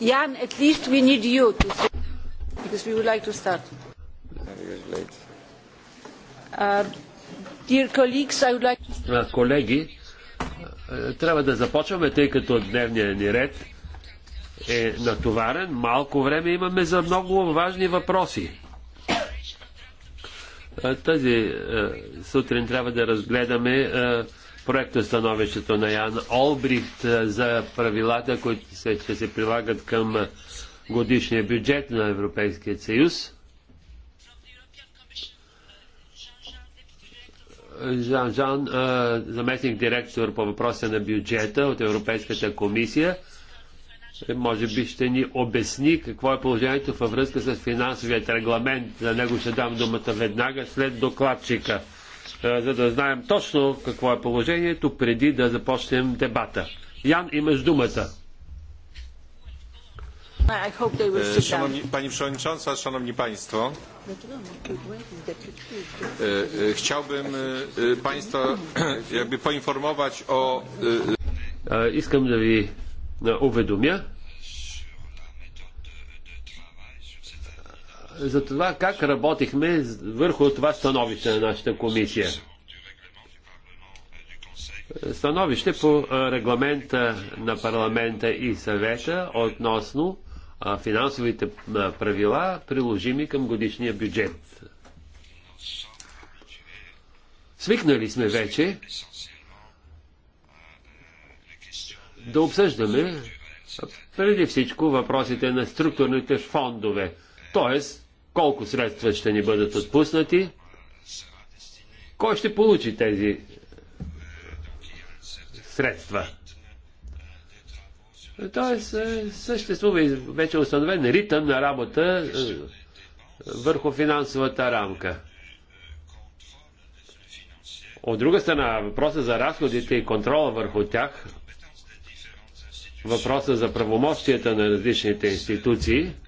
Jan, at least we need you to because we would like to start. Uh, dear colleagues, I would like to... Е, колеги, е, трябва да започваме, тъй като дневният ни ред е натоварен. Малко време имаме за много важни въпроси. Е, тази сутрин трябва да разгледаме проекта становището на Ян Олбрихт за правилата, които се, ще се прилагат към годишния бюджет на Европейския съюз. Жан Жан, заместник директор по въпроса на бюджета от Европейската комисия, е, може би ще ни обясни какво е положението във връзка с финансовият регламент. За него ще дам думата веднага след докладчика. Е, за да знаем точно какво е положението преди да започнем дебата. Ян, имаш думата. Е, Szanowni, Pani Przewodnicząca, Szanowni Państwo, е, chciałbym e, e, Państwa e, jakby poinformować o... Искам да ви уведомя, за това как работихме върху това становище на нашата комисия. Становище по регламента на парламента и съвета относно финансовите правила, приложими към годишния бюджет. Свикнали сме вече да обсъждаме преди всичко въпросите на структурните фондове, т.е колко средства ще ни бъдат отпуснати, кой ще получи тези средства. Тоест, е, съществува вече установен ритъм на работа е, върху финансовата рамка. От друга страна, въпроса за разходите и контрола върху тях, въпроса за правомощията на различните институции –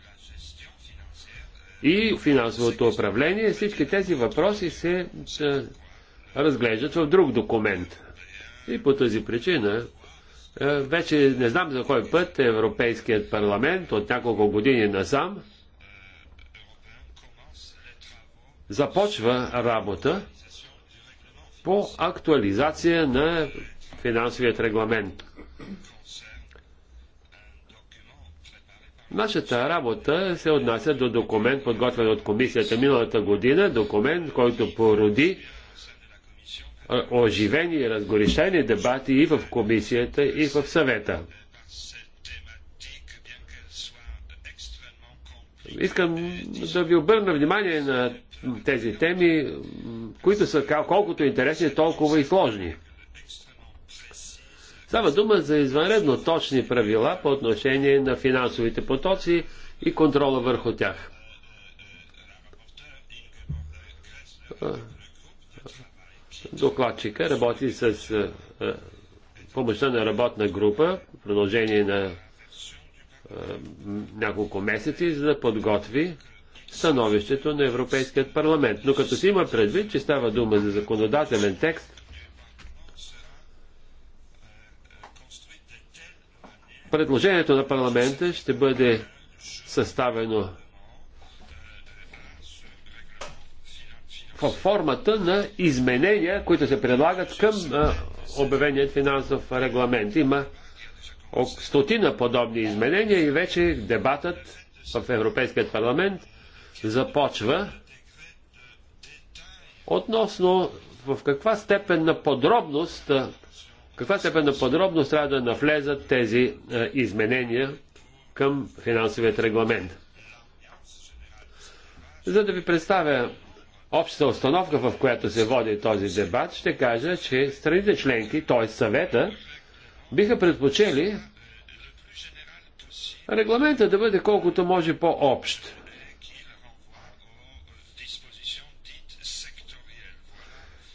и финансовото управление. Всички тези въпроси се е, разглеждат в друг документ. И по тази причина е, вече не знам за кой път Европейският парламент от няколко години насам започва работа по актуализация на финансовият регламент. Нашата работа се отнася до документ, подготвен от комисията миналата година, документ, който породи оживени и разгорещени дебати и в комисията, и в съвета. Искам да ви обърна внимание на тези теми, които са колкото интересни, толкова и сложни. Става дума за извънредно точни правила по отношение на финансовите потоци и контрола върху тях. Докладчика работи с помощта на работна група в продължение на няколко месеци, за да подготви становището на Европейският парламент. Но като си има предвид, че става дума за законодателен текст, Предложението на парламента ще бъде съставено в формата на изменения, които се предлагат към обявеният финансов регламент. Има стотина подобни изменения и вече дебатът в Европейският парламент започва относно в каква степен на подробност каква степен подробност трябва да навлезат тези е, изменения към финансовият регламент. За да ви представя общата установка, в която се води този дебат, ще кажа, че страните членки, т.е. съвета, биха предпочели регламента да бъде колкото може по-общ.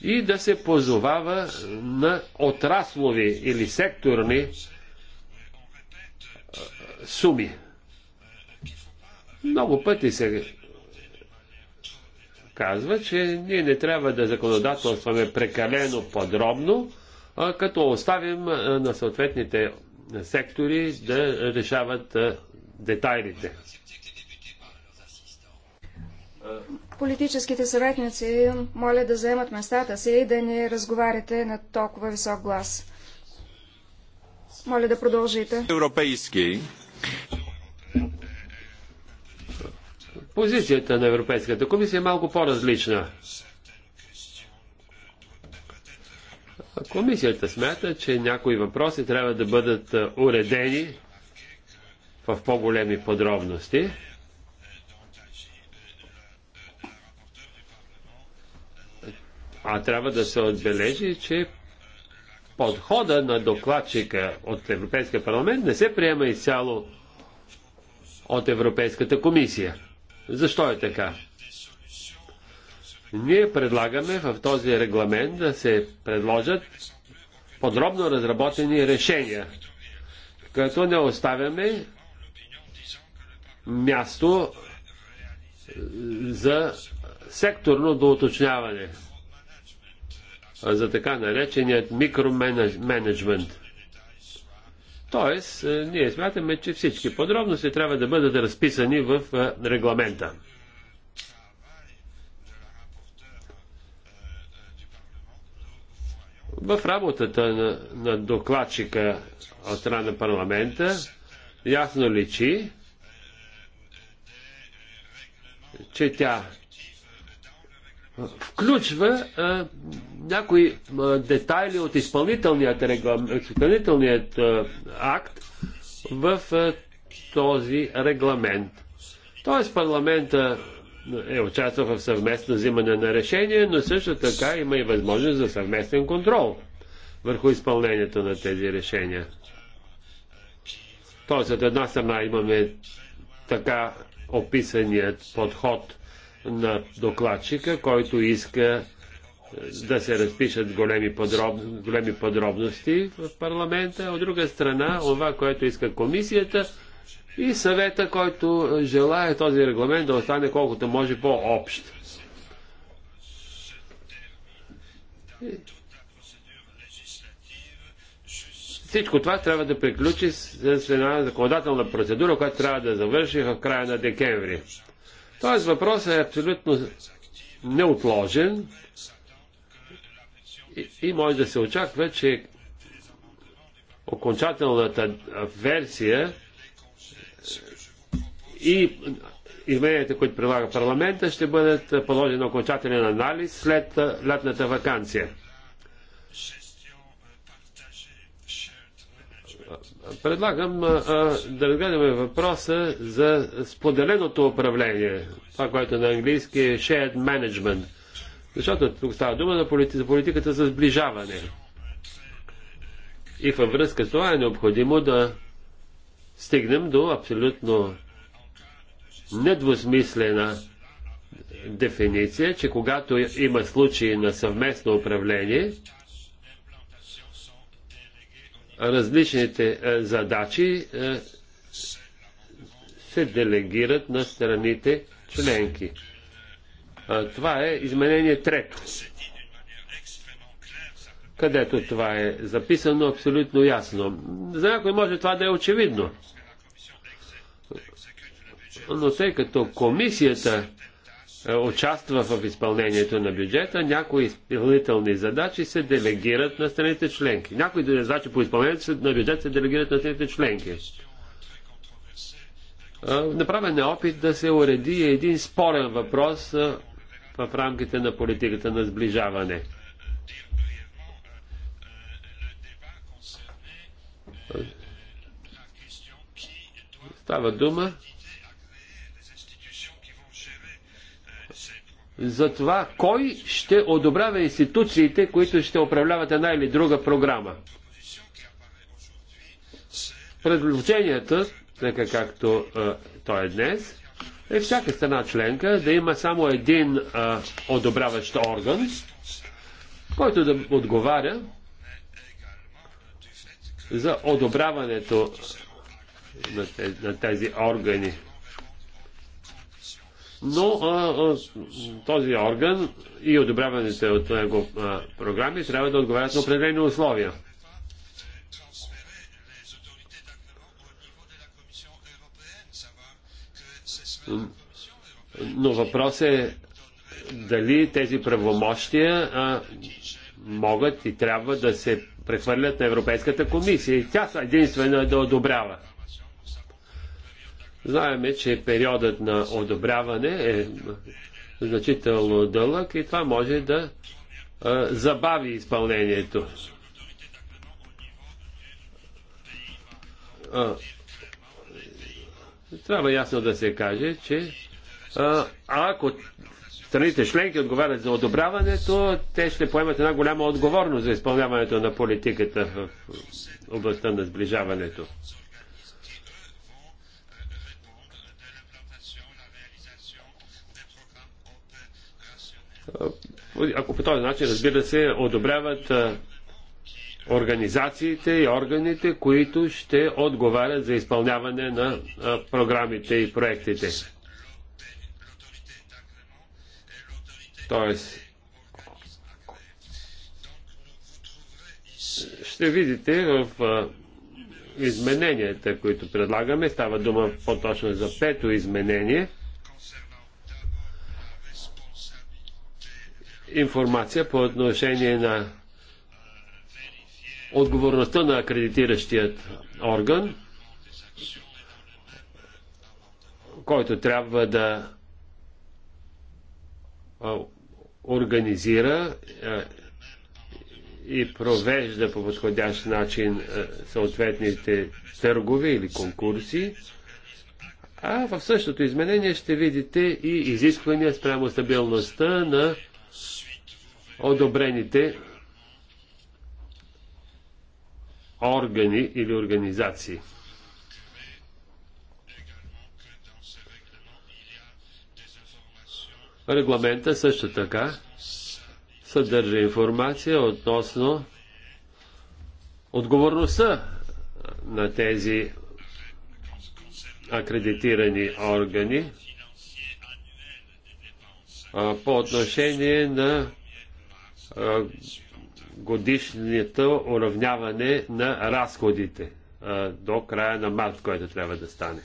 и да се позовава на отраслови или секторни суми. Много пъти се казва, че ние не трябва да законодателстваме прекалено подробно, като оставим на съответните сектори да решават детайлите. Политическите съветници моля да заемат местата си и да не разговаряте на толкова висок глас. Моля да продължите. Европейски. Позицията на Европейската комисия е малко по-различна. Комисията смята, че някои въпроси трябва да бъдат уредени в по-големи подробности. А трябва да се отбележи, че подхода на докладчика от Европейския парламент не се приема изцяло от Европейската комисия. Защо е така? Ние предлагаме в този регламент да се предложат подробно разработени решения, като не оставяме място за секторно доуточняване за така нареченият микроменеджмент. Тоест, ние смятаме, че всички подробности трябва да бъдат разписани в регламента. В работата на, на докладчика от страна на парламента ясно личи, че тя включва а, някои а, детайли от изпълнителният, реглам, изпълнителният а, акт в а, този регламент. Тоест парламента е участвал в съвместно взимане на решение, но също така има и възможност за съвместен контрол върху изпълнението на тези решения. Тоест, от една страна имаме така описаният подход на докладчика, който иска е, да се разпишат големи, подроб... големи подробности в парламента, от друга страна това, което иска комисията и съвета, който желая този регламент да остане колкото може по-общ. Всичко това трябва да приключи с една законодателна процедура, която трябва да завърши в края на декември. Тоест въпросът е абсолютно неотложен и, и може да се очаква, че окончателната версия и измененията, които прилага парламента, ще бъдат положени на окончателен анализ след лятната вакансия. Предлагам да разгледаме въпроса за споделеното управление, това, което е на английски е shared management, защото тук става дума за, полит... за политиката за сближаване. И във връзка с това е необходимо да стигнем до абсолютно недвусмислена дефиниция, че когато има случаи на съвместно управление, различните е, задачи е, се делегират на страните членки. Е, това е изменение трето, където това е записано абсолютно ясно. За някой може това да е очевидно. Но тъй като комисията е, участва в изпълнението на бюджета, някои изпълнителни задачи се делегират на страните членки. Някои задачи по изпълнението на бюджет се делегират на страните членки. Е, направен е опит да се уреди един спорен въпрос е, в рамките на политиката на сближаване. Става дума за това кой ще одобрява институциите, които ще управляват една или друга програма. Предложенията, така както а, той е днес, е всяка страна членка да има само един а, одобряващ орган, който да отговаря за одобряването на тези органи но а, а, този орган и одобряваните от него програми трябва да отговарят на определени условия. Но въпрос е дали тези правомощия а, могат и трябва да се прехвърлят на Европейската комисия. И тя единствено е да одобрява. Знаеме, че периодът на одобряване е значително дълъг и това може да а, забави изпълнението. А, трябва ясно да се каже, че а, ако страните членки отговарят за одобряването, те ще поемат една голяма отговорност за изпълняването на политиката в областта на сближаването. Ако по този начин, разбира се, одобряват организациите и органите, които ще отговарят за изпълняване на програмите и проектите. Тоест, ще видите в измененията, които предлагаме, става дума по-точно за пето изменение – информация по отношение на отговорността на акредитиращият орган, който трябва да организира и провежда по подходящ начин съответните търгове или конкурси. А в същото изменение ще видите и изисквания спрямо стабилността на одобрените органи или организации. Регламента също така съдържа информация относно отговорността на тези акредитирани органи по отношение на годишното уравняване на разходите до края на март, което трябва да стане.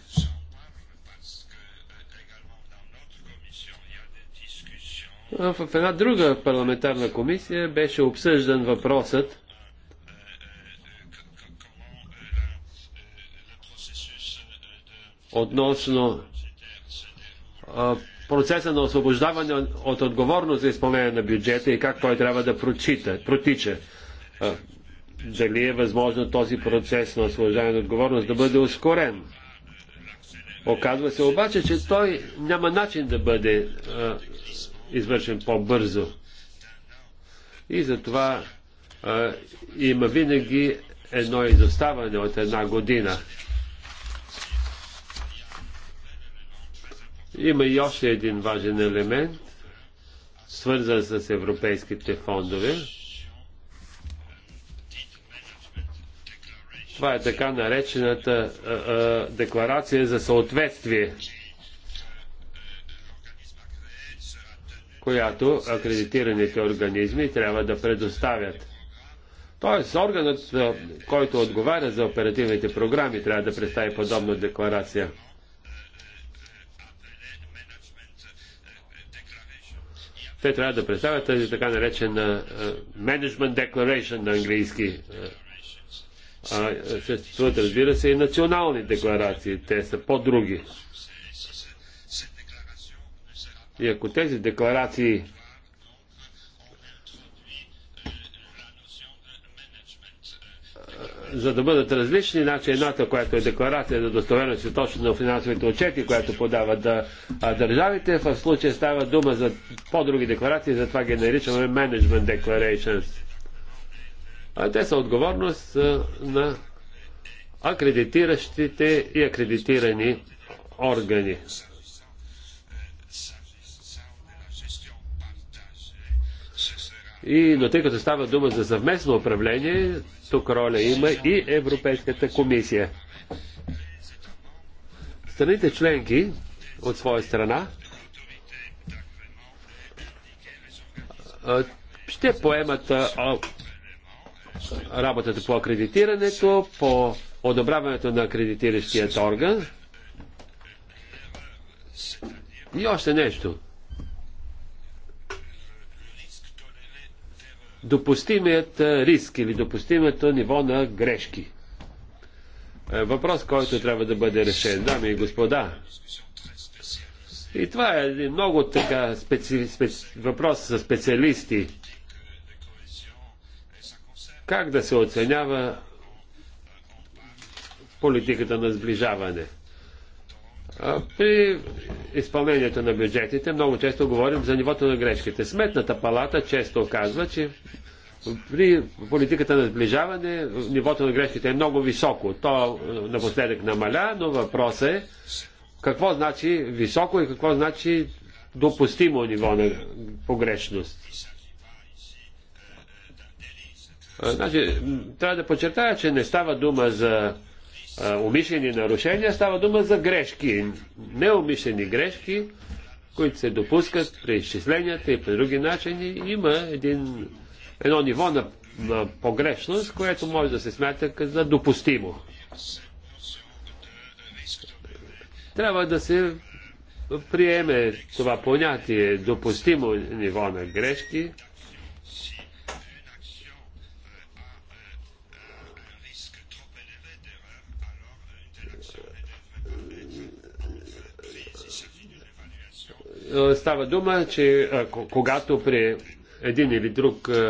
В една друга парламентарна комисия беше обсъждан въпросът относно процеса на освобождаване от отговорност за изпълнение на бюджета и как той трябва да прочита, протича. Дали е възможно този процес на освобождаване на отговорност да бъде ускорен? Оказва се обаче, че той няма начин да бъде а, извършен по-бързо. И затова а, има винаги едно изоставане от една година. Има и още един важен елемент, свързан с европейските фондове. Това е така наречената а, а, декларация за съответствие, която акредитираните организми трябва да предоставят. Тоест, органът, който отговаря за оперативните програми, трябва да представи подобна декларация. те трябва да представят тази така наречена Management Declaration на английски. А, съществуват, разбира се, и национални декларации. Те са по-други. И ако тези декларации за да бъдат различни, значи едната, която е декларация за достоверност и е точно на финансовите отчети, която подават да, а, държавите, в случая става дума за по-други декларации, затова ги наричаме Management Declarations. А те са отговорност а, на акредитиращите и акредитирани органи. И, но тъй като става дума за съвместно управление, тук роля има и Европейската комисия. Страните членки от своя страна ще поемат работата по акредитирането, по одобряването на акредитиращият орган и още нещо – допустимият риск или допустимото ниво на грешки. Е, въпрос, който трябва да бъде решен, дами и господа. И това е много така специ... специ... въпрос за специалисти. Как да се оценява политиката на сближаване? При изпълнението на бюджетите много често говорим за нивото на грешките. Сметната палата често казва, че при политиката на сближаване нивото на грешките е много високо. То е, напоследък намаля, но въпросът е какво значи високо и какво значи допустимо ниво на погрешност. Значи, трябва да подчертая, че не става дума за умишлени нарушения, става дума за грешки, неумишлени грешки, които се допускат при изчисленията и при други начини. Има един, едно ниво на, на погрешност, което може да се смята за допустимо. Трябва да се приеме това понятие допустимо ниво на грешки, Е, става дума, че когато при един или друг е,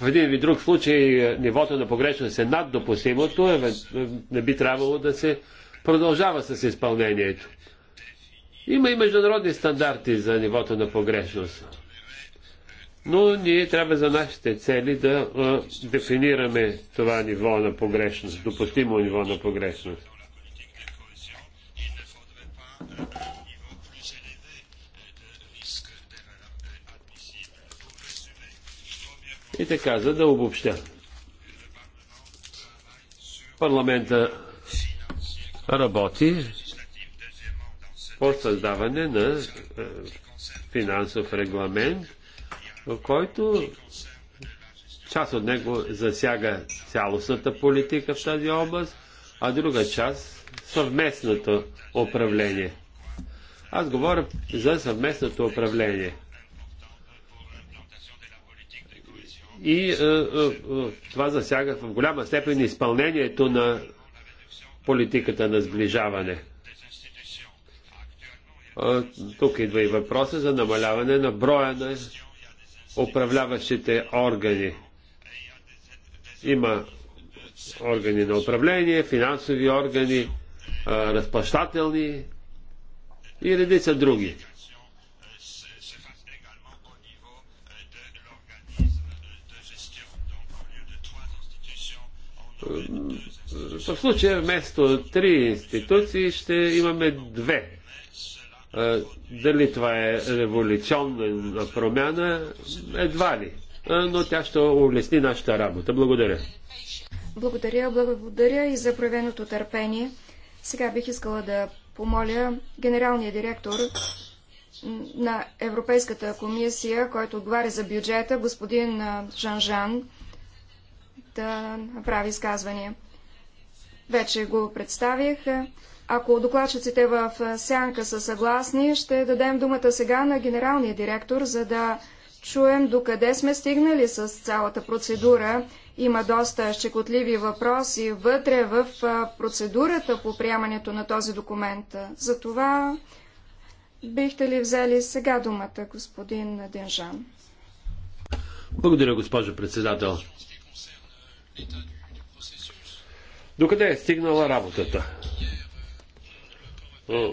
в един или друг случай е, нивото на погрешност е над допустимото, не би трябвало да се продължава с изпълнението. Има и международни стандарти за нивото на погрешност. Но ние трябва за нашите цели да а, дефинираме това ниво на погрешност, допустимо ниво на погрешност. И така, за да обобщя. Парламента работи по създаване на е, финансов регламент, в който част от него засяга цялостната политика в тази област, а друга част съвместното управление. Аз говоря за съвместното управление. и е, е, е, това засяга в голяма степен изпълнението на политиката на сближаване. Тук идва и въпроса за намаляване на броя на управляващите органи. Има органи на управление, финансови органи, разплащателни и редица други. в случая вместо три институции ще имаме две. Дали това е революционна промяна, едва ли. Но тя ще улесни нашата работа. Благодаря. Благодаря, благодаря и за проявеното търпение. Сега бих искала да помоля генералния директор на Европейската комисия, който отговаря за бюджета, господин Жан-Жан да направи изказвания. Вече го представих. Ако докладчиците в сянка са съгласни, ще дадем думата сега на генералния директор, за да чуем докъде сме стигнали с цялата процедура. Има доста щекотливи въпроси вътре в процедурата по приемането на този документ. Затова бихте ли взели сега думата, господин Денжан? Благодаря, госпожо председател. Докъде е стигнала работата?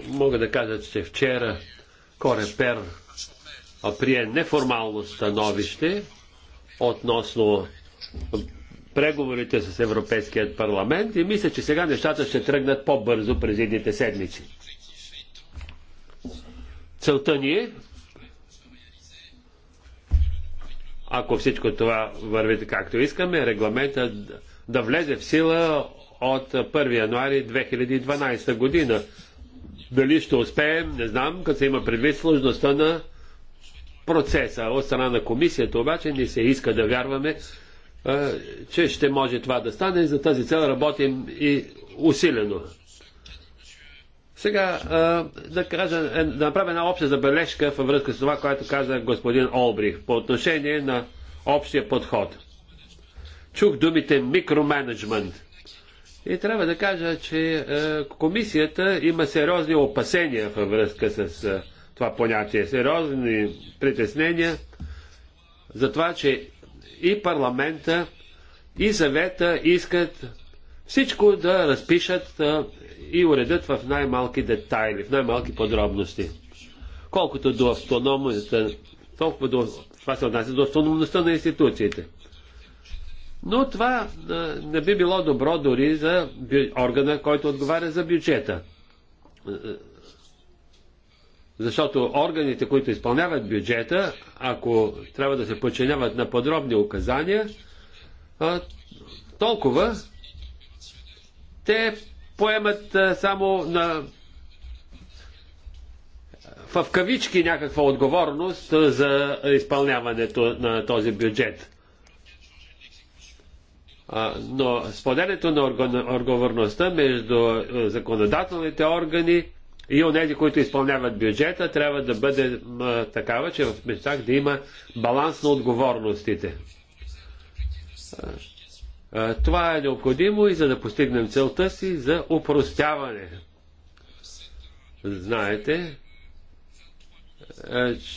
Мога да кажа, че вчера Корепер прие неформално становище относно преговорите с Европейският парламент и мисля, че сега нещата ще тръгнат по-бързо през едните седмици. Целта ни е ако всичко това върви както искаме, регламента да влезе в сила от 1 януари 2012 година. Дали ще успеем, не знам, като се има предвид сложността на процеса. От страна на комисията обаче ни се иска да вярваме, че ще може това да стане и за тази цел работим и усилено. Сега да, кажа, е, да направя една обща забележка във връзка с това, което каза господин Олбрих по отношение на общия подход. Чух думите микроменеджмент. И трябва да кажа, че комисията има сериозни опасения във връзка с това понятие, сериозни притеснения за това, че и парламента, и съвета искат всичко да разпишат и уредят в най-малки детайли, в най-малки подробности. Колкото до автономността, толкова до, това се отнася до автономността на институциите. Но това не би било добро дори за органа, който отговаря за бюджета. Защото органите, които изпълняват бюджета, ако трябва да се подчиняват на подробни указания, толкова те поемат само на в кавички някаква отговорност за изпълняването на този бюджет. Но споделянето на отговорността между законодателните органи и онези, които изпълняват бюджета, трябва да бъде такава, че в местах да има баланс на отговорностите. Това е необходимо и за да постигнем целта си за упростяване. Знаете,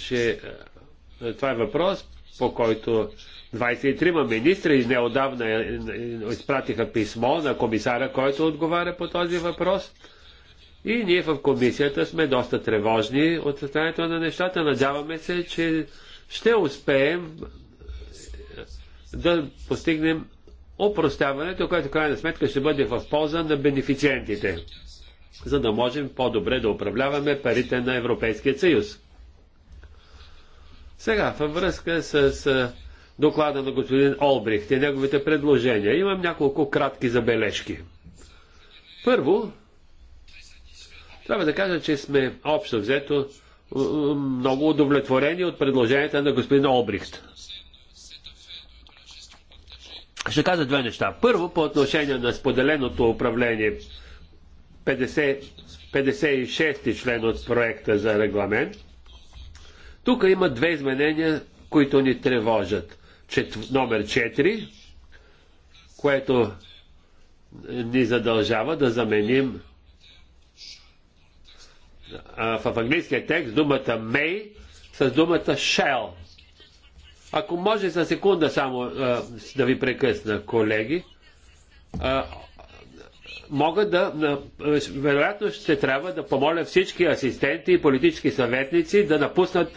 че това е въпрос, по който 23 министри неодавна е, е, изпратиха писмо на комисара, който отговаря по този въпрос. И ние в комисията сме доста тревожни от състоянието на нещата. Надяваме се, че ще успеем да постигнем опростяването, което крайна сметка ще бъде в полза на бенефициентите, за да можем по-добре да управляваме парите на Европейския съюз. Сега, във връзка с доклада на господин Олбрихт и неговите предложения, имам няколко кратки забележки. Първо, трябва да кажа, че сме общо взето много удовлетворени от предложенията на господин Олбрихт. Ще кажа две неща. Първо, по отношение на споделеното управление 56 56 член от проекта за регламент. Тук има две изменения, които ни тревожат. Чет, номер 4, което ни задължава да заменим а, в английския текст думата may с думата shall. Ако може за секунда само а, да ви прекъсна, колеги, а, мога да, на, вероятно ще трябва да помоля всички асистенти и политически съветници да напуснат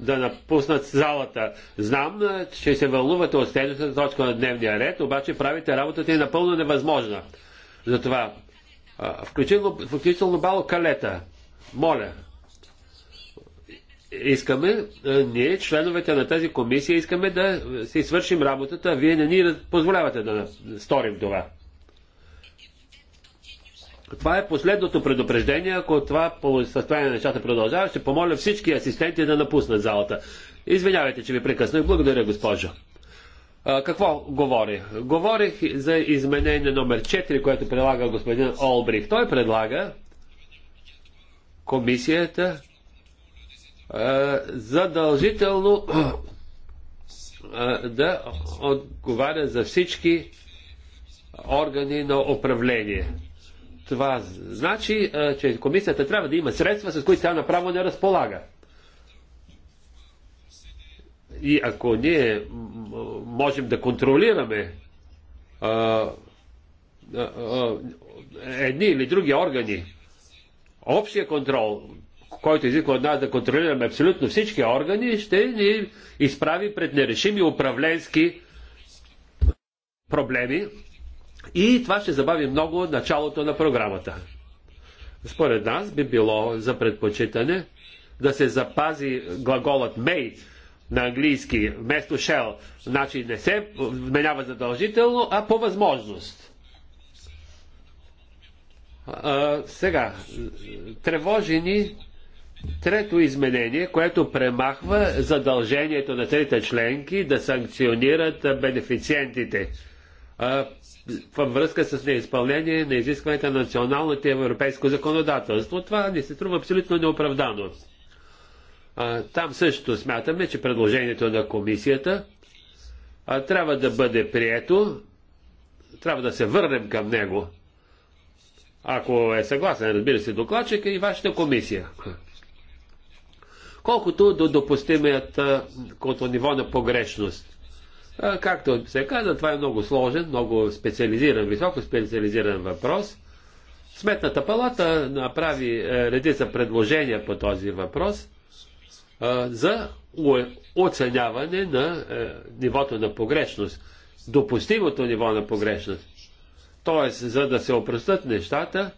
да напуснат залата. Знам, че се вълнувате от следващата точка на дневния ред, обаче правите работата и напълно невъзможна. Затова, включително, включително бало калета. Моля, искаме, ние, членовете на тази комисия, искаме да си свършим работата, а вие не ни позволявате да сторим това. Това е последното предупреждение. Ако това по състояние на нещата продължава, ще помоля всички асистенти да напуснат залата. Извинявайте, че ви прекъснах. Благодаря, госпожо. А, какво говори? Говорих за изменение номер 4, което предлага господин Олбрих. Той предлага комисията задължително да отговаря за всички органи на управление. Това значи, че комисията трябва да има средства, с които тя направо не разполага. И ако ние можем да контролираме едни или други органи, общия контрол който изисква от нас да контролираме абсолютно всички органи, ще ни изправи пред нерешими управленски проблеми и това ще забави много началото на програмата. Според нас би било за предпочитане да се запази глаголът may на английски вместо shell. Значи не се вменява задължително, а по възможност. А, сега, тревожени трето изменение, което премахва задължението на трите членки да санкционират бенефициентите във връзка с неизпълнение на изискването на националното и европейско законодателство. Това ни се трува абсолютно неоправдано. там също смятаме, че предложението на комисията трябва да бъде прието, трябва да се върнем към него. Ако е съгласен, разбира се, докладчика и вашата комисия колкото до допустимият като ниво на погрешност. Както се каза, това е много сложен, много специализиран, високо специализиран въпрос. Сметната палата направи е, редица предложения по този въпрос за оценяване на е, нивото на погрешност, допустимото ниво на погрешност. Тоест, за да се опростат нещата,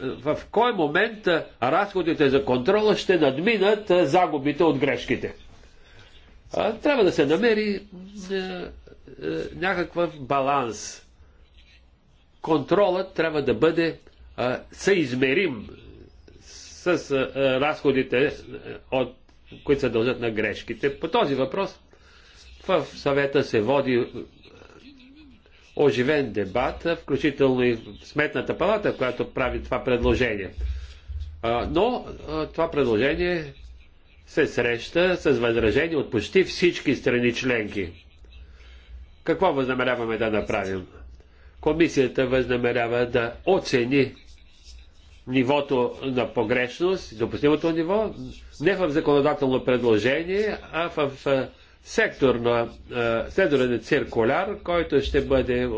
в кой момент разходите за контрола ще надминат загубите от грешките. Трябва да се намери някакъв баланс. Контролът трябва да бъде съизмерим с разходите, от, които се дължат на грешките. По този въпрос в съвета се води оживен дебат, включително и Сметната палата, която прави това предложение. Но това предложение се среща с възражение от почти всички страни членки. Какво възнамеряваме да направим? Комисията възнамерява да оцени нивото на погрешност, допустимото ниво, не в законодателно предложение, а в сектор на, е, сектора циркуляр, който ще бъде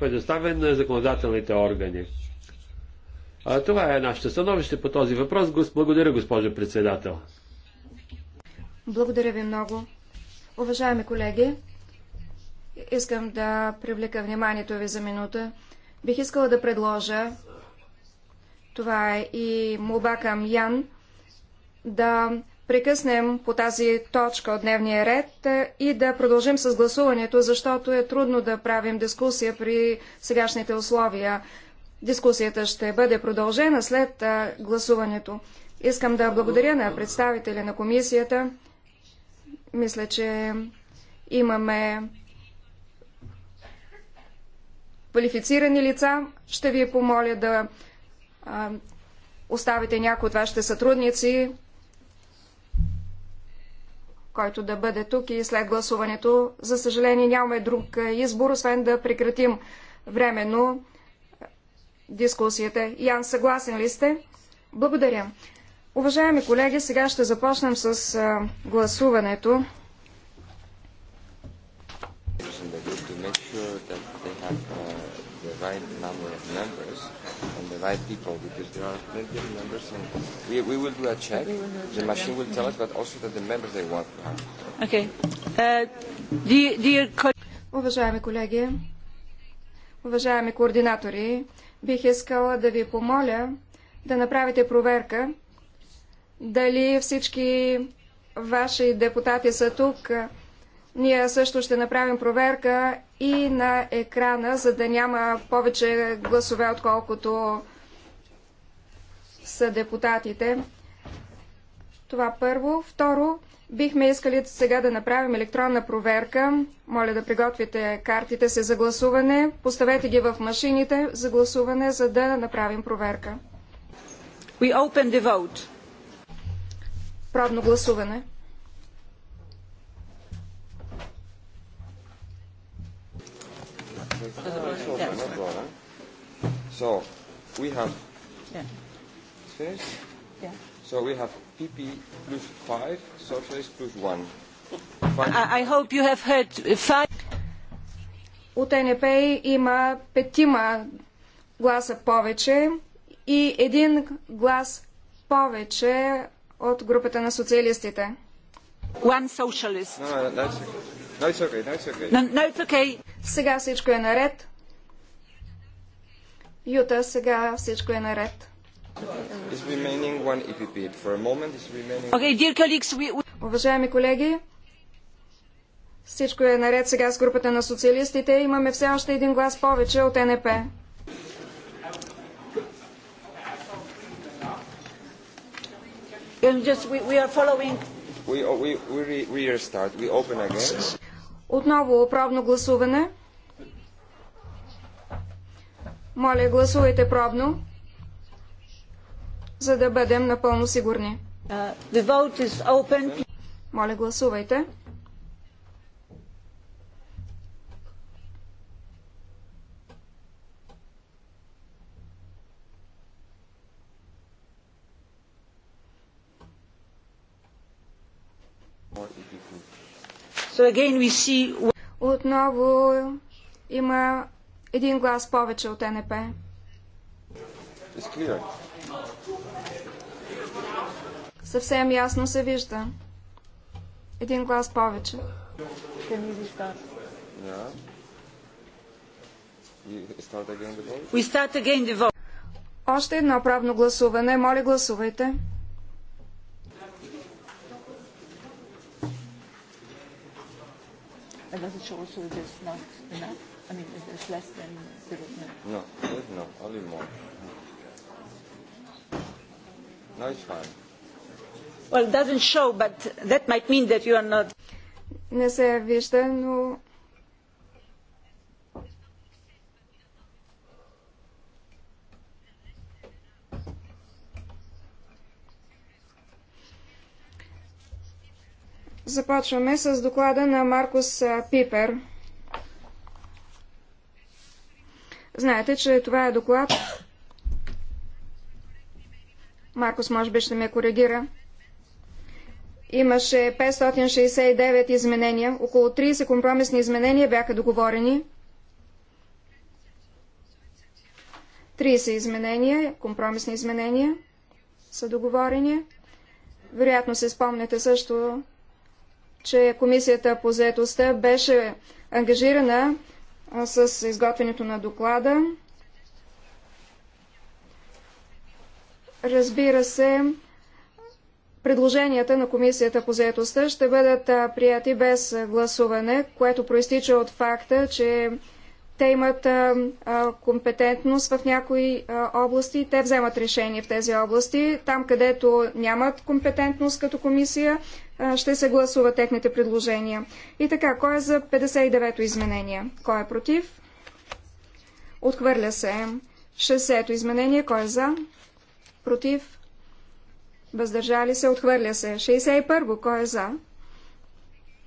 предоставен на законодателните органи. А, това е нашето становище по този въпрос. Благодаря, госпожо председател. Благодаря ви много. Уважаеми колеги, искам да привлека вниманието ви за минута. Бих искала да предложа, това е и молба към Ян, да прекъснем по тази точка от дневния ред е, и да продължим с гласуването, защото е трудно да правим дискусия при сегашните условия. Дискусията ще бъде продължена след е, гласуването. Искам да благодаря на представителя на комисията. Мисля, че имаме квалифицирани лица. Ще ви помоля да оставите някои от вашите сътрудници който да бъде тук и след гласуването. За съжаление нямаме друг избор, освен да прекратим временно дискусията. Ян, съгласен ли сте? Благодаря. Уважаеми колеги, сега ще започнем с гласуването the right people because there are many different members and we, we will do a check. The machine will tell us but also that the members they want to have. Okay. Uh, dear, dear... Уважаеми колеги, уважаеми координатори, бих искала да ви помоля да направите проверка дали всички ваши депутати са тук. Ние също ще направим проверка и на екрана, за да няма повече гласове, отколкото са депутатите. Това първо. Второ, бихме искали сега да направим електронна проверка. Моля да приготвите картите си за гласуване. Поставете ги в машините за гласуване, за да направим проверка. We open the vote. Правно гласуване. So we have. Yeah. Finished? Yeah. So we have PP plus five, surface plus one. Five. I, I hope you have heard five. От НП има петима гласа повече и един глас повече от групата на социалистите. One socialist. No, no, that's okay. No, it's okay. No, it's okay. No, no, it's okay. Сега всичко е наред. Юта, сега всичко е наред. Уважаеми колеги, всичко е наред сега с групата на социалистите. Имаме все още един глас повече от НП. Отново оправно гласуване. Моля, гласувайте пробно, за да бъдем напълно сигурни. Моля, гласувайте. Отново има един глас повече от НП. Съвсем ясно се вижда. Един глас повече. Е Още едно правно гласуване. Моля, гласувайте. Another choice of this not enough. I mean, it's less than zero. No, no, only more. No, it's fine. Well, it doesn't show, but that might mean that you are not. Не се вижда, но Започваме с доклада на Маркус Пипер. Знаете, че това е доклад. Маркос, може би ще ме коригира. Имаше 569 изменения. Около 30 компромисни изменения бяха договорени. 30 изменения, компромисни изменения са договорени. Вероятно се спомняте също, че комисията по заедостта беше ангажирана с изготвянето на доклада. Разбира се, предложенията на Комисията по заедостта ще бъдат прияти без гласуване, което проистича от факта, че те имат а, а, компетентност в някои а, области те вземат решение в тези области. Там, където нямат компетентност като комисия, а, ще се гласуват техните предложения. И така, кой е за 59-то изменение? Кой е против? Отхвърля се. 60-то изменение. Кой е за? Против? Въздържали се. Отхвърля се. 61-го. Кой е за?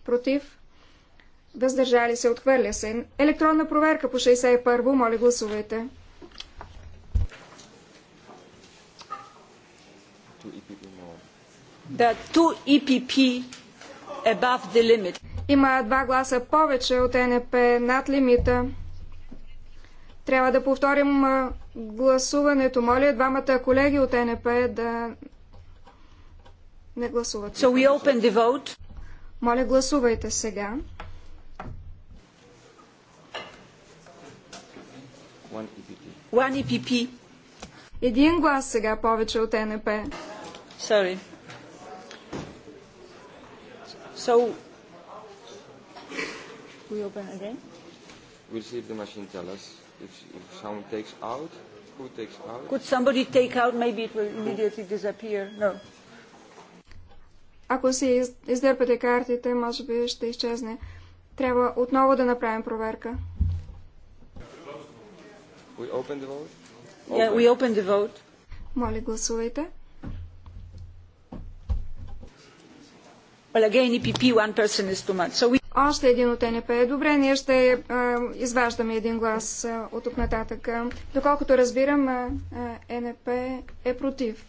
Против? Въздържали се, отхвърля се. Електронна проверка по 61-во. Моля, гласувайте. E Има два гласа повече от НП над лимита. Трябва да повторим гласуването. Моля двамата колеги от НП да не гласуват. So Моля гласувайте сега. One EPP. Един глас сега повече от НП. Sorry. So, we open again? We'll see if the machine tells us if, if someone takes out, who takes out. Could somebody take out? Maybe it will immediately disappear. No. Ако си издърпате картите, може би ще изчезне. Трябва отново да направим проверка. We open the vote? Open. Yeah, we open the vote. Моля, гласувайте. Well, again, EPP, one person is too much. So we... Още един от НП. е Добре, ние ще изваждаме един глас от тук нататък. Доколкото разбирам, е а, НП е против.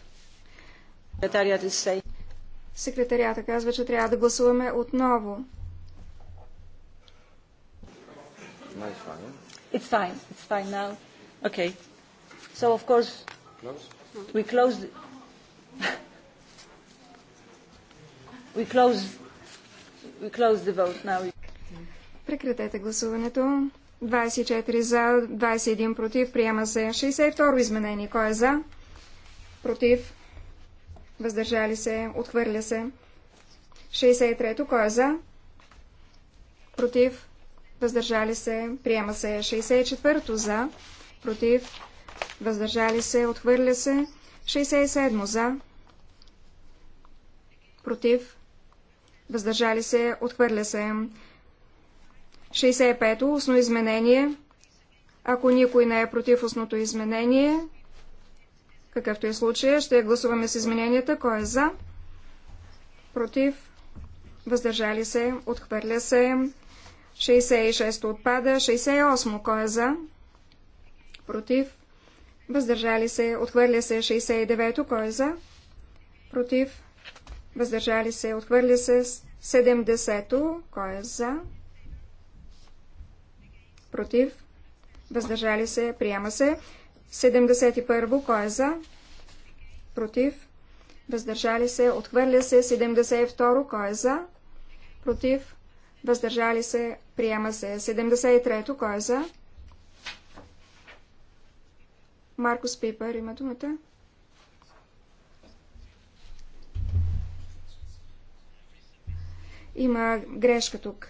Секретарията казва, че трябва да гласуваме отново. It's fine. It's fine now. Okay. So of course close? we close we close we close the vote now. Прекратете гласуването. 24 за, 21 против. Приема се 62 изменение. Кой е за? Против. Въздържали се. Отхвърля се. 63-то. Кой е за? Против. Въздържали се. Приема се. 64-то за против, въздържали се, отхвърля се. 67 за, против, въздържали се, отхвърля се. 65 устно изменение. Ако никой не е против устното изменение, какъвто е случая, ще гласуваме с измененията. Кой е за? Против? Въздържали се? Отхвърля се? 66 отпада. 68 кой е за? против, въздържали се, отхвърля се 69-то, кой е за, против, въздържали се, отхвърля се 70-то, кой е за, против, въздържали се, приема се 71-во, кой е за, против, въздържали се, отхвърля се 72-ро, кой е за, против, въздържали се, приема се 73-то, кой е за, Маркус Пипер има думата. Има грешка тук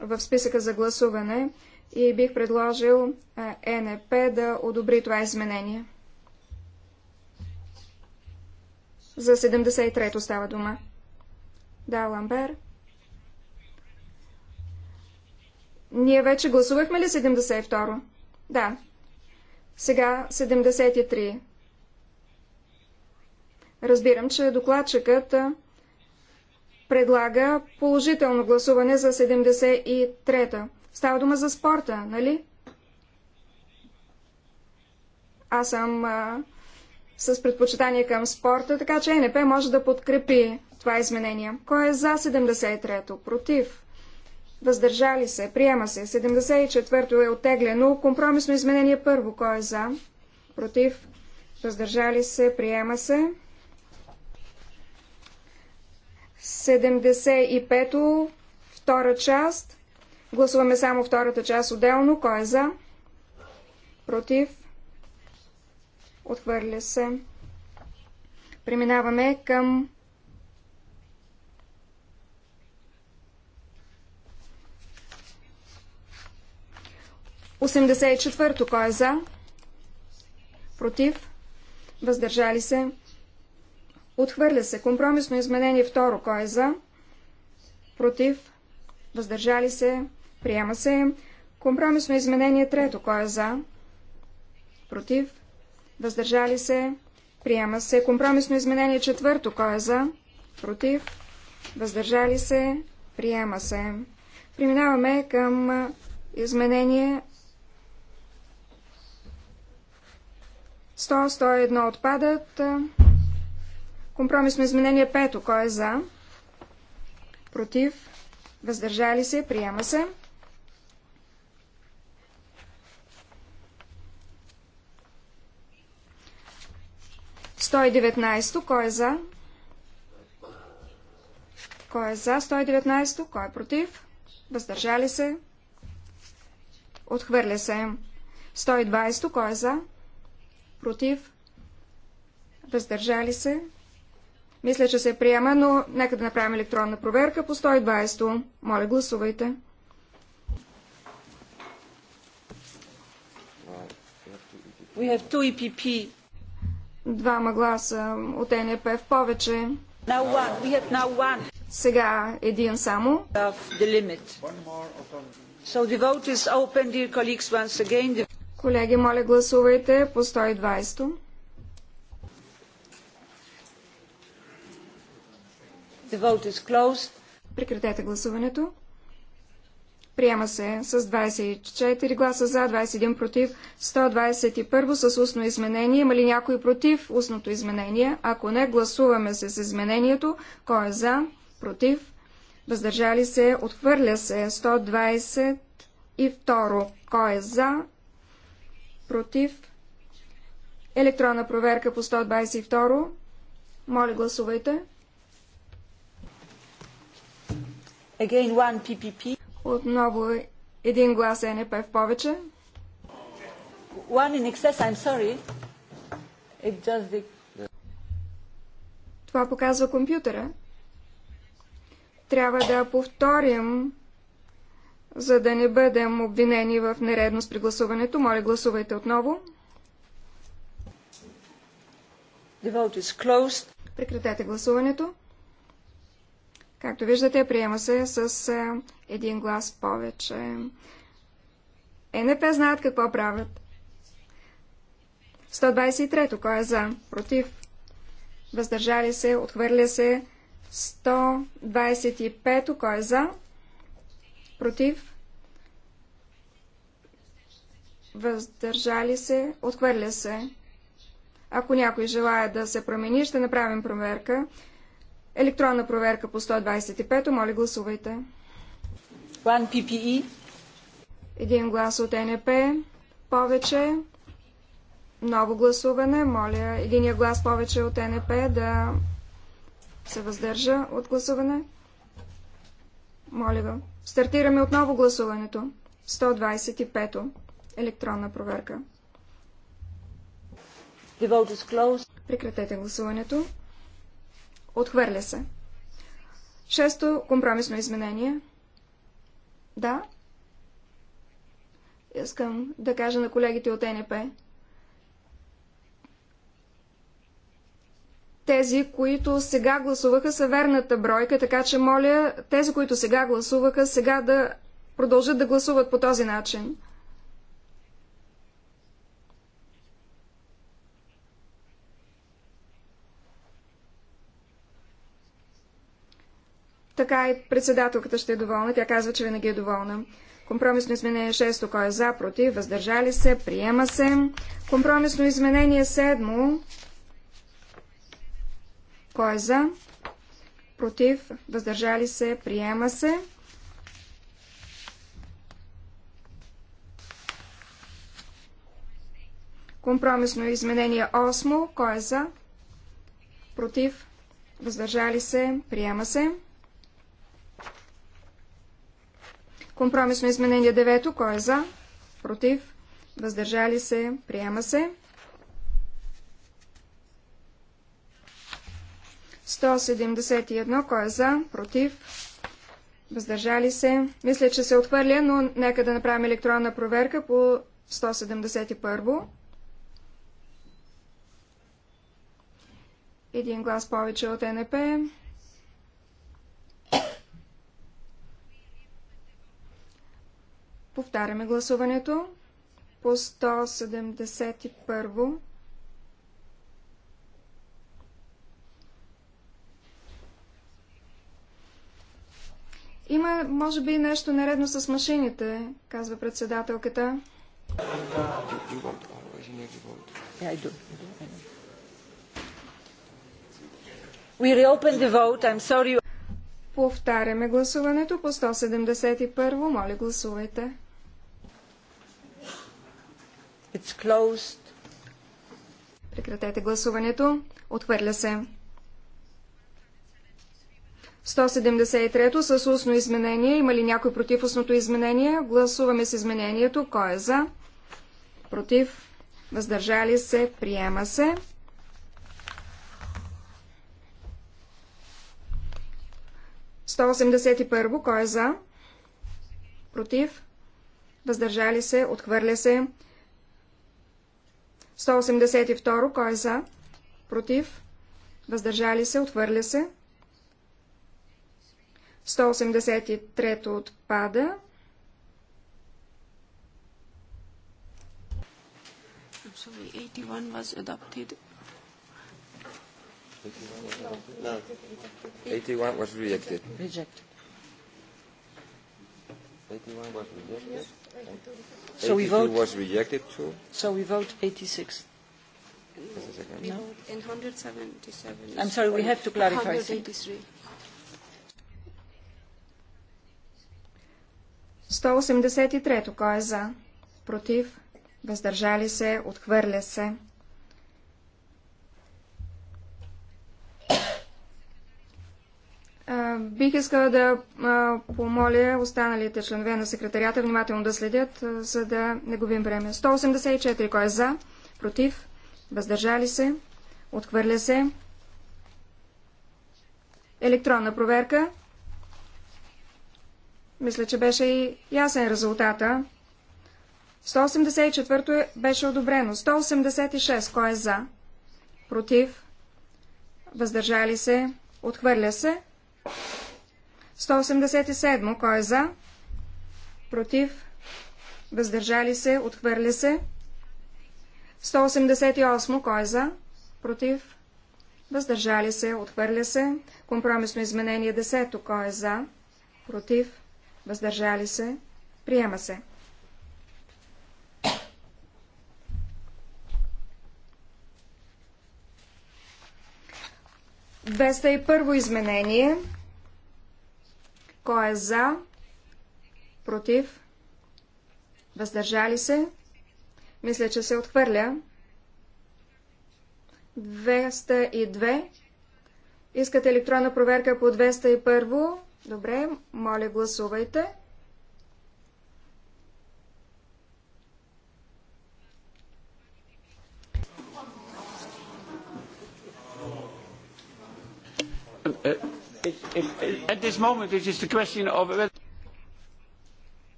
в списъка за гласуване и бих предложил НП да одобри това изменение. За 73-то става дума. Да, Ламбер. Ние вече гласувахме ли 72-ро? Да, сега 73. Разбирам, че докладчикът предлага положително гласуване за 73-та. Става дума за спорта, нали? Аз съм а, с предпочитание към спорта, така че НП може да подкрепи това изменение. Кой е за 73-то? Против? въздържали се, приема се. 74-то е оттеглено, компромисно изменение първо, кой е за, против, въздържали се, приема се. 75-то, втора част, гласуваме само втората част отделно, кой е за, против, отхвърля се. Преминаваме към 84-то. Кой е за? Против? Въздържали се? Отхвърля се. Компромисно изменение второ. Кой е за? Против? Въздържали се? Приема се. Компромисно изменение трето. Кой е за? Против? Въздържали се? Приема се. Компромисно изменение четвърто. Кой е за? Против? Въздържали се? Приема се. Преминаваме към изменение 100, 101 отпадат. Компромисно изменение 5. Кой е за? Против? Въздържали се? Приема се. Сто и деветнайсто. Кой е за? Кой е за 119? Кой е против? Въздържали се? Отхвърля се. 120. Кой е за? против, въздържали се. Мисля, че се приема, но нека да направим електронна проверка по 120. Моля, гласувайте. We have two EPP. Двама гласа от НЕП в повече. Now one. We have now one. Сега един само. the limit. So the vote is open, dear colleagues, once again. The... Колеги, моля гласувайте по 120. The vote is closed. Прекратете гласуването. Приема се с 24 гласа за, 21 против, 121 с устно изменение. Има ли някой против устното изменение? Ако не, гласуваме се с изменението. Кой е за? Против? Въздържали се? Отхвърля се. 122. Кой е за? против, електронна проверка по 122. Моля, гласувайте. Again one PPP. Отново един глас НП в повече. One in excess, I'm sorry. It just the... Това показва компютъра. Трябва да повторим за да не бъдем обвинени в нередност при гласуването, моля гласувайте отново. The vote is closed. Прекратете гласуването. Както виждате, приема се с един глас повече. ЕНП знаят какво правят. 123-то. Кой е за? Против? Въздържали се? Отхвърля се? 125-то. Кой е за? против, въздържали се, отхвърля се. Ако някой желая да се промени, ще направим проверка. Електронна проверка по 125. Моля, гласувайте. E. Един глас от НП. Повече. Ново гласуване. Моля, единия глас повече от НП да се въздържа от гласуване. Моля го. Стартираме отново гласуването. 125-то. Електронна проверка. Прекратете гласуването. Отхвърля се. Шесто компромисно изменение. Да. Искам да кажа на колегите от НП, тези, които сега гласуваха, са верната бройка, така че моля тези, които сега гласуваха, сега да продължат да гласуват по този начин. Така и председателката ще е доволна. Тя казва, че винаги е доволна. Компромисно изменение 6, кой е за, против, въздържали се, приема се. Компромисно изменение 7, кой е за? Против? Въздържали се? Приема се. Компромисно изменение 8. Кой е за? Против? Въздържали се? Приема се. Компромисно изменение 9. Кой е за? Против? Въздържали се? Приема се. 171. Кой е за? Против? Въздържали се? Мисля, че се отхвърля, но нека да направим електронна проверка по 171. Един глас повече от НП. Повтаряме гласуването по 171. Има, може би, нещо нередно с машините, казва председателката. Повтаряме гласуването по 171. Моля, гласувайте. Прекратете гласуването. Отхвърля се. 173-то с устно изменение. Има ли някой против устното изменение? Гласуваме с изменението. Кой е за? Против? Въздържали се? Приема се. Сто осемдесет първо. Кой е за? Против? Въздържали се? Отхвърля се. 182. Кой е за? Против? Въздържали се? Отхвърля се. 183 отпада. So we vote. was rejected too. So we vote 86. No. And 177. I'm sorry, we have to clarify. 183. 183. Кой е за? Против? Въздържали се? Отхвърля се? Бих искала да помоля останалите членове на секретарията внимателно да следят, за да не губим време. 184. Кой е за? Против? Въздържали се? Отхвърля се? Електронна проверка. Мисля, че беше и ясен резултата. 184 беше одобрено. 186. Кой е за? Против? Въздържали се? Отхвърля се? 187. Кой е за? Против? Въздържали се? Отхвърля се? 188. Кой е за? Против? Въздържали се? Отхвърля се? Компромисно изменение 10. Кой е за? Против? въздържали се, приема се. Двеста и първо изменение. Кой е за? Против? Въздържали се? Мисля, че се отхвърля. 202. Искате електронна проверка по 201. Добре, моля гласувайте.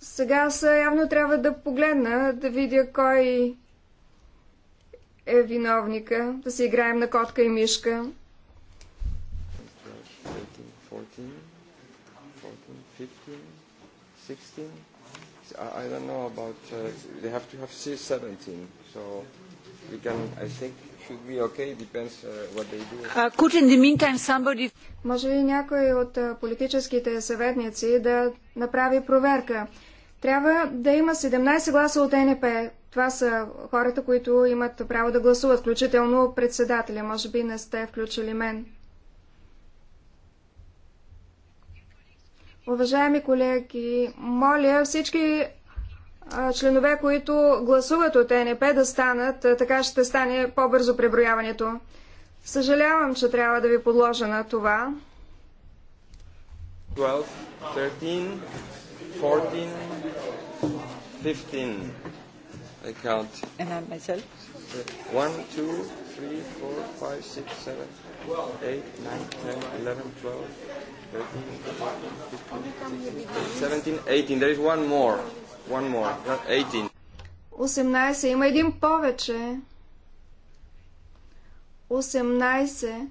Сега са, явно трябва да погледна, да видя кой е виновника, да си играем на котка и мишка. 15, 16. I, I don't know about. Uh, they have to have 17. So we can. I think should be okay. Depends uh, what they do. Uh, could in the meantime somebody. Може ли някой от uh, политическите съветници да направи проверка? Трябва да има 17 гласа от НП. Това са хората, които имат право да гласуват, включително председателя. Може би не сте включили мен. Уважаеми колеги, моля всички членове, които гласуват от ЕНП да станат, така ще стане по-бързо преброяването. Съжалявам, че трябва да ви подложа на това. 12, 13, 14, 15. I count. And I myself? 1, 2, 3, 4, 5, 6, 7, 8, 9, 10, 11, 12, 17, 18. There is one more. One more. 18. 18. Има един повече. 18.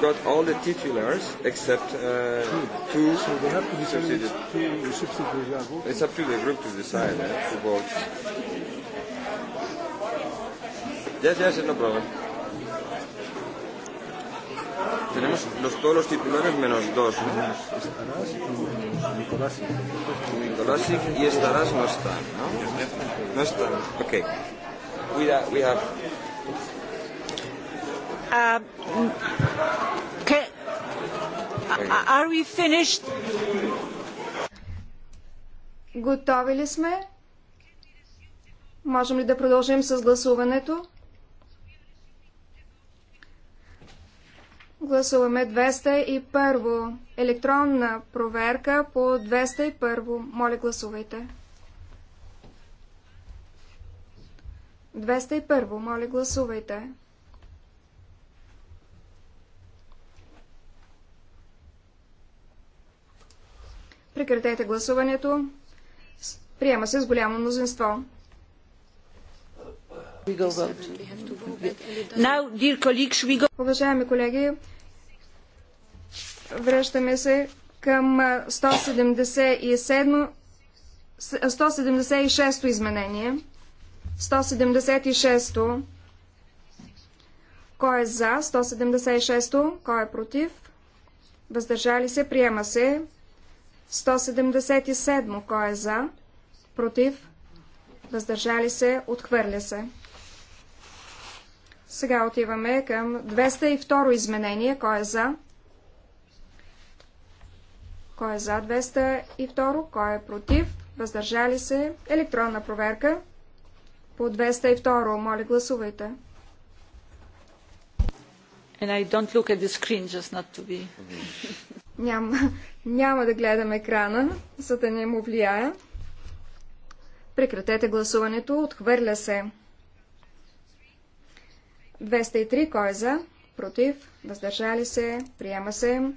I've got all the titulars except uh, two. So they have to decide two substitutes are voting. It's up to the group to decide eh, who votes. Yes, yes, no problem. Tenemos los, todos los titulares menos dos. ¿no? Estarás Nicolasic. Nicolasic y Estarás no están, ¿no? No están. Ok. We, we have. Uh, Are we finished? Готови ли сме? Можем ли да продължим с гласуването? Гласуваме 201. Електронна проверка по 201. Моля, гласувайте. 201. Моля, гласувайте. Прекратете гласуването. Приема се с голямо мнозинство. Уважаеми колеги, връщаме се към 177, 176 изменение. 176 Кой е за? 176 Кой е против? Въздържали се? Приема се. 177. Кой е за? Против? Въздържали се? Отхвърля се. Сега отиваме към 202 изменение. Кой е за? Кой е за 202? Кой е против? Въздържали се? Електронна проверка. По 202. Моля, гласувайте. And I don't look at the screen just not to be... Няма, няма да гледам екрана, за да не му влияя. Прекратете гласуването. Отхвърля се. 203. Кой е за? Против? Въздържали се? Приема се.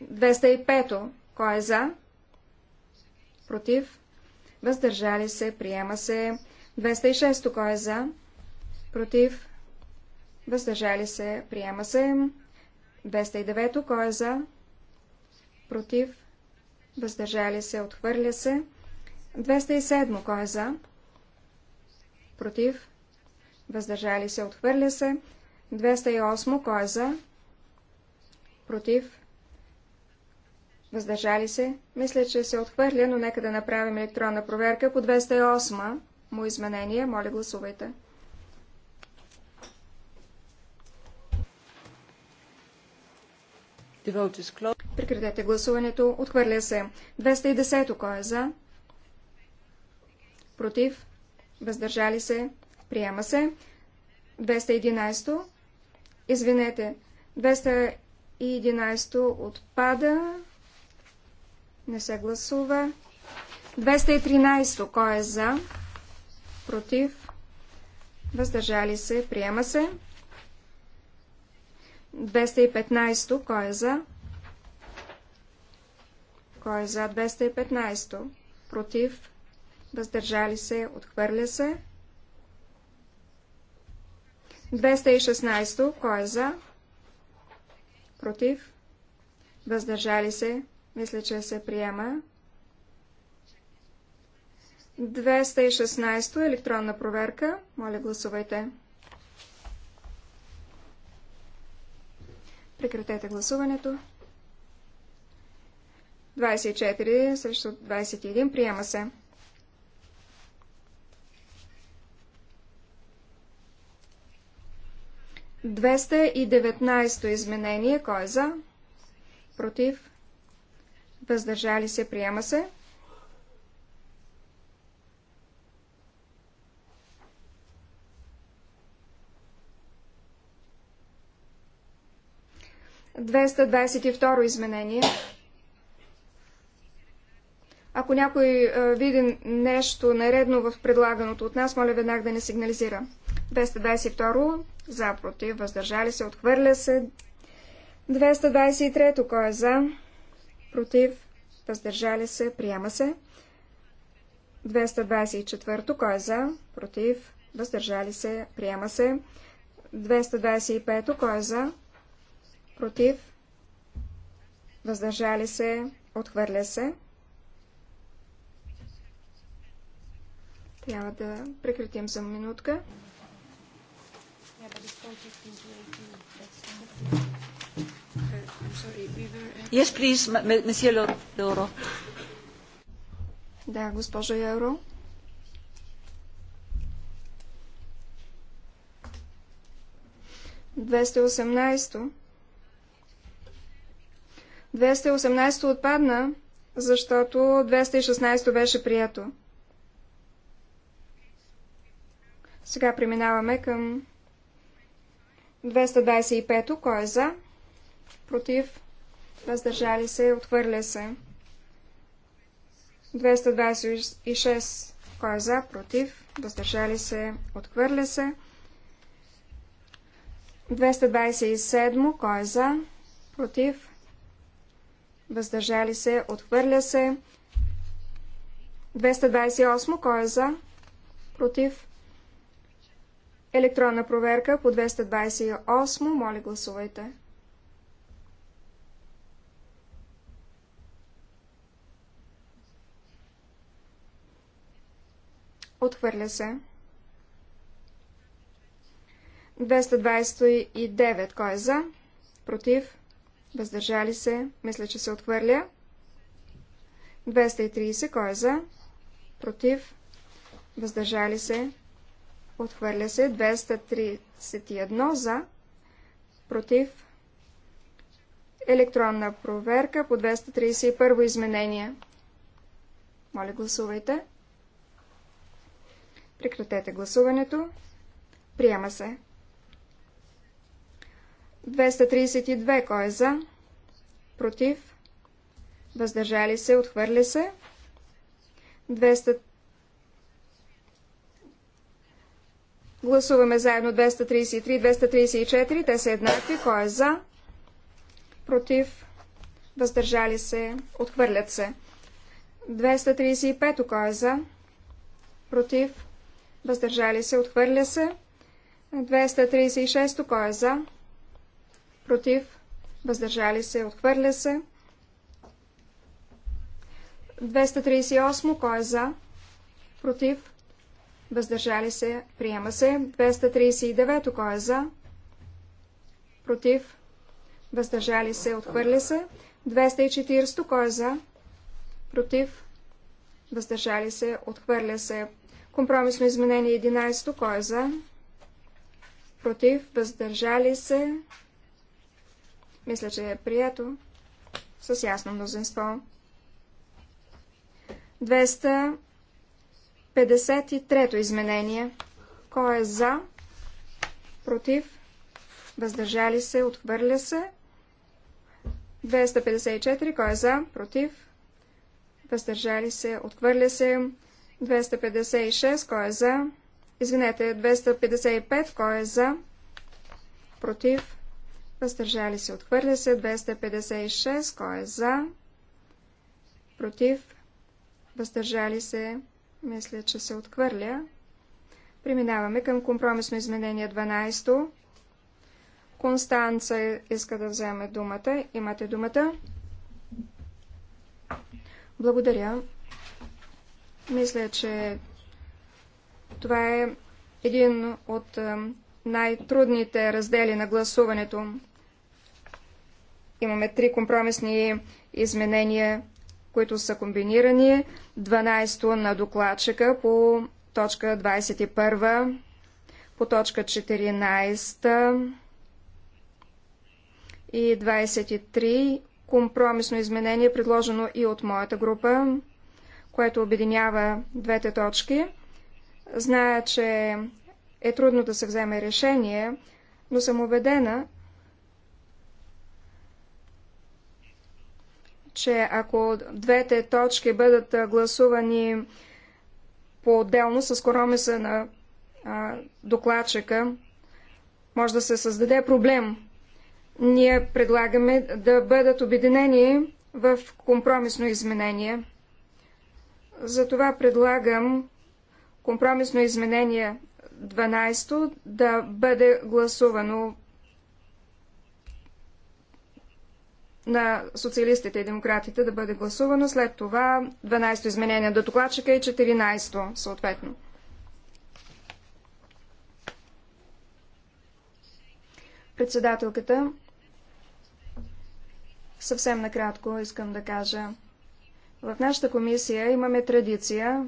Двеста и пето. Кой е за? Против? Въздържали се? Приема се. 206. Кой е за? Против? въздържали се, приема се. 209-то, кой е за, против, въздържали се, отхвърля се. 207-то, кой е за, против, въздържали се, отхвърля се. 208-то, кой е за, против, въздържали се. Мисля, че се отхвърля, но нека да направим електронна проверка по 208 му изменение. Моля, гласувайте. Прекратете гласуването. Отхвърля се. 210. Кой е за? Против? Въздържали се? Приема се. 211. Извинете. 211 отпада. Не се гласува. 213. Кой е за? Против? Въздържали се? Приема се. 215. Кой е за? Кой е за 215? Против? Въздържали се? Отхвърля се? 216. Кой е за? Против? Въздържали се? Мисля, че се приема. 216. Електронна проверка. Моля, гласувайте. Прекратете гласуването. 24 срещу 21. Приема се. Двеста и деветнайсто изменение. Кой е за? Против? Въздържали се? Приема се. 222 изменение. Ако някой е, види нещо наредно в предлаганото от нас, моля веднага да не сигнализира. 222 за, против, въздържали се, отхвърля се. 223 кой е за, против, въздържали се, приема се. 224 кой е за, против, въздържали се, приема се. 225 кой е за, против, въздържали се, отхвърля се. Трябва да прекратим за минутка. Yes, please, месье Лоро. Да, госпожо Евро. Двеста 218 отпадна, защото 216 беше прието. Сега преминаваме към 225. Кой е за? Против? Въздържали се? Отхвърля се. 226. Кой е за? Против? Въздържали се? Отхвърля се. 227. Кой е за? Против? въздържали се, отхвърля се. 228, кой е за, против, електронна проверка по 228, моля гласувайте. Отхвърля се. 229. Кой е за? Против? Въздържали се. Мисля, че се отхвърля. 230. Кой е за? Против. Въздържали се. Отхвърля се. 231 за. Против. Електронна проверка по 231 изменение. Моля, гласувайте. Прекратете гласуването. Приема се. 232. Кой е за? Против? Въздържали се? Отхвърля се? 200... Гласуваме заедно 233, 234. Те са еднакви. Кой е за? Против? Въздържали се? Отхвърлят се? 235. Кой е за? Против? Въздържали се? Отхвърля се? 236. Кой е за? против, въздържали се, отхвърля се. 238, кой е за, против, въздържали се, приема се. 239, кой е за, против, въздържали се, отхвърля се. 240, кой е за, против, въздържали се, отхвърля се. Компромисно изменение 11, кой е за, против, въздържали се, мисля, че е прието с ясно мнозинство. 253-то изменение. Кой е за? Против? Въздържали се? Отхвърля се? 254. Кой е за? Против? Въздържали се? Отхвърля се? 256. Кой е за? Извинете, 255. Кой е за? Против? въздържали се, отхвърля се, 256, кой е за, против, въздържали се, мисля, че се отхвърля. Преминаваме към компромисно изменение 12. Констанца иска да вземе думата. Имате думата. Благодаря. Мисля, че това е един от най-трудните раздели на гласуването. Имаме три компромисни изменения, които са комбинирани. 12 на докладчика по точка 21, по точка 14 и 23 компромисно изменение, предложено и от моята група, което обединява двете точки. Зная, че е трудно да се вземе решение, но съм убедена, че ако двете точки бъдат гласувани по-отделно с коромиса на а, докладчика, може да се създаде проблем. Ние предлагаме да бъдат обединени в компромисно изменение. Затова предлагам компромисно изменение 12 да бъде гласувано на социалистите и демократите да бъде гласувано, след това 12-то изменение до докладчика и 14-то съответно. Председателката, съвсем накратко искам да кажа, в нашата комисия имаме традиция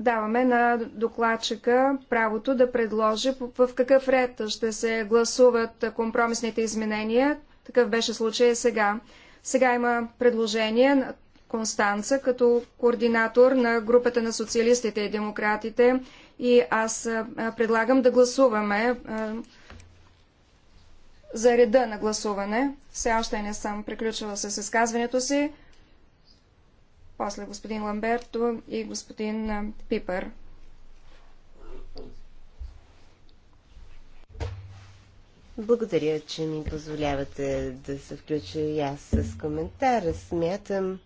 даваме на докладчика правото да предложи в какъв ред ще се гласуват компромисните изменения. Такъв беше случай сега. Сега има предложение на Констанца като координатор на групата на социалистите и демократите и аз предлагам да гласуваме за реда на гласуване. Все още не съм приключила с изказването си после господин Ламберто и господин Пипър. Благодаря, че ми позволявате да се включа и аз с коментар. Смятам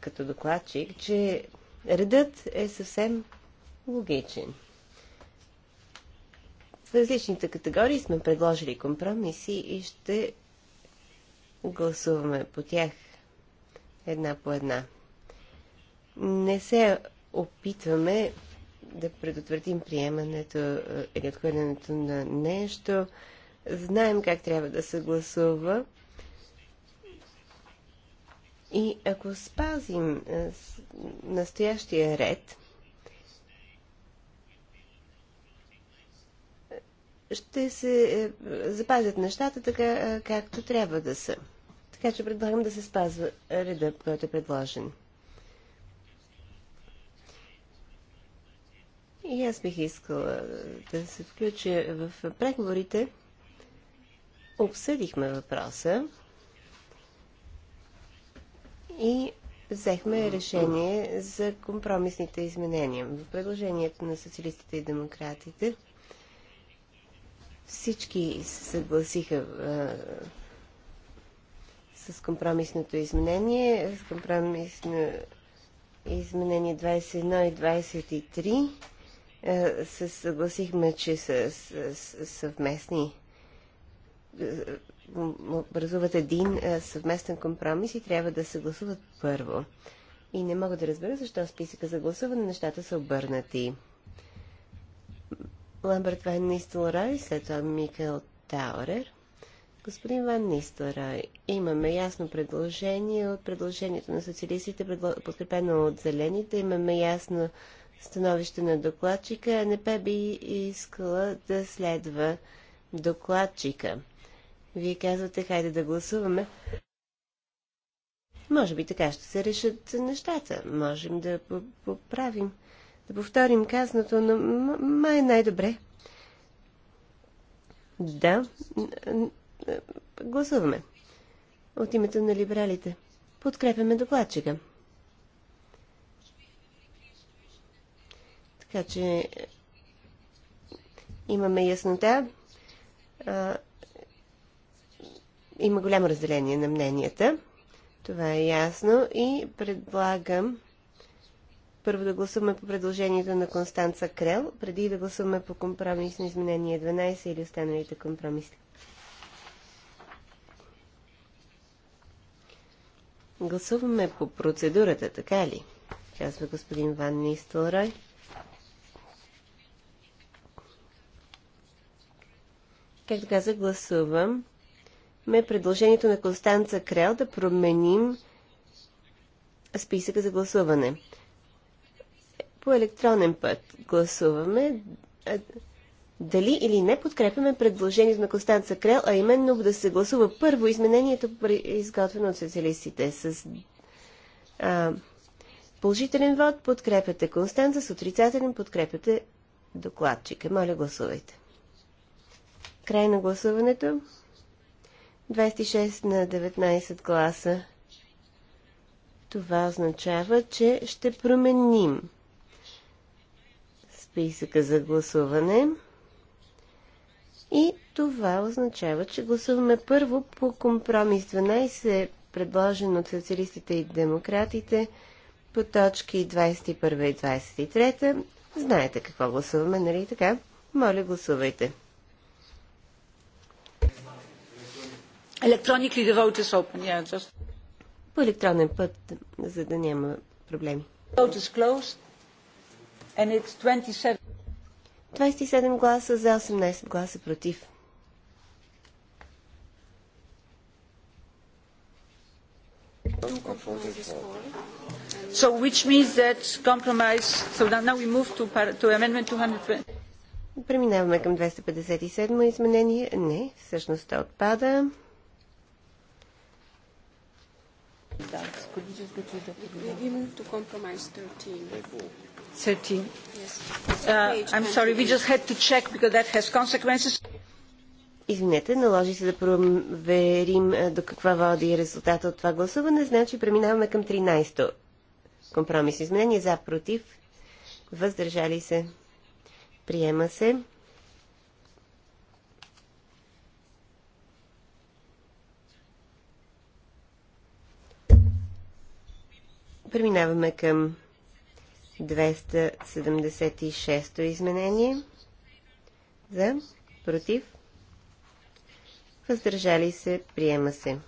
като докладчик, че редът е съвсем логичен. В различните категории сме предложили компромиси и ще гласуваме по тях една по една. Не се опитваме да предотвратим приемането е, или отхвърлянето на нещо. Знаем как трябва да се гласува. И ако спазим е, настоящия ред, ще се е, запазят нещата така, както трябва да са. Така че предлагам да се спазва реда, който е предложен. И аз бих искала да се включа в преговорите. Обсъдихме въпроса и взехме решение за компромисните изменения. В предложението на социалистите и демократите всички се съгласиха с компромисното изменение, с компромисно изменение 21 и 23 е, се съгласихме, че са съвместни е, образуват един е, съвместен компромис и трябва да се гласуват първо. И не мога да разбера защо списъка за гласуване нещата са обърнати. Ламберт Вайн Нистелрой, след това Микел Таурер – Господин Ван Нистора, имаме ясно предложение от предложението на социалистите, подкрепено от зелените. Имаме ясно становище на докладчика. НП би искала да следва докладчика. Вие казвате, хайде да гласуваме. Може би така ще се решат нещата. Можем да поправим, да повторим казаното, но май е най-добре. Да, Гласуваме. От името на либералите. Подкрепяме докладчика. Така че имаме яснота. А, има голямо разделение на мненията. Това е ясно. И предлагам първо да гласуваме по предложението на Констанца Крел, преди да гласуваме по компромис на изменение 12 или останалите компромиси. Гласуваме по процедурата, така ли? Казва господин Ван Нистелрой. Както каза, гласувам ме предложението на Констанца Крел да променим списъка за гласуване. По електронен път гласуваме дали или не подкрепяме предложението на Констанца Крел, а именно да се гласува първо изменението, изготвено от социалистите. С а, положителен вод подкрепяте Констанца, с отрицателен подкрепяте докладчика. Моля, гласувайте. Край на гласуването. 26 на 19 гласа. Това означава, че ще променим списъка за гласуване. И това означава, че гласуваме първо по компромис 12, предложен от социалистите и демократите по точки 21 и 23. Знаете какво гласуваме, нали така? Моля, гласувайте. Електроник ли vote is open. Yeah, just... По електронен път, за да няма проблеми. vote is closed and it's 27. 27 гласа за, 18 гласа против. So which means that compromise, so now we move to, to amendment 220. Преминаваме към 257 изменение. Не, всъщност то отпада. Could you just go to the... We move to compromise 13. 13. Uh, I'm sorry, we just had to check because that has consequences. Извинете, наложи се да проверим до каква води е резултата от това гласуване. Значи преминаваме към 13-то компромис. Изменение за, против, въздържали се. Приема се. Преминаваме към 14. 276-то изменение. За, против, въздържали се, приема се.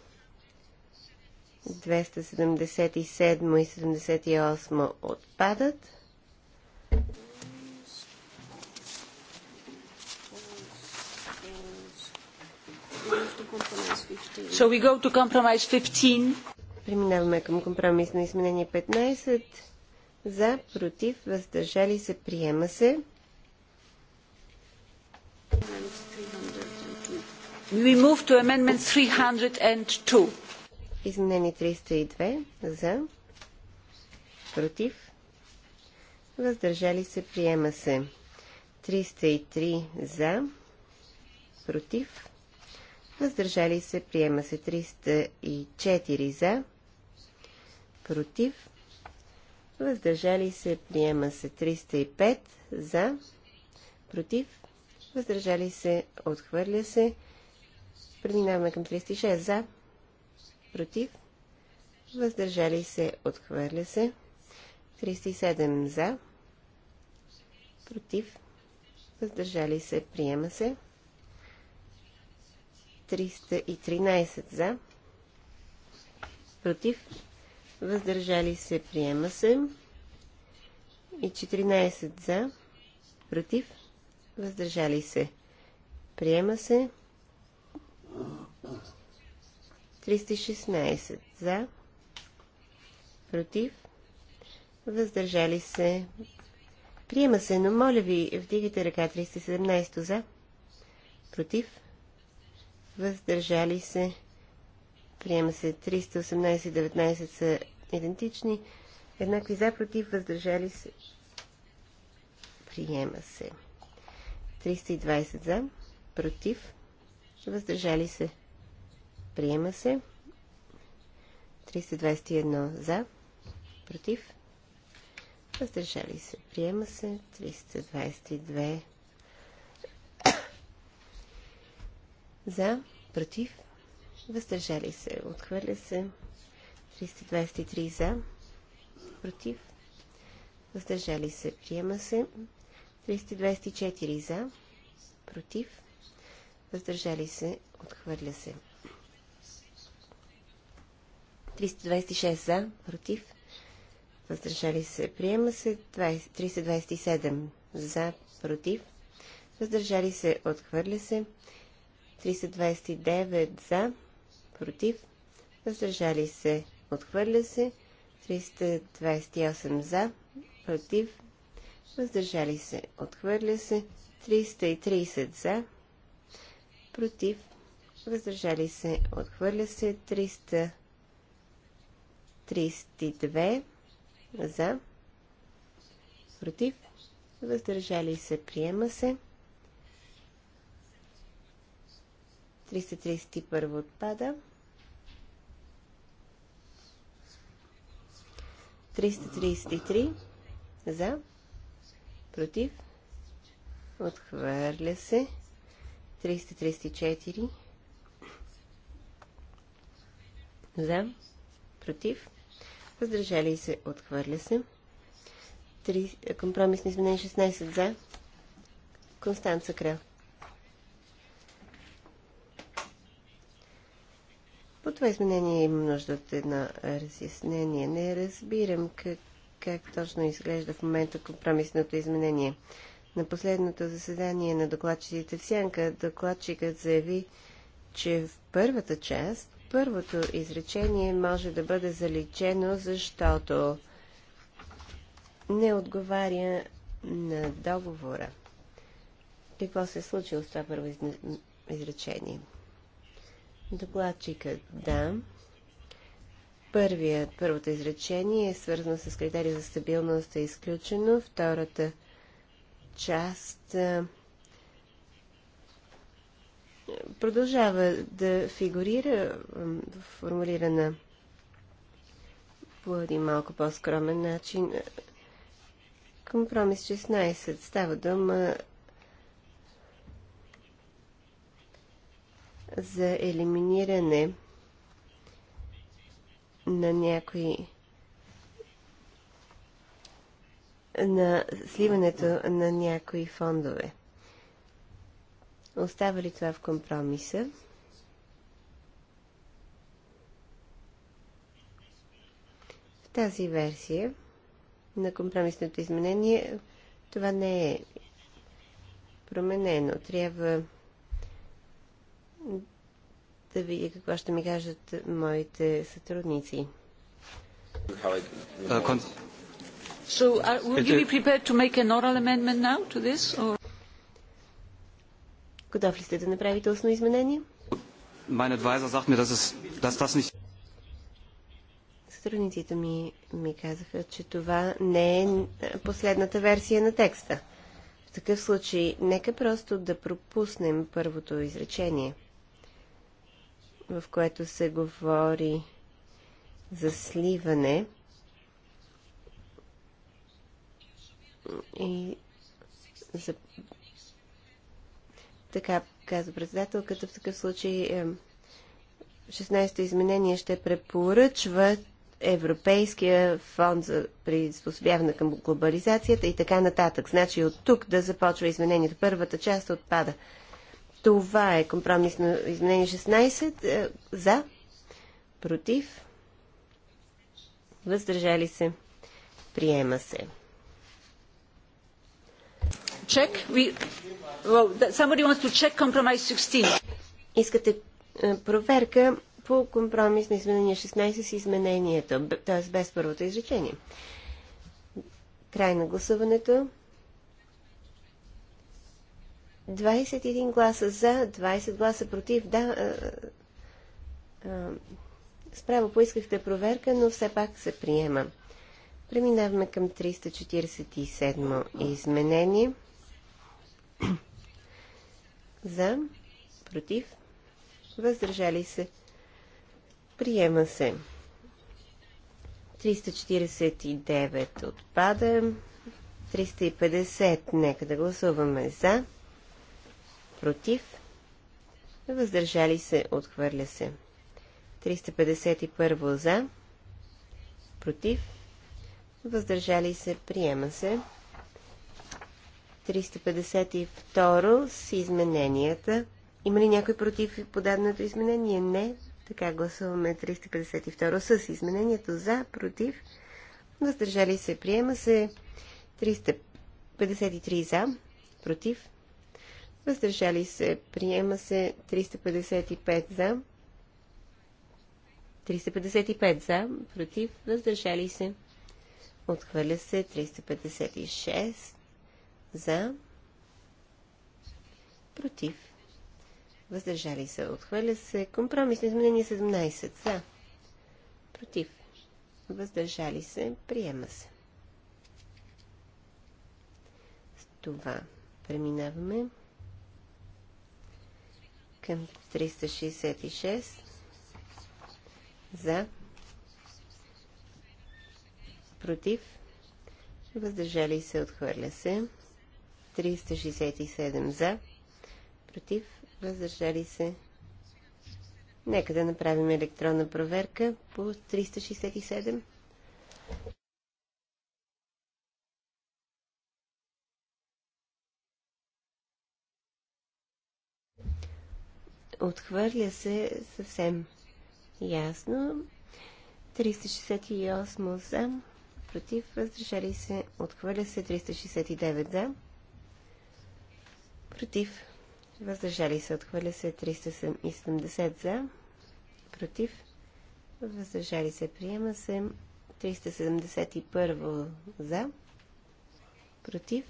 277 и 78 отпадат. So we go to compromise 15. Преминаваме към компромис на изменение 15 за, против, въздържали се, приема се. We move to amendment 302. Изменени 302 за, против, въздържали се, приема се. 303 за, против, въздържали се, приема се. 304 за, против, въздържали се, приема се 305 за, против, въздържали се, отхвърля се. Преминаваме към 306 за, против, въздържали се, отхвърля се. 307 за, против, въздържали се, приема се. 313 за, против, въздържали се, приема се. И 14 за, против, въздържали се, приема се. 316 за, против, въздържали се, приема се, но моля ви, вдигайте ръка 317 за, против, въздържали се, приема се 318-19 са идентични, еднакви за, против, въздържали се. Приема се. 320 за, против, въздържали се. Приема се. 321 за, против, въздържали се. Приема се. 322 за, против, въздържали се. Отхвърля се. 323 за, против, въздържали се, приема се. 324 за, против, въздържали се, отхвърля се. 326 за, против, въздържали се, приема се. 327 за, против, въздържали се, отхвърля се. 329 за, против, въздържали се, Отхвърля се. 328 за. Против. Въздържали се. Отхвърля се. 330 за. Против. Въздържали се. Отхвърля се. 332 за. Против. Въздържали се. Приема се. 331 отпада. 333 за, против, отхвърля се. 334 за, против, въздържали се, отхвърля се. 3, компромисни изменения 16 за, Констанца Крел. това изменение има нужда от едно разяснение. Не разбирам как, как точно изглежда в момента компромисното изменение. На последното заседание на докладчиците в Сянка докладчикът заяви, че в първата част, първото изречение може да бъде заличено, защото не отговаря на договора. Какво се е случило с това първо изречение? Докладчикът да. Първият, първото изречение е свързано с критерия за стабилност е изключено. Втората част продължава да фигурира формулирана по един малко по-скромен начин. Компромис 16 става дума за елиминиране на някои на сливането на някои фондове. Остава ли това в компромиса? В тази версия на компромисното изменение това не е променено. Трябва да видя какво ще ми кажат моите сътрудници. Uh, so, are, uh, you be prepared to make an oral amendment now to this? Or? Готов ли сте да направите устно изменение? Mein advisor sagt mir, dass, es, dass das nicht... Сътрудниците ми, ми казаха, че това не е последната версия на текста. В такъв случай, нека просто да пропуснем първото изречение – в което се говори за сливане и за... Така казва председателката, в такъв случай 16-то е, изменение ще препоръчва Европейския фонд за приспособяване към глобализацията и така нататък. Значи от тук да започва изменението. Първата част отпада. Това е компромисно изменение 16. Е, за. Против. Въздържали се. Приема се. Чек. somebody wants to check compromise 16. Искате е, проверка по компромис на изменение 16 с изменението, т.е. без първото изречение. Край на гласуването. 21 гласа за, 20 гласа против. Да, а, а, справо поискахте проверка, но все пак се приема. Преминаваме към 347 изменение. За, против, въздържали се. Приема се. 349 отпада. 350. Нека да гласуваме за против, въздържали се, отхвърля се. 351 за, против, въздържали се, приема се. 352 с измененията. Има ли някой против подаденото изменение? Не. Така гласуваме 352 с изменението за, против, въздържали се, приема се. 353 за, против, въздържали се, приема се 355 за, 355 за, против, въздържали се, отхвърля се 356 за, против, въздържали се, отхвърля се, компромисно изменение 17 за, против, въздържали се, приема се. С това преминаваме към 366 за против въздържали се отхвърля се 367 за против въздържали се Нека да направим електронна проверка по 367. Отхвърля се съвсем ясно. 368 за, против, въздържали се, отхвърля се 369 за, против, въздържали се, отхвърля се 370 за, против, въздържали се, приема се 371 за, против,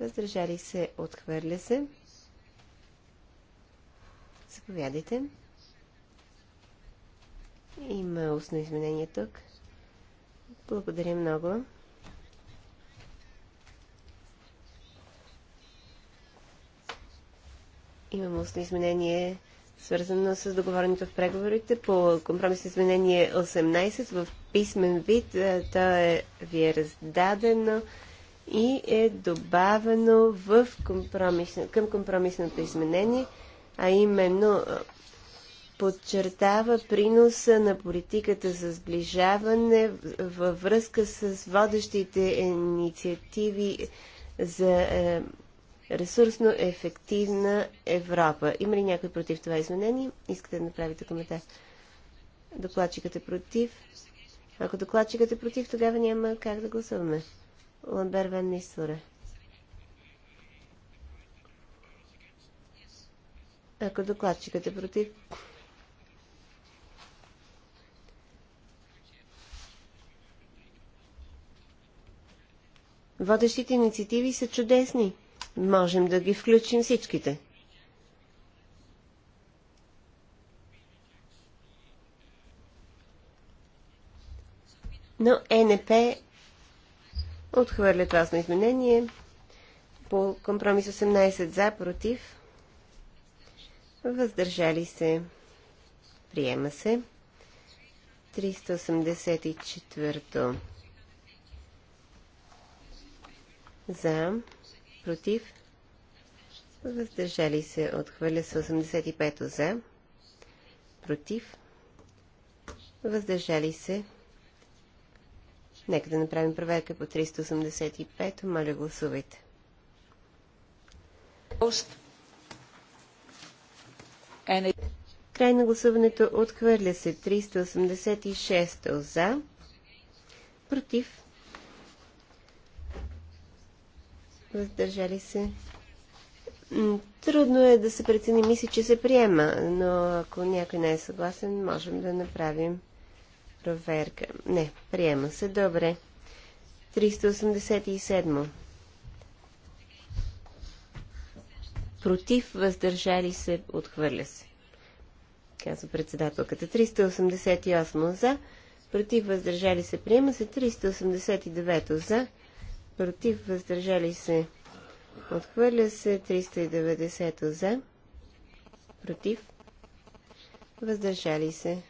въздържали се, отхвърля се Заповядайте. Има устно изменение тук. Благодаря много. Имам устно изменение, свързано с договоренето в преговорите по компромис изменение 18 в писмен вид. Е, то е, ви е раздадено и е добавено в компромисно, към компромисното изменение – а именно подчертава приноса на политиката за сближаване във връзка с водещите инициативи за е, ресурсно ефективна Европа. Има ли някой против това изменение? Искате да направите коментар? Докладчикът е против. Ако докладчикът е против, тогава няма как да гласуваме. Ламбер Ван Нисуре. Ако докладчикът е против. Водещите инициативи са чудесни. Можем да ги включим всичките. Но ЕНП отхвърля това на изменение по компромис 18 за, против въздържали се, приема се. 384 за, против, въздържали се, отхвърля се 85 за, против, въздържали се. Нека да направим проверка по 385. Моля, гласувайте. Пост. Край на гласуването отхвърля се 386 за, против, въздържали се. Трудно е да се прецени, мисли, че се приема, но ако някой не е съгласен, можем да направим проверка. Не, приема се, добре. 387. против, въздържали се, отхвърля се. Казва председателката. 388 за, против, въздържали се, приема се. 389 за, против, въздържали се, отхвърля се. 390 за, против, въздържали се.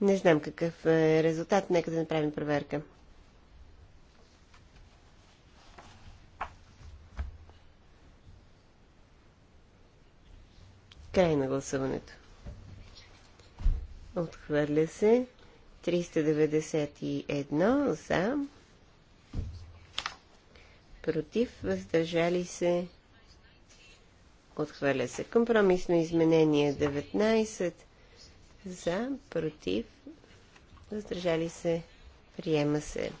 Не знам какъв е резултат, нека да направим проверка. Край на гласуването. Отхвърля се. 391 за. Против. Въздържали се. Отхвърля се. Компромисно изменение 19 за. Против. Въздържали се. Приема се.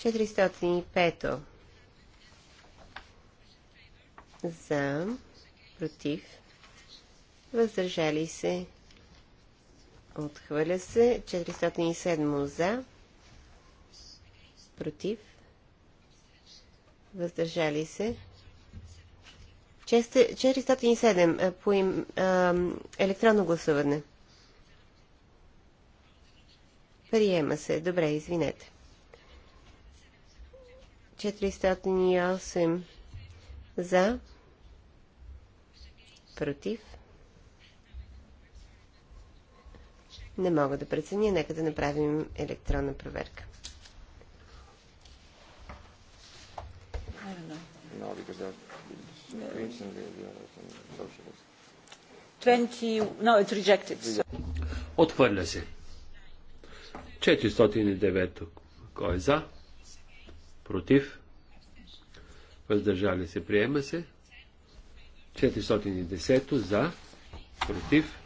405 за, против, въздържали се, отхвърля се, 407 за, против, въздържали се. 407 по им, а, електронно гласуване. Приема се. Добре, извинете. 408 за. Против. Не мога да преценя. Нека да направим електронна проверка. Отхвърля се. 409. Кой е за? Против? въздържали се, приема се. 410 за, против,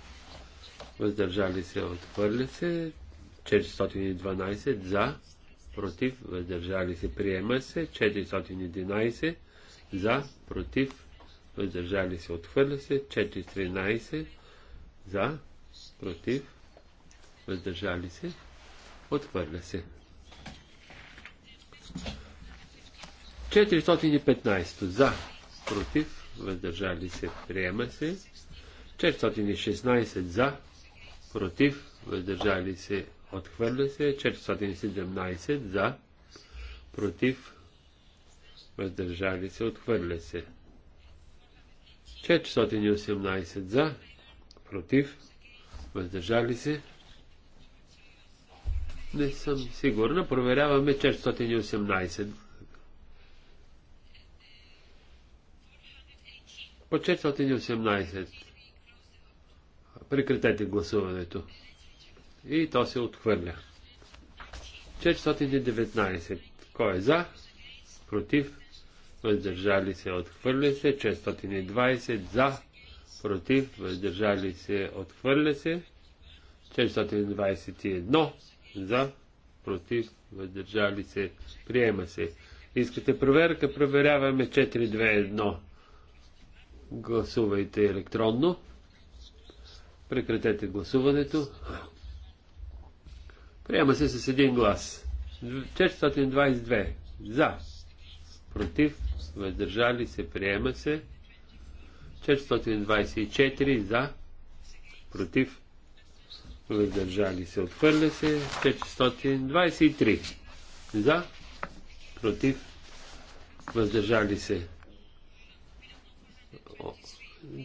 въздържали се, отхвърля се. 412 за, против, въздържали се, приема се. 411 за, против, въздържали се, отхвърля се. 413 за, против, въздържали се, отхвърля се. 415 за, против, въздържали се, приема се. 416 за, против, въздържали се, отхвърля се. 417 за, против, въздържали се, отхвърля се. 418 за, против, въздържали се. Не съм сигурна. Проверяваме 418. По 418. Прекратете гласуването. И то се отхвърля. 419. Кой е за? Против? Въздържали се, отхвърля се. 420. За? Против? Въздържали се, отхвърля се. 421. За? Против? Въздържали се, приема се. Искате проверка? Проверяваме 421. Гласувайте електронно. Прекратете гласуването. Приема се с един глас. 422. За. Против. Въздържали се. Приема се. 424. За. Против. Въздържали се. Отхвърля се. 423. За. Против. Въздържали се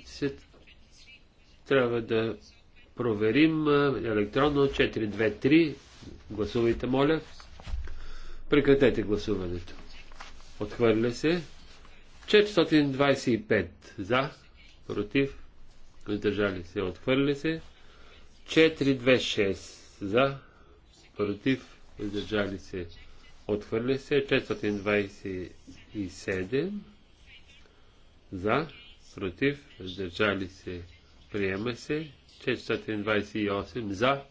се трябва да проверим електронно 423. Гласувайте, моля. Прекратете гласуването. Отхвърля се. 425 за, против, въздържали се, отхвърля се. 426 за, против, въздържали се, отхвърля се. 427 за, против, въздържали се, приема се. 428 за,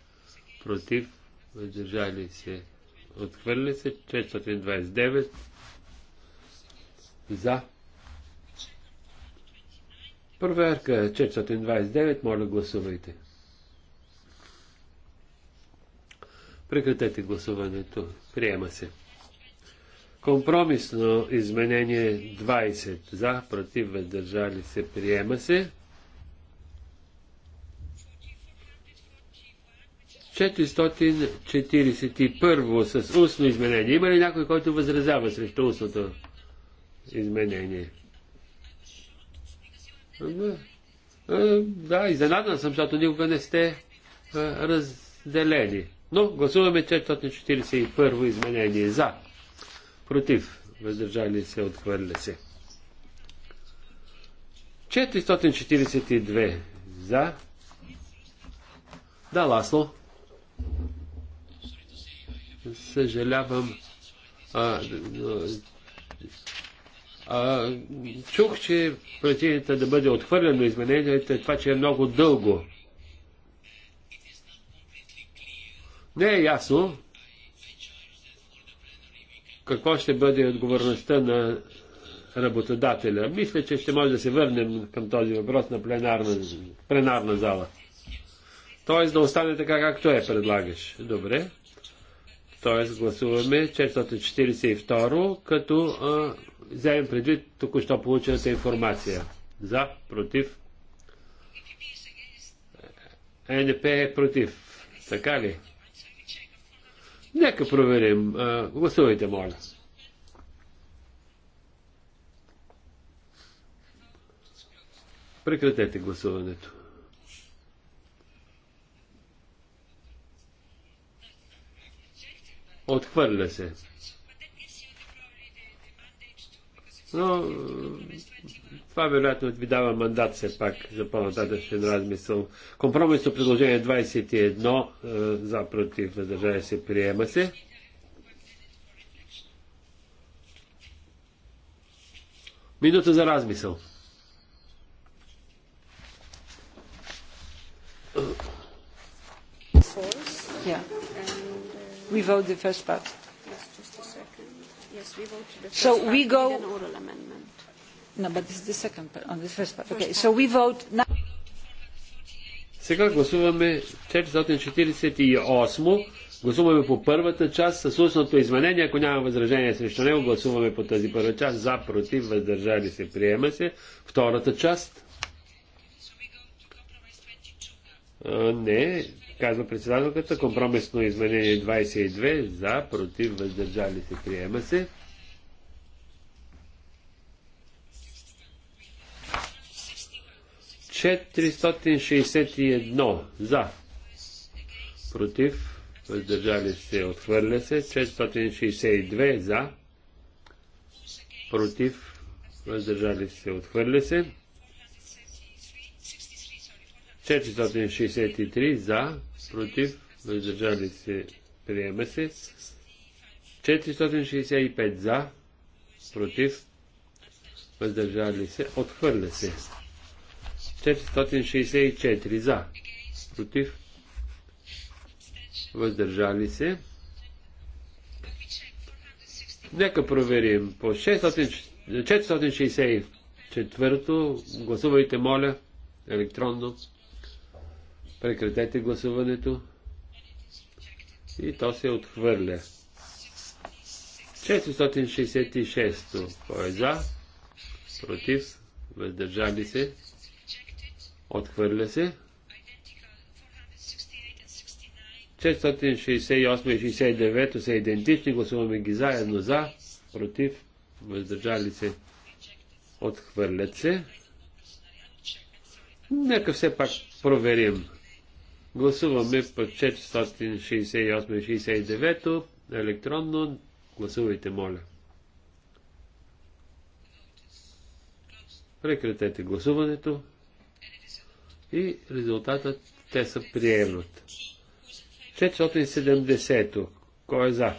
против, въздържали се, отхвърля се. 429 за. Проверка 429, моля гласувайте. Прекратете гласуването. Приема се. Компромисно изменение 20 за, против, въздържали се, приема се. 441 с устно изменение. Има ли някой, който възразява срещу устното изменение? Да, изненадан съм, защото никога не сте разделени. Но гласуваме 441 изменение за против, въздържали се, отхвърля се. 442 за. Да, Ласло. Съжалявам. А, а, чух, че причината да бъде отхвърлено изменението е това, че е много дълго. Не е ясно какво ще бъде отговорността на работодателя. Мисля, че ще може да се върнем към този въпрос на пленарна, пленарна зала. Тоест да остане така, както е, предлагаш. Добре. Тоест гласуваме 442, като а, вземем предвид току-що получената информация. За, против. Е, НП е против. Така ли? Нека проверим. Гласувайте, моля. Прекратете гласуването. Отхвърля се. Но това вероятно ви дава мандат все пак за по-нататъчен размисъл. Компромисно предложение 21 е, за против въздържание се приема се. Минута за размисъл. Yeah. We vote the first part. So we go No, but this is the second part, on the first part. Okay, so we vote now. Сега гласуваме 448. Гласуваме по първата част с устното изменение. Ако няма възражение срещу него, гласуваме по тази първа част. За, против, въздържали се, приема се. Втората част. А, не, казва председателката. Компромисно изменение 22. За, против, въздържали се, приема се. 461 за. Против. Въздържали се. Отхвърля се. 462 за. Против. Въздържали се. Отхвърля се. 463 за. Против. Въздържали се. Приема се. 465 за. Против. Въздържали се. Отхвърля се. 464 за. Против. Въздържали се. Нека проверим. По 464 гласувайте, моля, електронно. Прекратете гласуването. И то се отхвърля. 466 кой е за, против, въздържали се, Отхвърля се. 468 и 69 са идентични. Гласуваме ги заедно за, против, въздържали се. Отхвърлят се. Нека все пак проверим. Гласуваме по 468 и 69 електронно. Гласувайте, моля. Прекратете гласуването и резултатът те са приемат. 470-то. Кой е за?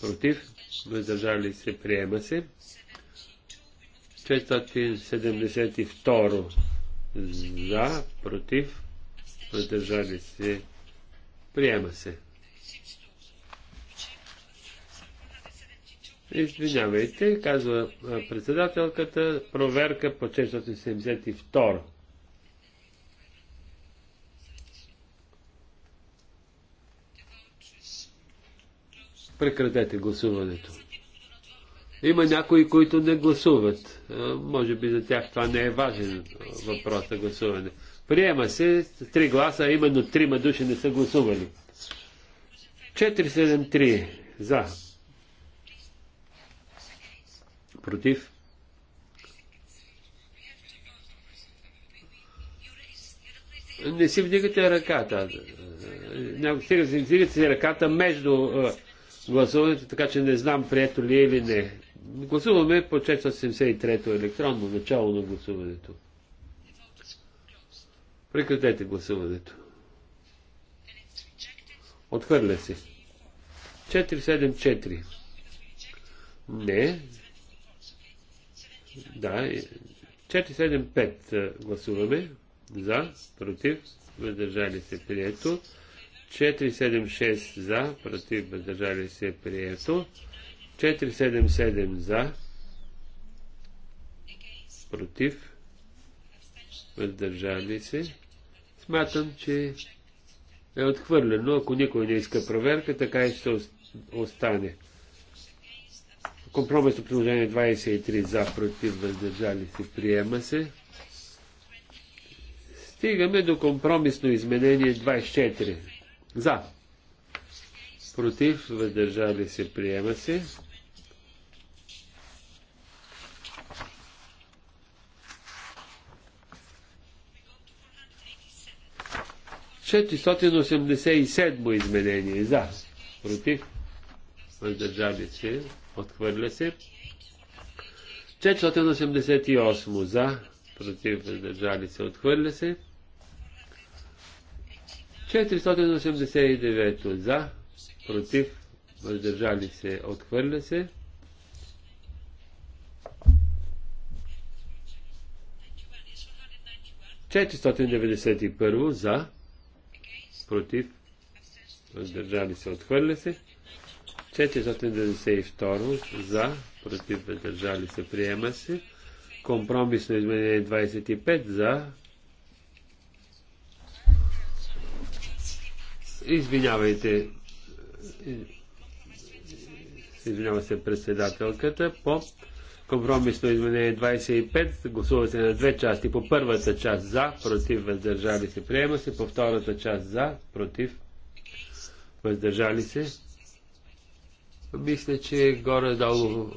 Против? Въздържали се? Приема се. 472 за, против, въздържали се, приема се. Извинявайте, казва председателката, проверка по 472. Прекратете гласуването. Има някои, които не гласуват. Може би за тях това не е важен въпрос на гласуване. Приема се три гласа, а именно трима души не са гласували. 473 за. Против. Не си вдигате ръката. Стига си вдигате ръката между гласуването, така че не знам прието ли е или не. Гласуваме по 473-то електронно начало на гласуването. Прекратете гласуването. Отхвърля се. 474. Не. Да. 475 е, гласуваме. За, против, въздържали се, прието. 476 за, против, въздържали се, прието. 477 за, против, въздържали се. Смятам, че е отхвърлено. Ако никой не иска проверка, така и ще остане. Компромисно приложение 23 за, против, въздържали се, приема се. Стигаме до компромисно изменение 24. За. Против, въздържали се, приема се. Шестотин изменение. За. Против. Въздържали се. Отхвърля се. 488 за. Против. Въздържали се. Отхвърля се. 489 за, против, въздържали се, отхвърля се. Четиристотин за, против, въздържали се, отхвърля се. 492 за, против, въздържали се, приема се. Компромисно изменение 25 за, Извинявайте. Извинява се председателката. По компромисно изменение 25 гласува се на две части. По първата част за, против, въздържали се. Приема се. По втората част за, против, въздържали се. Мисля, че горе-долу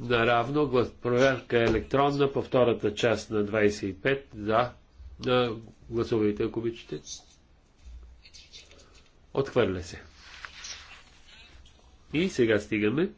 наравно глас, проверка е електронна по втората част на 25 за гласувайте, ако обичате. Отхвърля се. И сега стигаме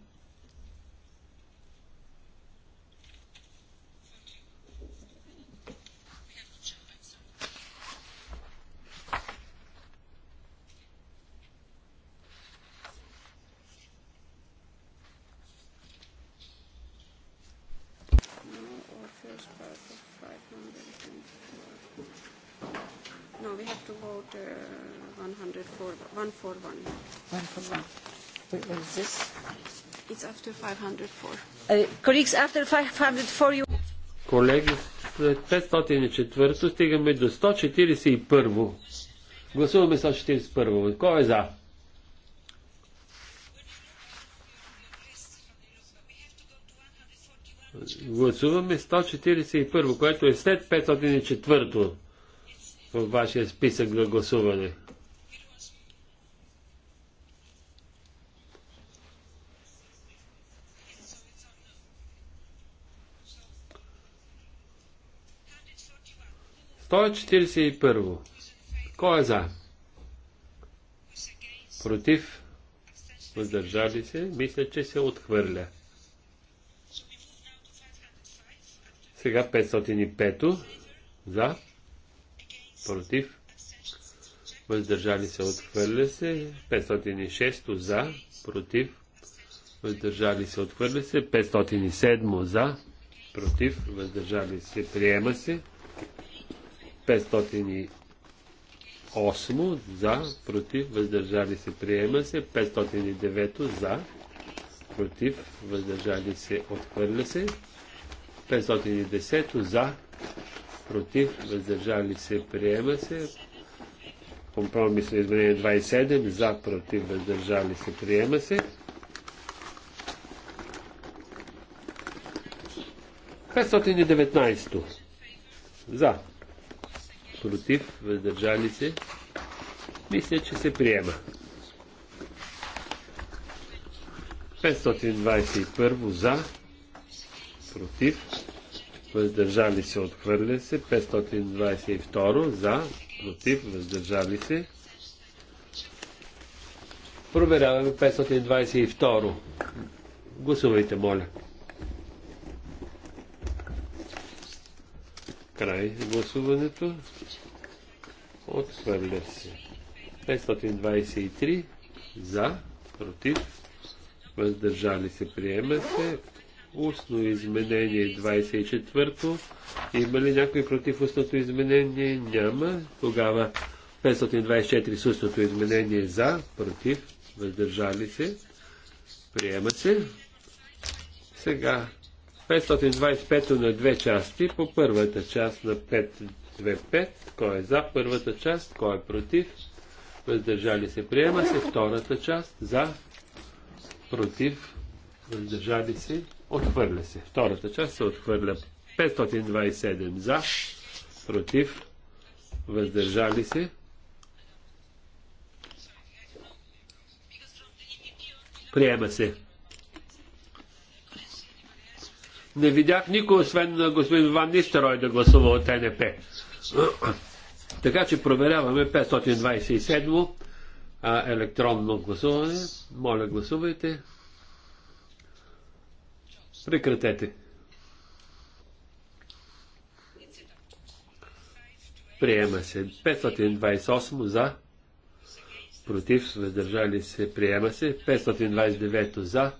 Колеги, след 504 стигаме до 141. Гласуваме 141. Кой е за? Гласуваме 141, което е след 504 в вашия списък за гласуване. 141. Е Кой е за? Против? Въздържали се? Мисля, че се отхвърля. Сега 505. За? Против? Въздържали се? Отхвърля се. 506. За? Против? Въздържали се? Отхвърля се. 507. За? Против? Въздържали се? Приема се. 508 за, против, въздържали се, приема се. 509 за, против, въздържали се, отхвърля се. 510 за, против, въздържали се, приема се. на изменение 27 за, против, въздържали се, приема се. 519 за, против, въздържали се. Мисля, че се приема. 521 за, против, въздържали се, отхвърля се. 522 за, против, въздържали се. Проверяваме 522. Гласувайте, моля. Край на гласуването. Отхвърля се. 523 за, против, въздържали се, приема се. Устно изменение 24-то. Има ли някой против устното изменение? Няма. Тогава 524 с устното изменение за, против, въздържали се, приема се. Сега 525 на две части, по първата част на 525, кой е за първата част, кой е против, въздържали се, приема се втората част, за, против, въздържали се, отхвърля се. Втората част се отхвърля 527 за, против, въздържали се. Приема се. Не видях никой, освен господин Ван Нистерой, да гласува от НП. Така че проверяваме 527 а, електронно гласуване. Моля, гласувайте. Прекратете. Приема се 528 за, против, въздържали се, приема се 529 за,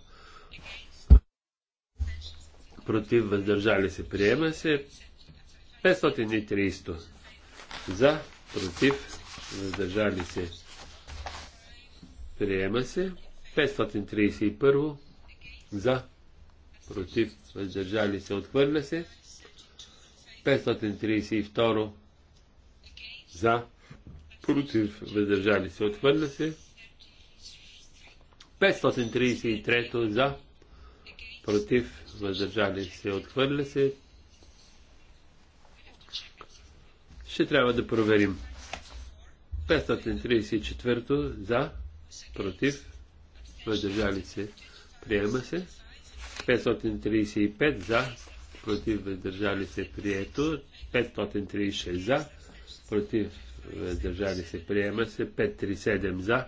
против, въздържали се, приема се. 530 за, против, въздържали се, приема се. 531 за, против, въздържали се, отхвърля се. 532 за, против, въздържали се, отхвърля се. 533 за, против, въздържали се, отхвърля се. Ще трябва да проверим. 534 за, против, въздържали се, приема се. 535 за, против, въздържали се, прието. 536 за, против, въздържали се, приема се. 537 за,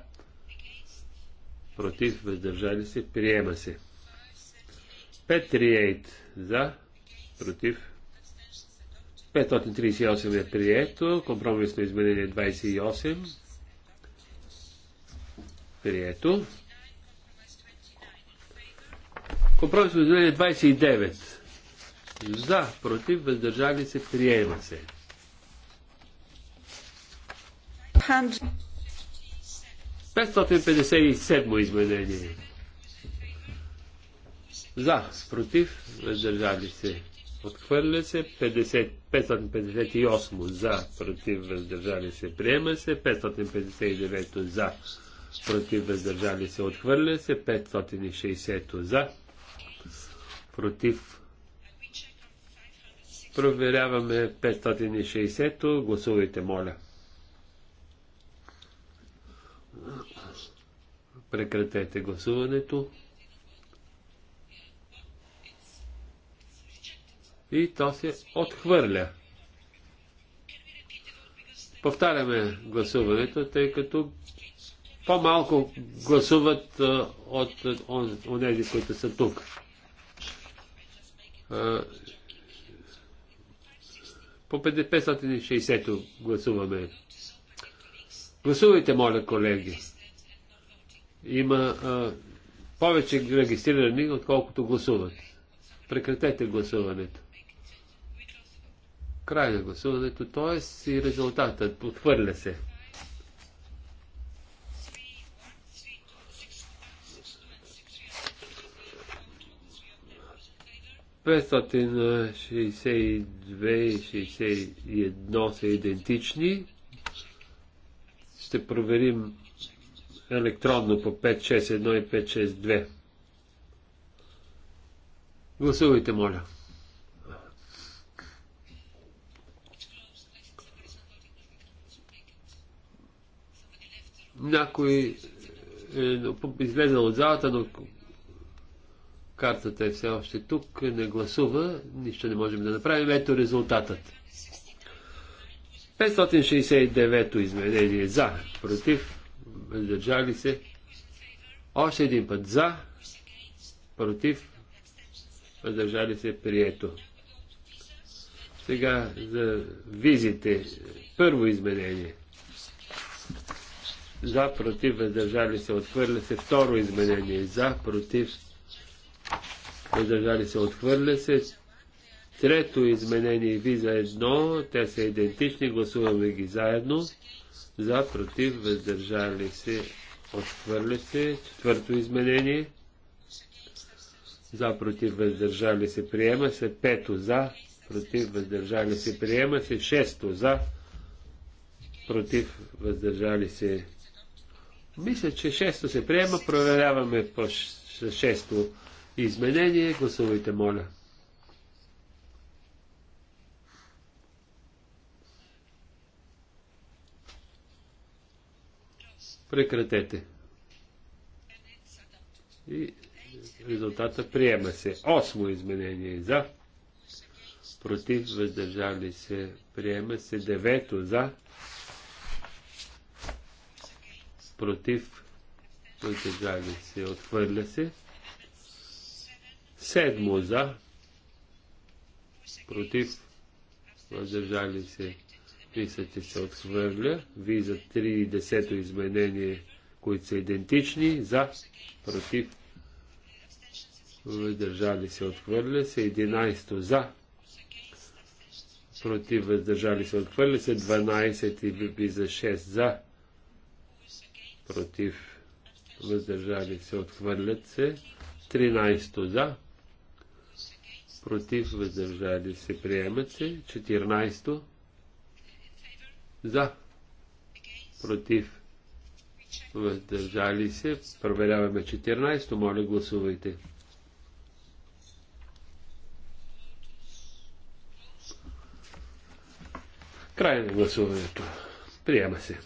против, въздържали се, приема се. Петриейт за, против. 538 е прието. Компромисно изменение 28. Прието. Компромисно изменение 29. За, против, въздържали се, приема се. 557 изменение. За, против, въздържали се. Отхвърля се 50, 558 за, против, въздържали се. Приема се 559 за, против, въздържали се. Отхвърля се 560 за, против. Проверяваме 560. Гласувайте, моля. Прекратете гласуването. и то се отхвърля. Повтаряме гласуването, тъй като по-малко гласуват от онези, които са тук. по 560 гласуваме. Гласувайте, моля, колеги. Има а, повече регистрирани, отколкото гласуват. Прекратете гласуването. Край на гласуването, т.е. и резултатът отхвърля се. 562 и 61 са идентични. Ще проверим електронно по 561 и 562. Гласувайте, моля. Някой е излезе от залата, но картата е все още тук, не гласува, нищо не можем да направим. Ето резултатът. 569-то изменение за, против, въздържали се. Още един път за, против, въздържали се, прието. Сега за визите. Първо изменение – за, против, въздържали се, отхвърля се. Второ изменение, за, против, въздържали се, отхвърля се. Трето изменение ви за едно, те са идентични, гласуваме ги заедно. За, против, въздържали се, отхвърля се. Четвърто изменение, за, против, въздържали се, приема се. Пето, за, против, въздържали се, приема се. Шесто, за, против, въздържали се, мисля, че шесто се приема. Проверяваме по шесто изменение. Гласувайте, моля. Прекратете. И резултата приема се. Осмо изменение за. Против въздържали се. Приема се. Девето за против, въздържали се, отхвърля се. Седмо за, против, въздържали се, мислите се отхвърля. Виза 30 3 изменение, които са идентични, за, против, въздържали се, отхвърля се. 11 за, против, въздържали се, отхвърля се. 12 и за 6 за, против, въздържали се, отхвърлят се. 13 за, против, въздържали се, приемат се. 14 за, против, въздържали се. Проверяваме 14, моля гласувайте. Край на гласуването. Приема се.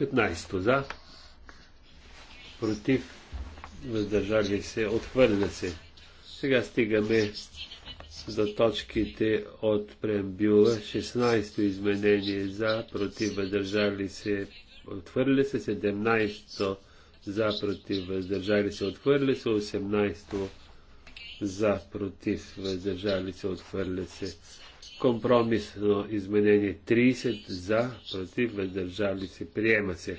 15 за, против, въздържали се, отхвърля се. Сега стигаме до точките от преамбюла. 16-то изменение за, против, въздържали се, отхвърля се. 17-то за, против, въздържали се, отхвърля се. 18-то за, против, въздържали се, отхвърля се. Компромисно изменение 30 за, против, въздържали се, приема се.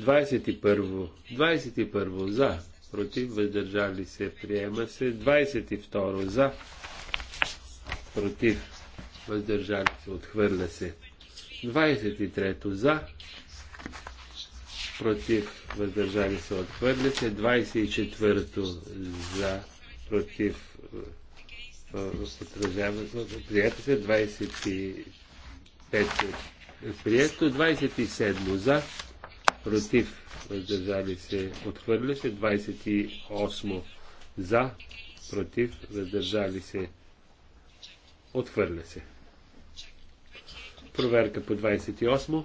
21. 21 за, против, въздържали се, приема се. 22 за, против, въздържали се, отхвърля се. 23 за, против, въздържали се, отхвърля се. 24 за, против, всъщност отразяването. Прието се 25 прието, 27 е за, против, въздържали се, отхвърля се, 28 за, против, въздържали се, отхвърля се. Проверка по 28.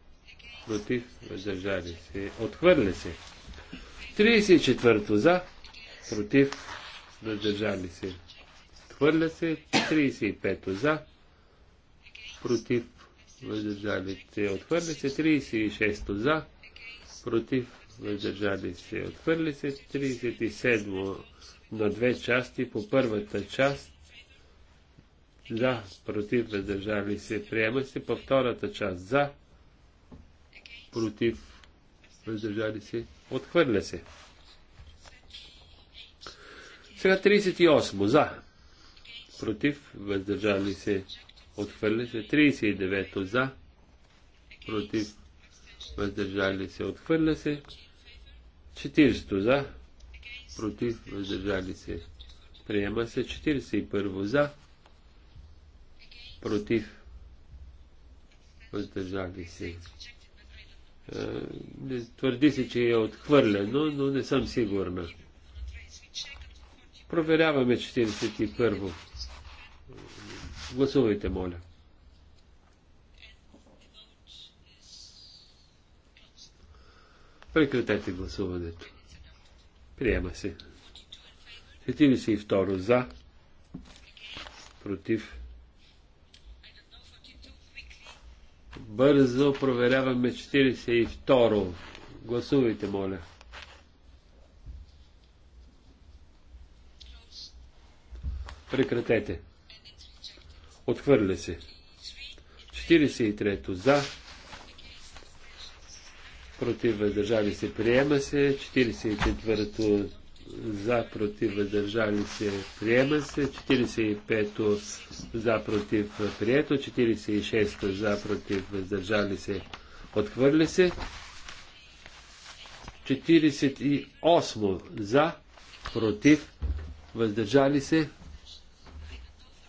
против, въздържали се, отхвърля се. 34 за, против, въздържали се, отхвърля се. 35 за, против, въздържали се, отхвърля се. 36 за, против, въздържали се, отхвърля се. 37 на две части, по първата част за, против, въздържали се, приема се по втората част за, против, въздържали се, отхвърля се. Сега 38 за, против, въздържали се, отхвърля се. 39 за, против, въздържали се, отхвърля се. 40 за, против, въздържали се, приема се. 41 за, против, въздържали се. Е, твърди се, че е отхвърлено, но не съм сигурна. Проверяваме 41-во. Гласувайте, моля. Прекратете гласуването. Приема се. 42 за, против Бързо проверяваме 42-ро. Гласувайте, моля. Прекратете. Отхвърля се. 43-то за. Против въздържали се. Приема се. 44-то за против въздържали се приема се, 45-то за против прието, 46-то за против въздържали се отхвърли се, 48-то за против въздържали се.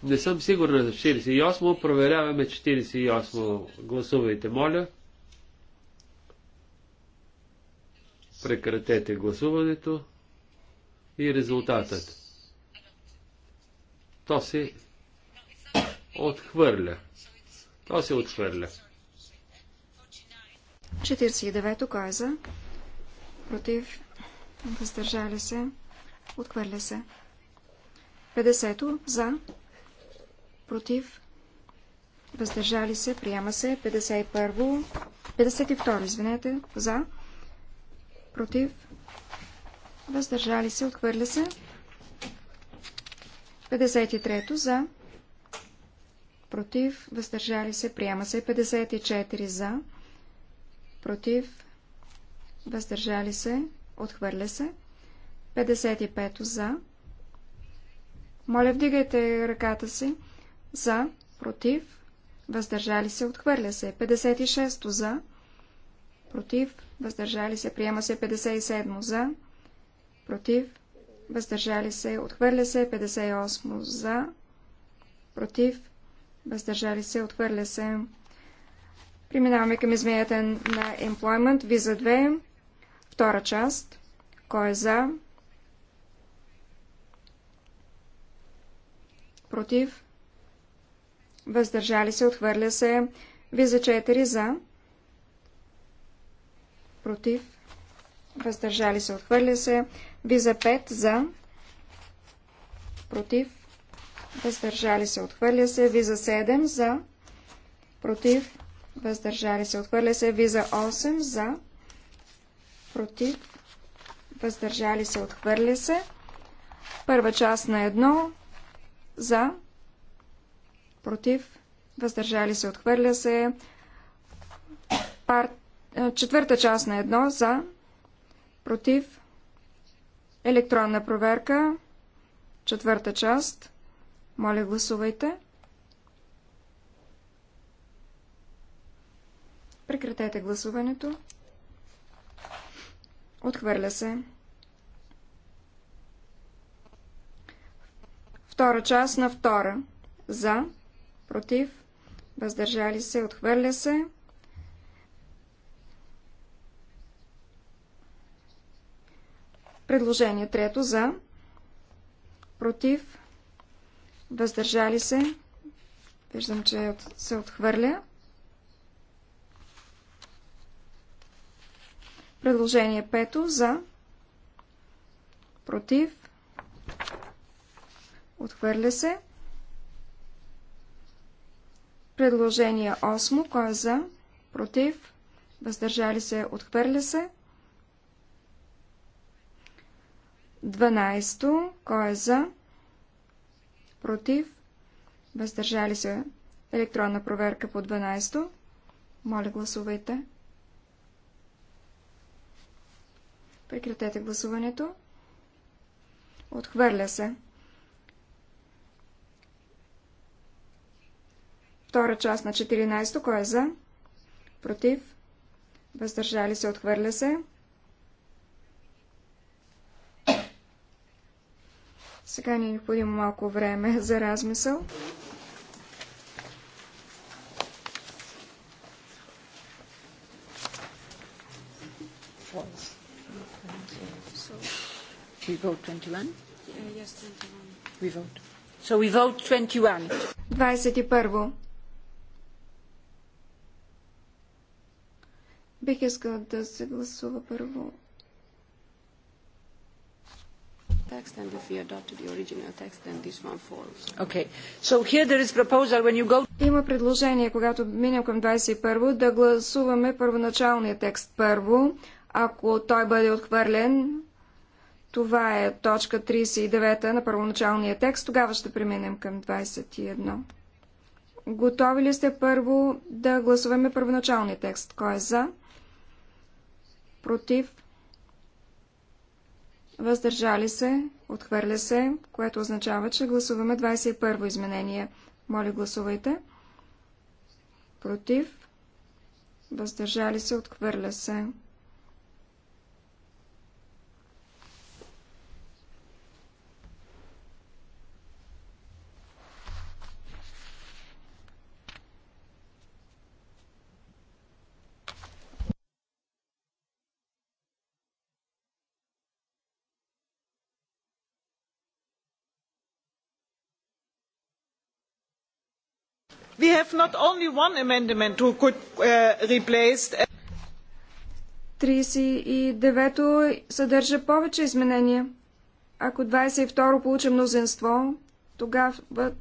Не съм сигурна за 48-то, проверяваме 48-то. Гласувайте, моля. Прекратете гласуването и резултатът. То се отхвърля. То се отхвърля. 49-то кой е за? Против? Въздържали се? Отхвърля се. 50-то за? Против? Въздържали се? Приема се. 51 то 52-то, извинете. За? Против? въздържали се, отхвърля се. 53 за, против, въздържали се, приема се. 54 за, против, въздържали се, отхвърля се. 55 за. Моля, вдигайте ръката си. За, против, въздържали се, отхвърля се. 56 за, против, въздържали се, приема се. 57 за, против, въздържали се, отхвърля се, 58 за, против, въздържали се, отхвърля се. Преминаваме към изменята на Employment, виза 2, втора част, кой е за, против, въздържали се, отхвърля се, виза 4 за, против, въздържали се, отхвърля се, Виза 5 за, против, въздържали се, отхвърля се. Виза 7 за, против, въздържали се, отхвърля се. Виза 8 за, против, въздържали се, отхвърля се. Първа част на едно, за, против, въздържали се, отхвърля се. Пар... Четвърта част на едно, за, против, Електронна проверка. Четвърта част. Моля, гласувайте. Прекратете гласуването. Отхвърля се. Втора част на втора. За, против, въздържали се, отхвърля се. Предложение трето за, против, въздържали се. Виждам, че е се отхвърля. Предложение пето за, против, отхвърля се. Предложение 8. Кой е за? Против? Въздържали се? Отхвърля се? 12. Кой е за? Против? Въздържали се електронна проверка по 12. Моля, гласувайте. Прекратете гласуването. Отхвърля се. Втора част на 14. Кой е за? Против? Въздържали се? Отхвърля се. Сега ни е необходимо малко време за размисъл. We vote 21? Yes, 21. We vote. So we vote 21. 21. Бих искал да се гласува първо text, and if we adopted the original text, then this one falls. Okay. So here there is proposal when you go... Има предложение, когато минем към 21, да гласуваме първоначалния текст първо. Ако той бъде отхвърлен, това е точка 39 на първоначалния текст, тогава ще преминем към 21. Готови ли сте първо да гласуваме първоначалния текст? Кой е за? Против? въздържали се, отхвърля се, което означава, че гласуваме 21 изменение. Моля, гласувайте. Против, въздържали се, отхвърля се. we have not only one amendment who could replace 39-то съдържа повече изменения. Ако 22-ро получи мнозинство, тогава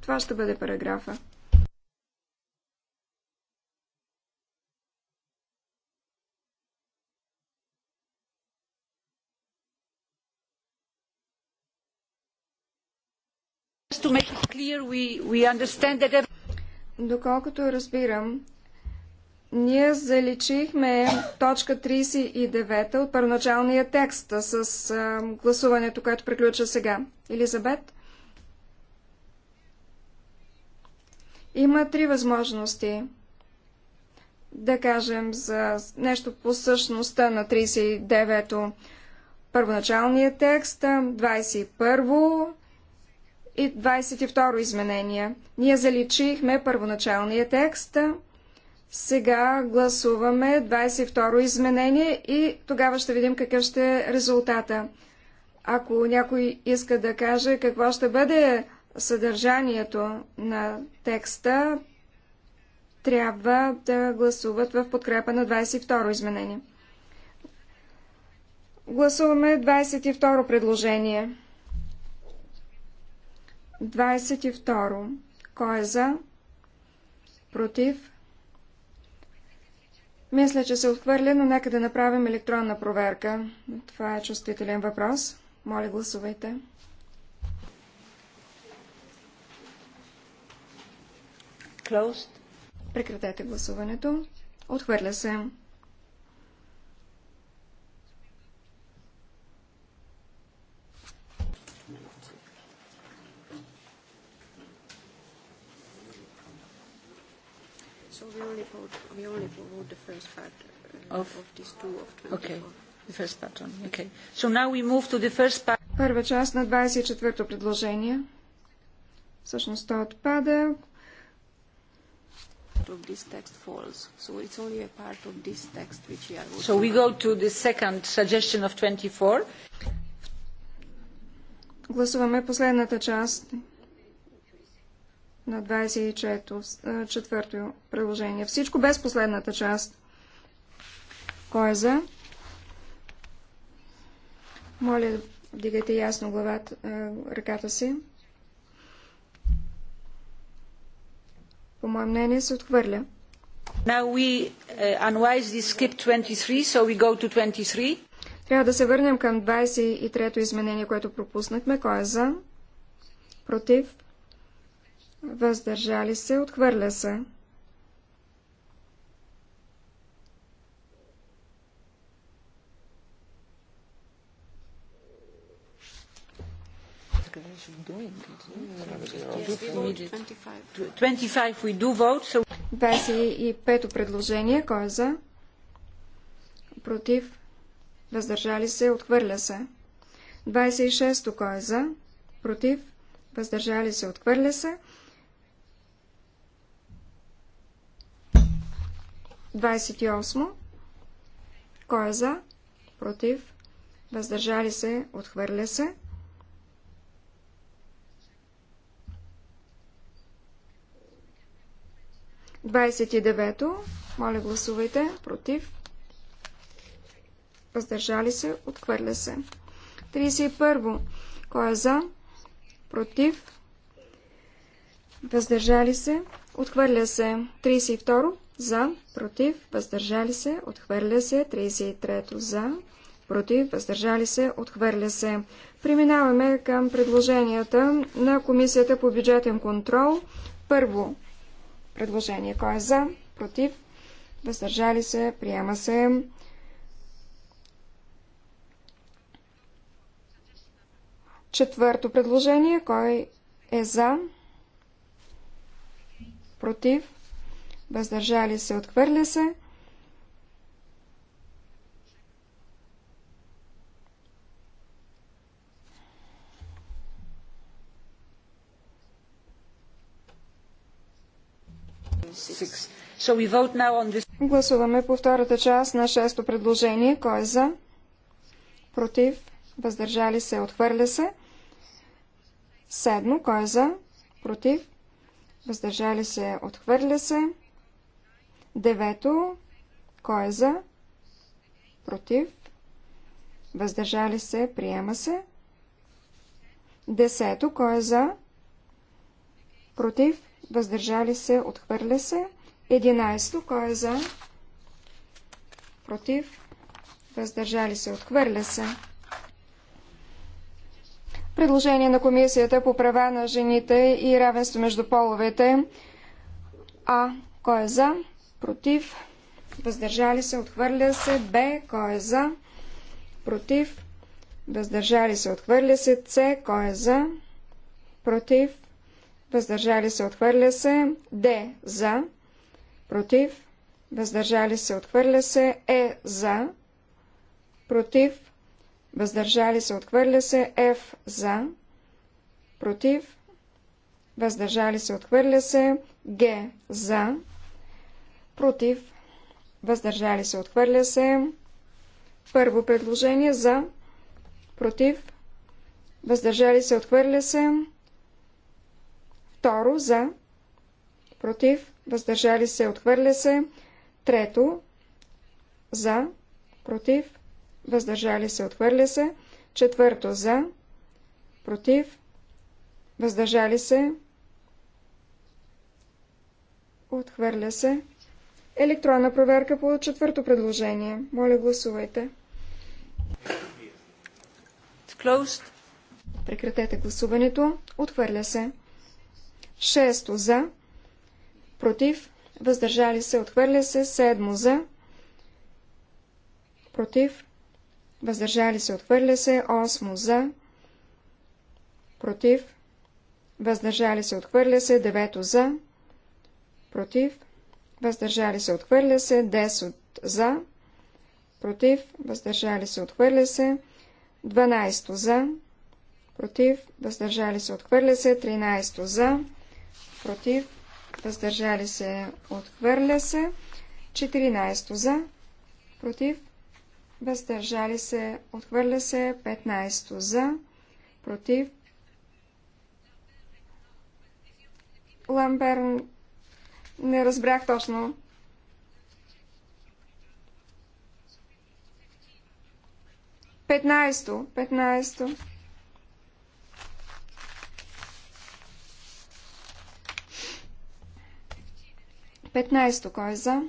това ще бъде параграфа. Just To make it clear, we, we understand that every... Доколкото разбирам, ние заличихме точка 39 от първоначалния текст с а, гласуването, което приключва сега. Елизабет? Има три възможности да кажем за нещо по същността на 39-то. Първоначалния текст, 21-во, и 22 изменение. Ние заличихме първоначалния текст. Сега гласуваме 22 изменение и тогава ще видим какъв ще е резултата. Ако някой иска да каже какво ще бъде съдържанието на текста, трябва да гласуват в подкрепа на 22 изменение. Гласуваме 22 предложение. 22. Кой е за? Против? Мисля, че се отхвърля, но нека да направим електронна проверка. Това е чувствителен въпрос. Моля, гласувайте. Closed. Прекратете гласуването. Отхвърля се. we only vote, we only vote the first part uh, of, of these two of 24. Okay. The first part on. Okay. So now we move to the first part. Първа част на 24-то предложение. Всъщност то отпада. Of this text falls. So it's only a part of this text which we are voting. So we go to the second suggestion of 24. Гласуваме последната част на 24-то приложение. Всичко без последната част. Кой е за? Моля, вдигайте ясно главата, ръката си. По мое мнение се отхвърля. Now we unwise uh, this skip 23, so we go to 23. Трябва да се върнем към 23-то изменение, което пропуснахме. Кой е за? Против? въздържали се, отхвърля се. 25 we то предложение. Кой е за? Против? Въздържали се? Отхвърля се. 26-то. Кой е за? Против? Въздържали се? Отхвърля се. 28. Кой е за? Против? Въздържали се? Отхвърля се? Двадесет и девето. Моля гласувайте. Против. Въздържали се. Отхвърля се. 31. Кой е за? Против. Въздържали се. Отхвърля се. 32 за, против, въздържали се, отхвърля се, 33 за, против, въздържали се, отхвърля се. Преминаваме към предложенията на Комисията по бюджетен контрол. Първо предложение, кой е за, против, въздържали се, приема се. Четвърто предложение, кой е за, против, въздържали се, отхвърля се. So this... Гласуваме по втората част на шесто предложение. Кой е за? Против? Въздържали се? Отхвърля се? Седмо. Кой е за? Против? Въздържали се? Отхвърля се? Девето. Кой е за? Против. Въздържали се. Приема се. Десето. Кой е за? Против. Въздържали се. Отхвърля се. Единайсто. Кой е за? Против. Въздържали се. Отхвърля се. Предложение на Комисията по права на жените и равенство между половете. А. Кой е за? против, въздържали се, отхвърля се, Б, кой е за, против, въздържали се, отхвърля се, С, кой е за, против, въздържали се, отхвърля се, Д, за, против, въздържали се, отхвърля се, Е, за, против, въздържали се, отхвърля се, Ф, за, против, въздържали се, отхвърля се, Г, за, против, въздържали се, отхвърля се. Първо предложение за, против, въздържали се, отхвърля се. Второ за, против, въздържали се, отхвърля се. Трето за, против, въздържали се, отхвърля се. Четвърто за, против, въздържали се, отхвърля се. Електронна проверка по четвърто предложение. Моля, гласувайте. Прекратете гласуването. Отхвърля се. Шесто за. Против. Въздържали се. Отхвърля се. Седмо за. Против. Въздържали се. Отхвърля се. Осмо за. Против. Въздържали се. Отхвърля се. Девето за. Против въздържали се, отхвърля се, 10 за, против, въздържали се, отхвърля се, 12 за, против, въздържали се, отхвърля се, 13 за, против, въздържали се, отхвърля се, 14 за, против, въздържали се, отхвърля се, 15 за, против, Ламберн не разбрах точно. Петнайсто. Петнайсто. Петнайсто. Кой е за?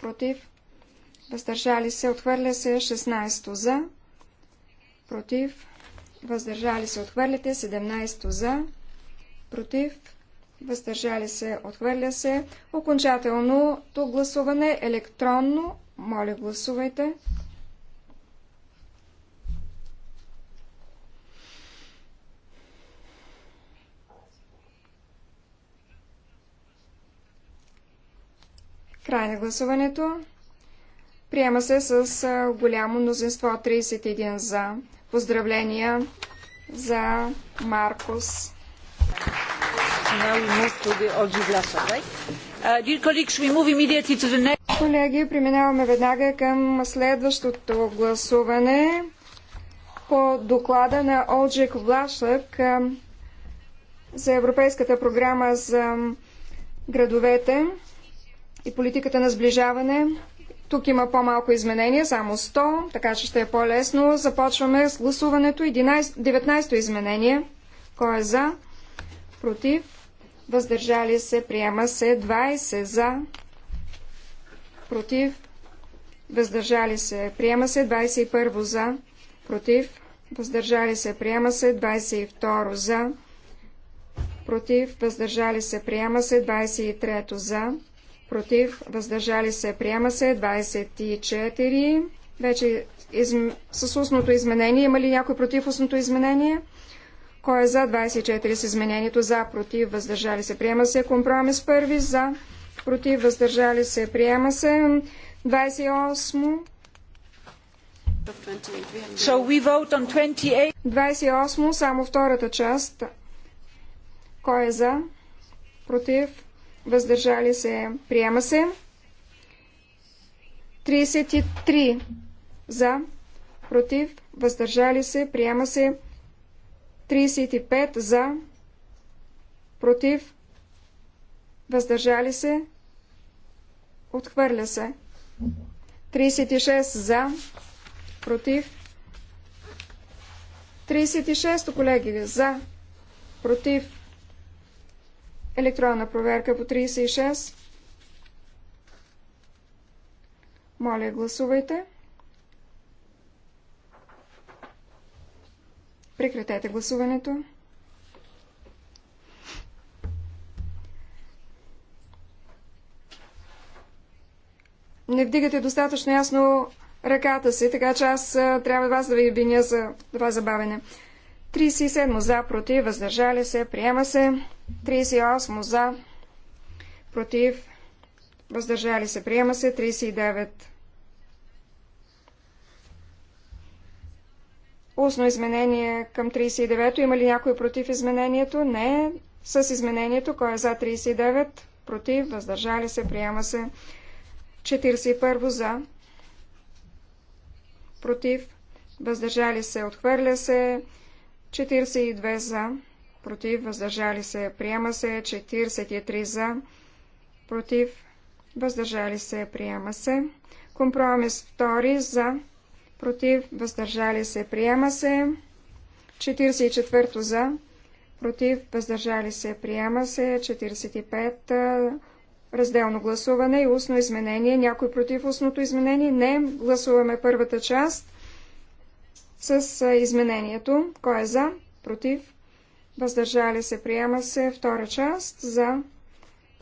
Против. Въздържали се. Отхвърля се. Шестнайсто. За. Против. Въздържали се. Отхвърляте. Седемнайсто. За. Против. Против въздържали се, отхвърля се. Окончателното гласуване електронно. Моля, гласувайте. Край на гласуването. Приема се с голямо мнозинство 31 за. Поздравления за Маркус. Uh, Колеги, преминаваме веднага към следващото гласуване по доклада на Олджик Влашък за Европейската програма за градовете и политиката на сближаване. Тук има по-малко изменения, само 100, така че ще е по-лесно. Започваме с гласуването 19-то изменение. Кой е за? Против? въздържали се, приема се 20 за, против, въздържали се, приема се 21 за, против, въздържали се, приема се 22 за, против, въздържали се, приема се 23 за, против, въздържали се, приема се 24. Вече из... с устното изменение. Има ли някой против устното изменение? Кой е за 24 с изменението за, против, въздържали се, приема се. Компромис първи за, против, въздържали се, приема се. 28. So we vote on 28. 28, само втората част. Кой е за? Против? Въздържали се? Приема се. 33 за. Против? Въздържали се? Приема се. 35 за, против, въздържали се, отхвърля се. 36 за, против. 36 колеги, за, против. Електронна проверка по 36. Моля, гласувайте. Прекратете гласуването. Не вдигате достатъчно ясно ръката си, така че аз трябва вас да ви обвиня за това забавене. 37 за, против, въздържали се, приема се. 38 за, против, въздържали се, приема се. 39 Устно изменение към 39-то. Има ли някой против изменението? Не. С изменението, кой е за 39? Против, въздържали се, приема се. 41 за. Против, въздържали се, отхвърля се. 42 за. Против, въздържали се, приема се. 43 за. Против, въздържали се, приема се. Компромис 2 за против, въздържали се, приема се. 44 за, против, въздържали се, приема се. 45 разделно гласуване и устно изменение. Някой против устното изменение? Не. Гласуваме първата част с изменението. Кой е за? Против. Въздържали се, приема се. Втора част за,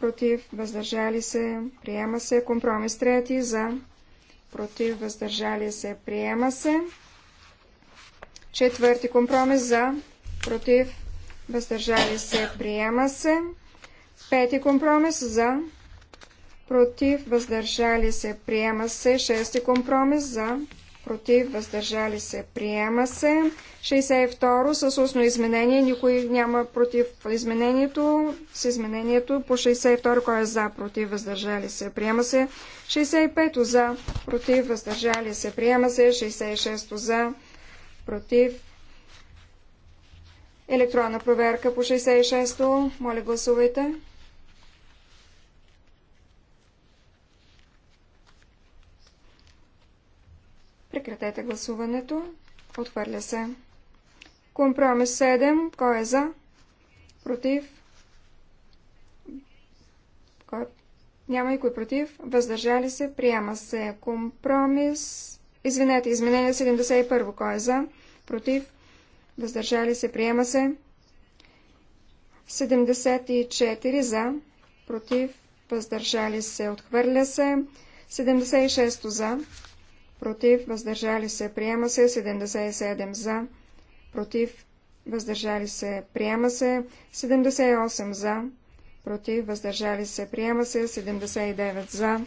против, въздържали се, приема се. Компромис трети за, против, въздържали се, приема се. Четвърти компромис за, против, въздържали се, приема се. Пети компромис за, против, въздържали се, приема се. Шести компромис за, против, въздържали се, приема се. 62 с устно изменение, никой няма против изменението. С изменението по 62, кой е за, против, въздържали се, приема се. 65 за, против, въздържали се, приема се. 66 за, против. Електронна проверка по 66 Моля гласувайте. Прекратете гласуването. Отхвърля се. Компромис 7. Кой е за? Против? Кой? Няма никой против. Въздържали се. Приема се. Компромис. Извинете, изменение 71. Кой е за? Против? Въздържали се. Приема се. 74 за. Против? Въздържали се. Отхвърля се. 76 за против, въздържали се, приема се, 77 за, против, въздържали се, приема се, 78 за, против, въздържали се, приема се, 79 за,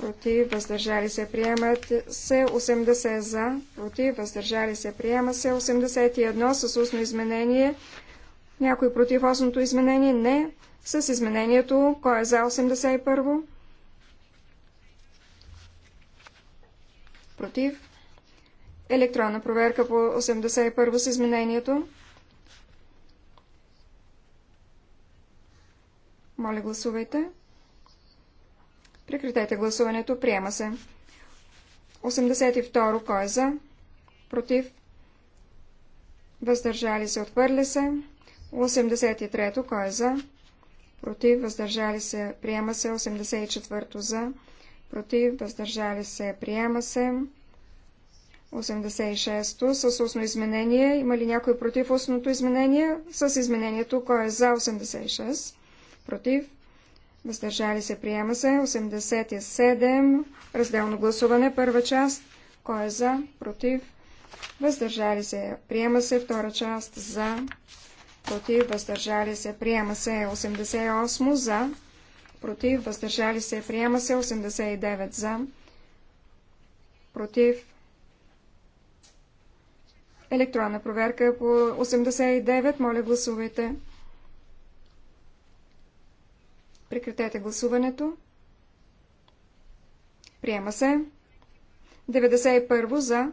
против, въздържали се, приемат се, 80 за, против, въздържали се, приема се, 81 с устно изменение, някой против 8 изменение, не, с изменението, кой е за 81 против. Електронна проверка по 81 с изменението. Моля, гласувайте. Прекратете гласуването. Приема се. 82. Кой е за? Против? Въздържали се. отвърля се. 83. Кой е за? Против? Въздържали се. Приема се. 84. За? против, въздържали се, приема се. 86-то с устно изменение. Има ли някой против устното изменение? С изменението, кой е за 86? Против. Въздържали се, приема се. 87. Разделно гласуване, първа част. Кой е за? Против. Въздържали се, приема се. Втора част за. Против. Въздържали се, приема се. 88 за против, въздържали се, приема се 89 за, против, електронна проверка по 89, моля гласувайте. Прекратете гласуването. Приема се. 91 за.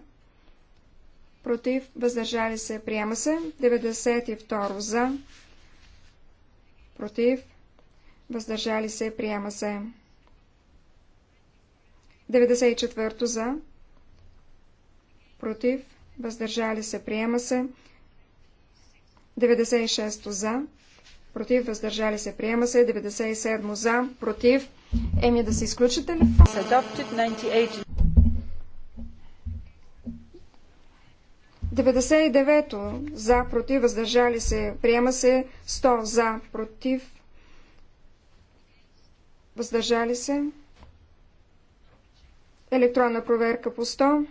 Против. Въздържали се. Приема се. 92 за. Против въздържали се, приема се. 94 за, против, въздържали се, приема се. 96 за, против, въздържали се, приема се. 97 за, против. Еми да се изключите ли? 99 за, против, въздържали се, приема се. 100 за, против, въздържали се, електронна проверка по 100.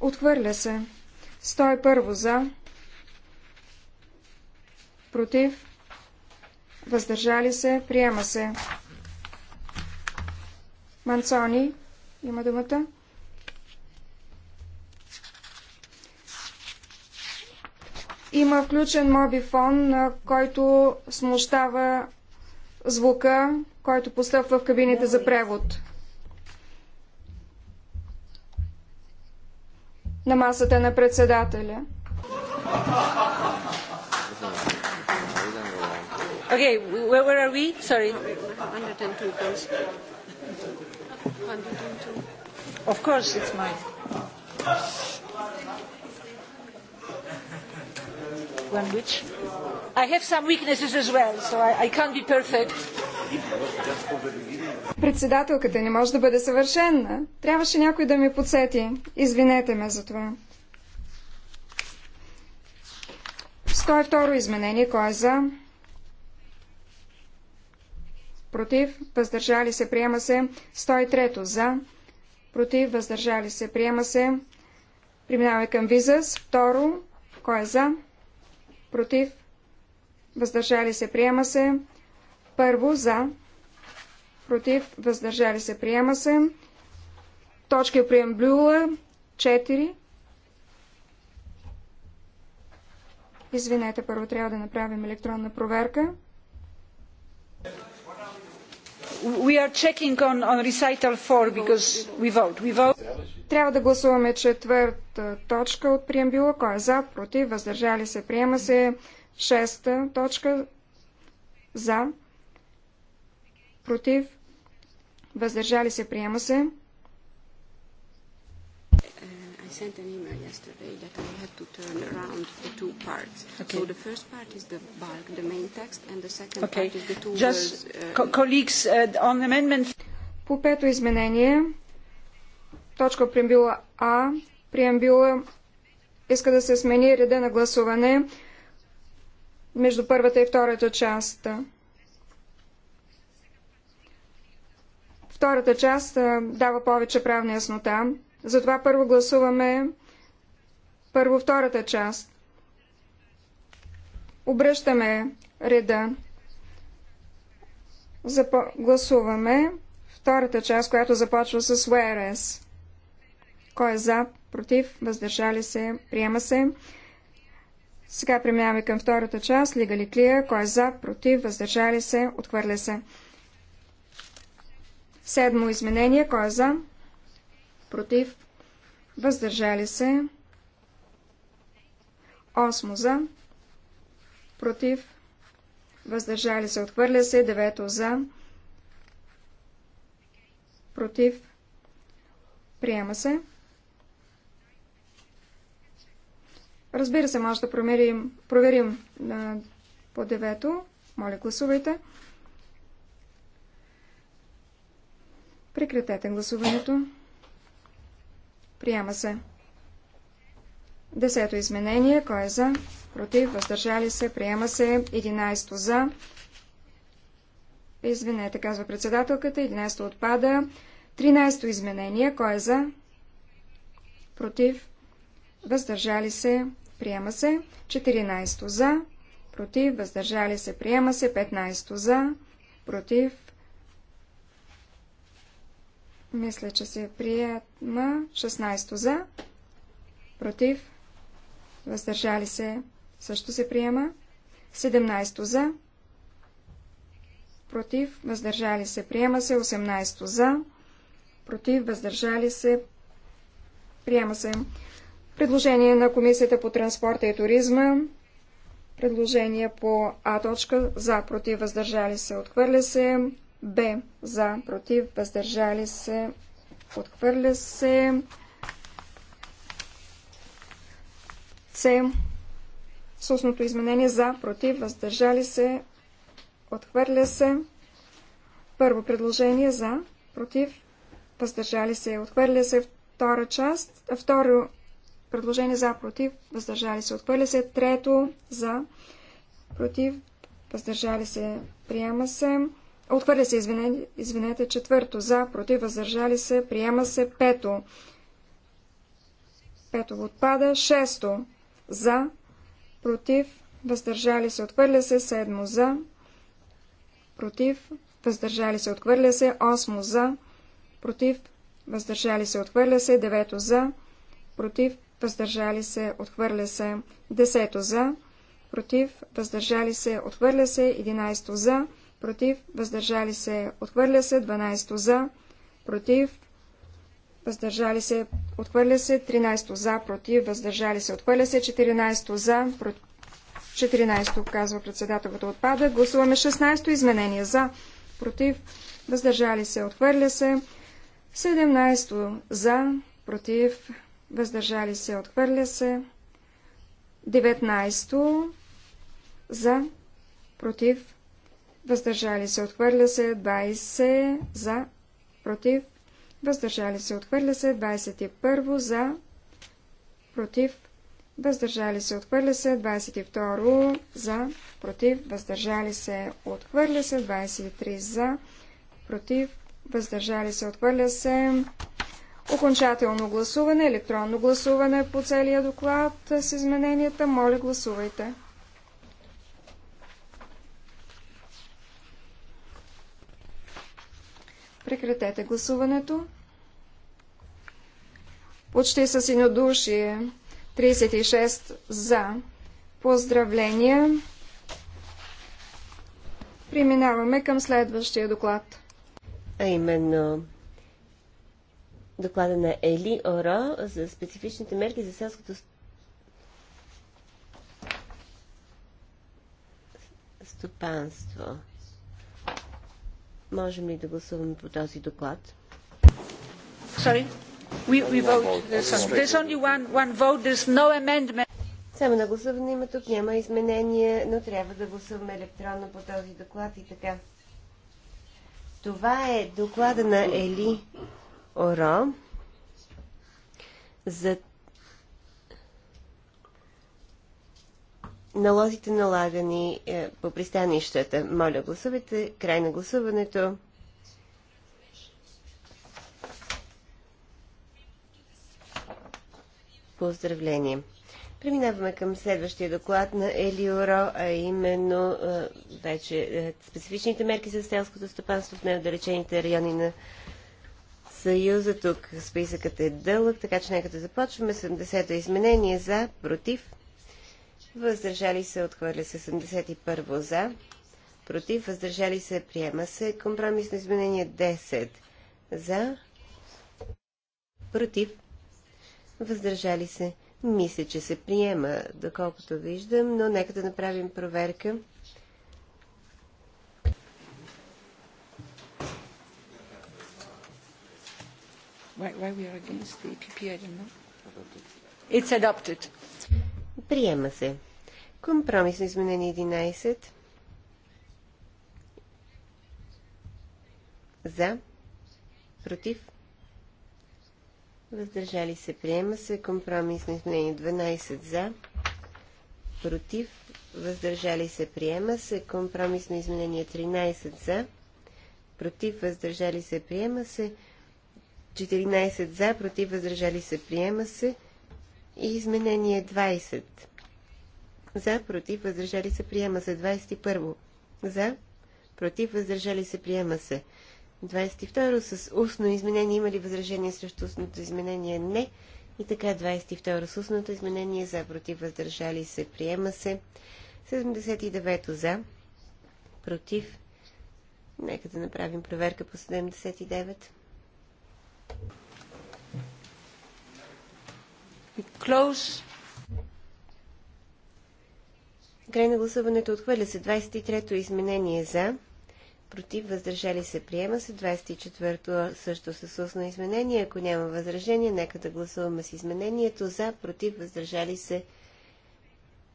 Отхвърля се. 101 за. Против. Въздържали се. Приема се. Манцони има думата. Има включен мобифон, който смущава звука, който постъпва в кабините за превод. На масата на председателя. Okay, where, where are we? Sorry. 102 Of course, it's mine. One which? I have some weaknesses as well, so I, I can't be perfect. Председателката не може да бъде съвършена. Трябваше някой да ми подсети. Извинете ме за това. 102 изменение. Кой е за? против, въздържали се, приема се. 103 за, против, въздържали се, приема се. Преминаваме към визас. Второ, кой е за, против, въздържали се, приема се. Първо, за, против, въздържали се, приема се. Точки прием блюла, 4. Извинете, първо трябва да направим електронна проверка. We are checking on, on recital 4 because we vote. We vote. Трябва да гласуваме четвърта точка от преамбюла. Кой е за, против, въздържали се, приема се. Шеста точка за, против, въздържали се, приема се sent an email yesterday that I had to turn around the two parts. Okay. So the first part is the bulk, the main text, and the second okay. part is the two Just words. Uh, co colleagues, uh, on amendment... По пето изменение, точка преамбюла А, преамбюла иска да се смени реда на гласуване между първата и втората част. Втората част дава повече правна яснота. Затова първо гласуваме първо втората част. Обръщаме реда. Запо... Гласуваме втората част, която започва с ВРС. Кой е за, против, въздържали се, приема се. Сега преминаваме към втората част. Лига Ли клия. Кой е за, против, въздържали се, отхвърля се. Седмо изменение. Кой е за? против, въздържали се. 8 за, против, въздържали се, отхвърля се. 9 за, против, приема се. Разбира се, може да промерим, проверим на, по 9. Моля, гласувайте. Прекратете гласуването. Приема се. Десето изменение. Кой е за? Против. Въздържали се. Приема се. Единайсто за. Извинете, казва председателката. Единайсто отпада. Тринайсто изменение. Кой е за? Против. Въздържали се. Приема се. 14 за. Против. Въздържали се. Приема се. 15 за. Против. Мисля, че се приема 16 за, против, въздържали се, също се приема 17 за, против, въздържали се, приема се 18 за, против, въздържали се, приема се. Предложение на Комисията по транспорта и туризма. Предложение по А точка за, против, въздържали се, отхвърля се. Б. За, против, въздържали се, отхвърля се. С. Сусното изменение за, против, въздържали се, отхвърля се. Първо предложение за, против, въздържали се, отхвърля се. Втора част, второ предложение за, против, въздържали се, отхвърля се. Трето за, против, въздържали се, приема се. Отхвърля се, извинете, извинете, четвърто. За, против, въздържали се, приема се, пето. Пето отпада. Шесто. За, против, въздържали се, отхвърля се, седмо. За, против, въздържали се, отхвърля се, осмо. За, против, въздържали се, отхвърля се, девето. За, против, въздържали се, отхвърля се, десето. За, против, въздържали се, отхвърля се, единайсто. За, против, въздържали се, отхвърля се, 12 за, против, въздържали се, отхвърля се, 13 за, против, въздържали се, отхвърля се, 14 за, против, 14 казва председателката отпада. Гласуваме 16 изменение за, против, въздържали се, отхвърля се, 17 за, против, въздържали се, отхвърля се, 19 за, против, въздържали се, отхвърля се, 20 за, против, въздържали се, отхвърля се, 21 за, против, въздържали се, отхвърля се, 22 за, против, въздържали се, отхвърля се, 23 за, против, въздържали се, отхвърля се. Окончателно гласуване, електронно гласуване по целия доклад с измененията. Моля, гласувайте. Прекратете гласуването. Почти с единодушие 36 за. Поздравления! Преминаваме към следващия доклад. А именно доклада на Ели Оро за специфичните мерки за селското стопанство. Можем ли да гласуваме по този доклад? Sorry. We, we vote. There's only one, one vote. There's no amendment. Само на гласуване има тук, няма изменение, но трябва да гласуваме електронно по този доклад и така. Това е доклада на Ели Оро за налозите налагани е, по пристанищата. Моля, гласувайте. Край на гласуването. Поздравление! Преминаваме към следващия доклад на Елиоро, а именно е, вече е, специфичните мерки за селското стопанство в най-отдалечените райони на Съюза. Тук списъкът е дълъг, така че нека да започваме. 70-то изменение за, против, въздържали се, отхвърля се 71 за, против, въздържали се, приема се, компромисно изменение 10 за, против, въздържали се, мисля, че се приема, доколкото виждам, но нека да направим проверка. Приема се. Компромисно изменение 11. За. Против. Въздържали се. Приема се. Компромисно изменение 12. За. Против. Въздържали се. Приема се. Компромисно изменение 13. За. Против. Въздържали се. Приема се. 14 за, против въздържали се, приема се. И изменение 20 за, против, въздържали се, приема се. 21. За, против, въздържали се, приема се. 22. С устно изменение има ли възражение срещу устното изменение? Не. И така 22. С устното изменение за, против, въздържали се, приема се. 79. За, против. Нека да направим проверка по 79. Close. Край на гласуването отхвърля се 23-то изменение за. Против въздържали се приема се 24-то също с устно изменение. Ако няма възражение, нека да гласуваме с изменението за. Против въздържали се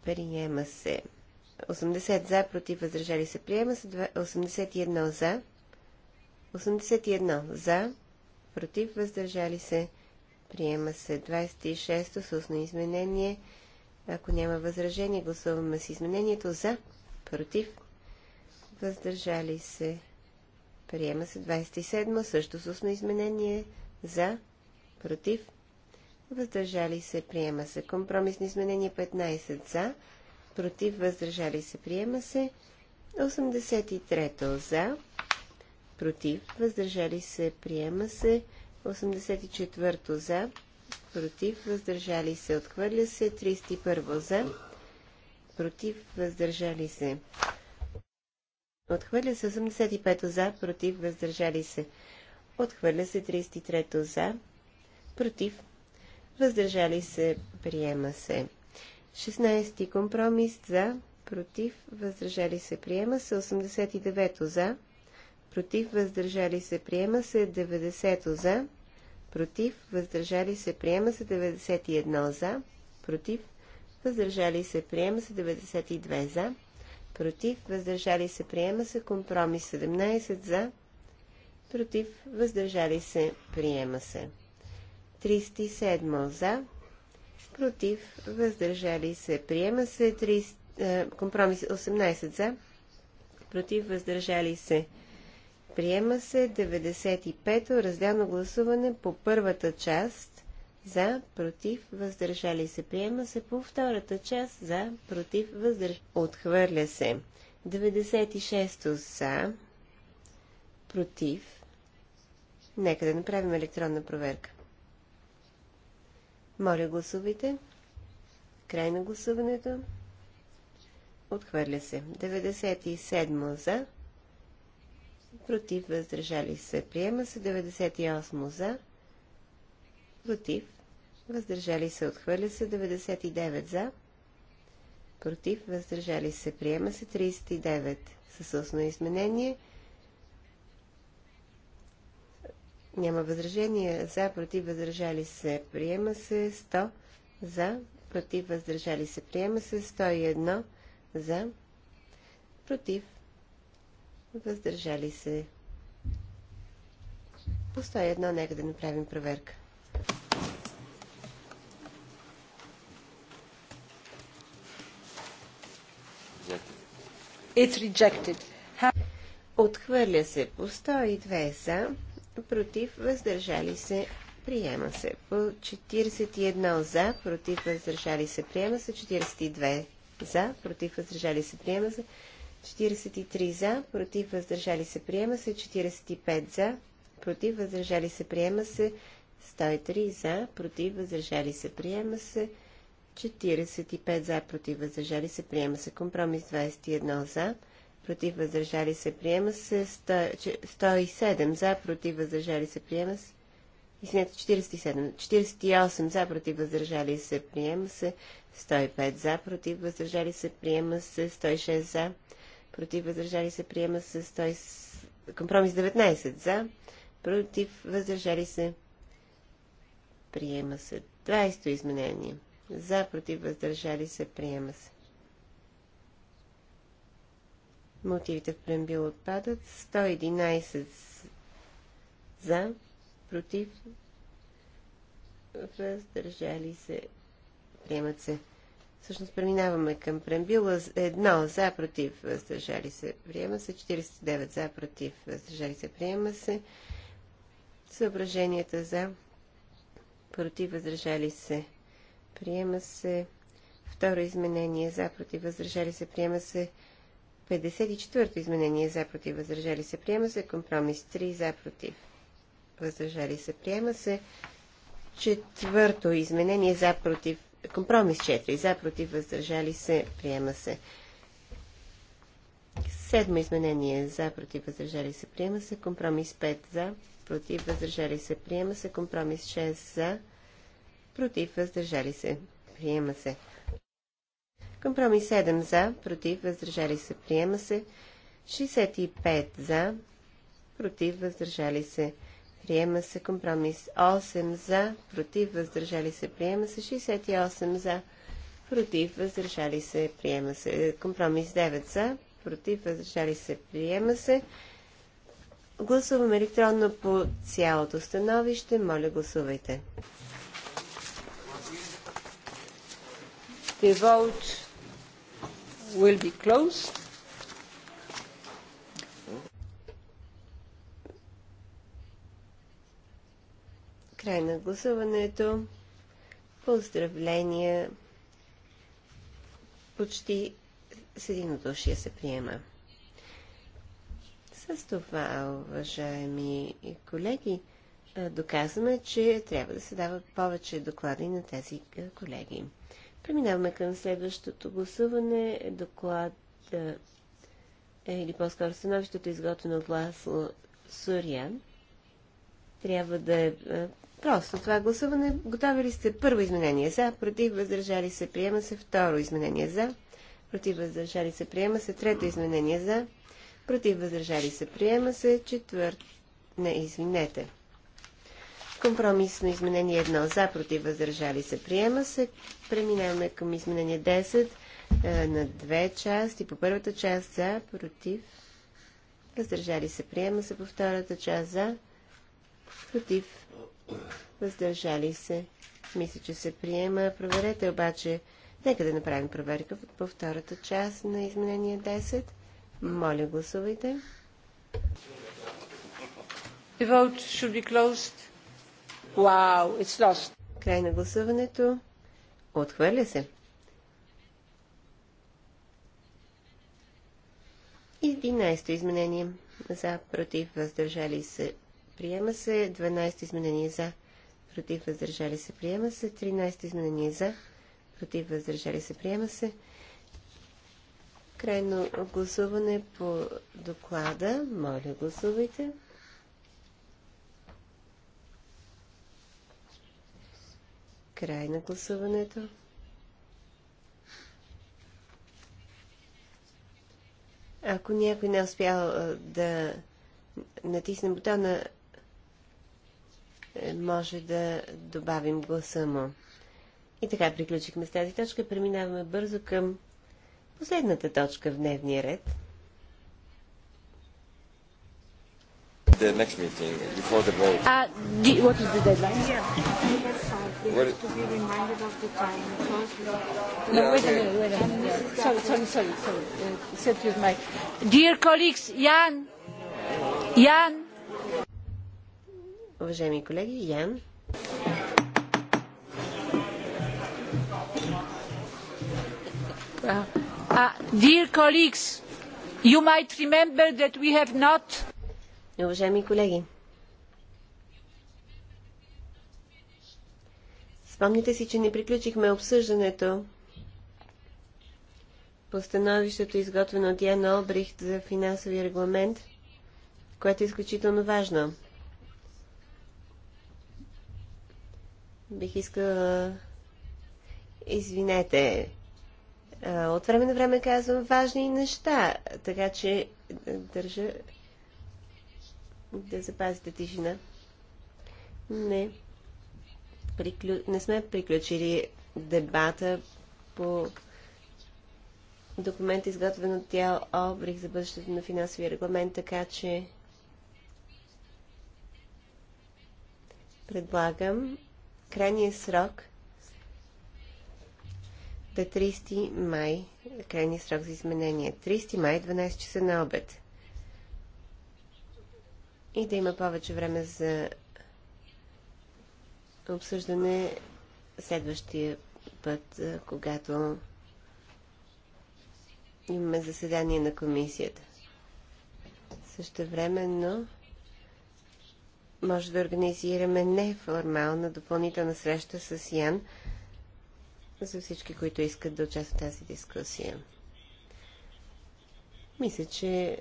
приема се. 80 за, против въздържали се приема се 81 за. 81 за, против въздържали се приема се 26-то с устно изменение. Ако няма възражение, гласуваме с изменението за, против, въздържали се. Приема се 27, също с устно изменение за, против, въздържали се. Приема се компромисно изменение 15 за, против, въздържали се. Приема се 83 за, против, въздържали се. Приема се 84 за, против, въздържали се, отхвърля се. 31 за, против, въздържали се. Отхвърля се 85 за, против, въздържали се. Отхвърля се 33 за, против, въздържали се, приема се. 16 компромис за, против, въздържали се, приема се. 89 за, против, въздържали се, приема се. 90 за, против, въздържали се, приема се 91 за, против, въздържали се, приема се 92 за, против, въздържали се, приема се компромис 17 за, против, въздържали се, приема се 37 за, против, въздържали се, приема се 30, е, компромис 18 за, против, въздържали се, Приема се 95-то разделно гласуване по първата част за, против, въздържали се. Приема се по втората част за, против, въздържали Отхвърля се. 96-то за, против. Нека да направим електронна проверка. Моля, гласувайте. Край на гласуването. Отхвърля се. 97 за, против, въздържали се. Приема се 98 за, против, въздържали се. Отхвърля се 99 за, против, въздържали се. Приема се 39 с устно изменение. Няма възражения за, против, въздържали се. Приема се 100 за, против, въздържали се. Приема се 101 за, против, въздържали се. Постой едно, нека да направим проверка. It's rejected. Отхвърля се по 102 за, против, въздържали се, приема се. По 41 за, против, въздържали се, приема се. 42 за, против, въздържали се, приема се. 43 за, против въздържали се, приема се 45 за, против въздържали се, приема се 103 за, против въздържали се, приема се 45 за, против въздържали се, приема се компромис 21 за, против въздържали се, приема се 100, 107 за, против въздържали се, приема се Извинете, 47. 48 за, против, въздържали се, приема се. 105 за, против, въздържали се, приема се. 106 за, против въздържали се приема се 100... компромис 19 за, против въздържали се приема се 20 изменение за, против въздържали се приема се. Мотивите в прембил отпадат 111 за, против въздържали се приемат се. Всъщност преминаваме към прембила. Едно за, против, въздържали се, приема се. 49 за, против, въздържали се, приема се. Съображенията за, против, въздържали се, приема се. Второ изменение за, против, въздържали се, приема се. 54-то изменение за, против, въздържали се, приема се. Компромис 3 за, против, въздържали се, приема се. Четвърто изменение за, против, Компромис 4. За, против, въздържали се, приема се. Седмо изменение. За, против, въздържали се, приема се. Компромис 5. За, против, въздържали се, приема се. Компромис 6. За, против, въздържали се, приема се. Компромис 7 за, против, въздържали се, приема се. 65 за, против, въздържали се, приема се. Приема се компромис 8 за, против, въздържали се. Приема се 68 за, против, въздържали се. Приема се компромис 9 за, против, въздържали се. Приема се. Гласуваме електронно по цялото становище. Моля, гласувайте. The vote will be closed. Край на гласуването. Поздравления. Почти с единодушие се приема. С това, уважаеми колеги, доказваме, че трябва да се дават повече доклади на тези колеги. Преминаваме към следващото гласуване. Доклад е, или по-скоро становището изготвено от Ласло Сурян трябва да е, е просто това гласуване. Готови ли сте? Първо изменение за, против, въздържали се, приема се. Второ изменение за, против, въздържали се, приема се. Трето изменение за, против, въздържали се, приема се. Четвърто. Не, извинете. Компромисно изменение 1 за, против, въздържали се, приема се. Преминаваме към изменение 10 е, на две части. По първата част за, против, въздържали се, приема се. По втората част за, против, въздържали се. Мисля, че се приема. Проверете обаче. Нека да направим проверка по втората част на изменение 10. Моля, гласувайте. The vote should be closed. Wow, it's lost. Край на гласуването. Отхвърля се. Единайсто изменение. За, против, въздържали се, приема се. 12 изменения за, против, въздържали се, приема се. 13 изменения за, против, въздържали се, приема се. Крайно гласуване по доклада. Моля, гласувайте. Край на гласуването. Ако някой не е успял да натисне бутона, може да добавим гласа му. И така приключихме с тази точка. Преминаваме бързо към последната точка в дневния ред. the next meeting before the vote. Uh, the, what is the deadline? Yeah. What is to be reminded of the time. No, wait a minute, wait a minute. Sorry, sorry, sorry, sorry. Uh, set with my. Dear colleagues, Jan, Jan, Уважаеми колеги, Ян. Uh, uh, dear colleagues, you might remember that we have not... Уважаеми колеги, спомните си, че не приключихме обсъждането по становището, изготвено от Ян Олбрихт за финансови регламент, което е изключително важно. Бих искала... Извинете. От време на време казвам важни неща, така че държа да запазите тишина. Не. Приклю... Не сме приключили дебата по документ, изготвен от тяло Обрих за бъдещето на финансовия регламент, така че предлагам крайният срок е да 30 май, крайният срок за изменение. 30 е май, 12 часа на обед. И да има повече време за обсъждане следващия път, когато имаме заседание на комисията. Също времено може да организираме неформална допълнителна среща с Ян за всички, които искат да участват в тази дискусия. Мисля, че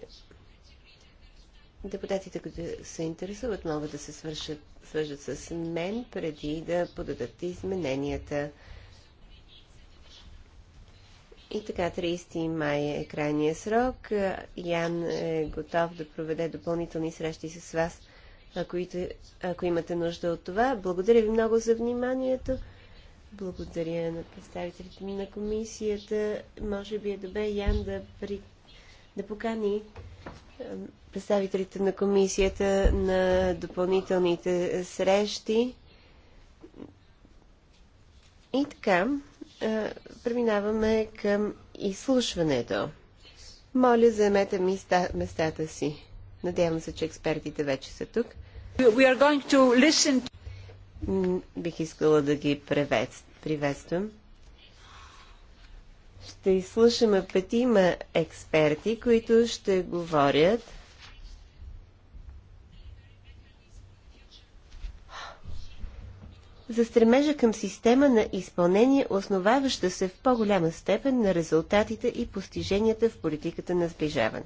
депутатите, които се интересуват, могат да се свършат, свържат с мен преди да подадат измененията. И така, 30 май е крайния срок. Ян е готов да проведе допълнителни срещи с вас ако, и, ако имате нужда от това. Благодаря ви много за вниманието. Благодаря на представителите ми на комисията. Може би е добре Ян да, при... да покани представителите на комисията на допълнителните срещи. И така, преминаваме към изслушването. Моля, заемете местата си. Надявам се, че експертите вече са тук. We are going to listen to... Бих искала да ги приветствам. Ще изслушаме петима експерти, които ще говорят за стремежа към система на изпълнение, основаваща се в по-голяма степен на резултатите и постиженията в политиката на сближаване.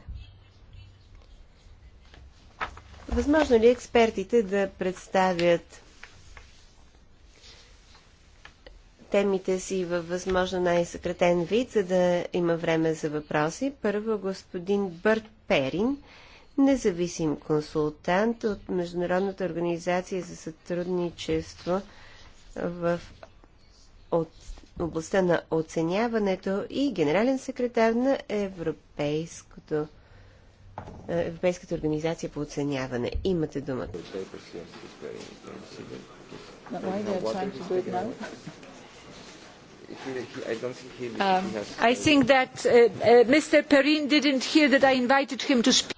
Възможно ли експертите да представят темите си във възможно най-съкратен вид, за да има време за въпроси? Първо господин Бърт Перин, независим консултант от Международната организация за сътрудничество в от областта на оценяването и генерален секретар на Европейското е, Европейската организация по оценяване. Имате думата.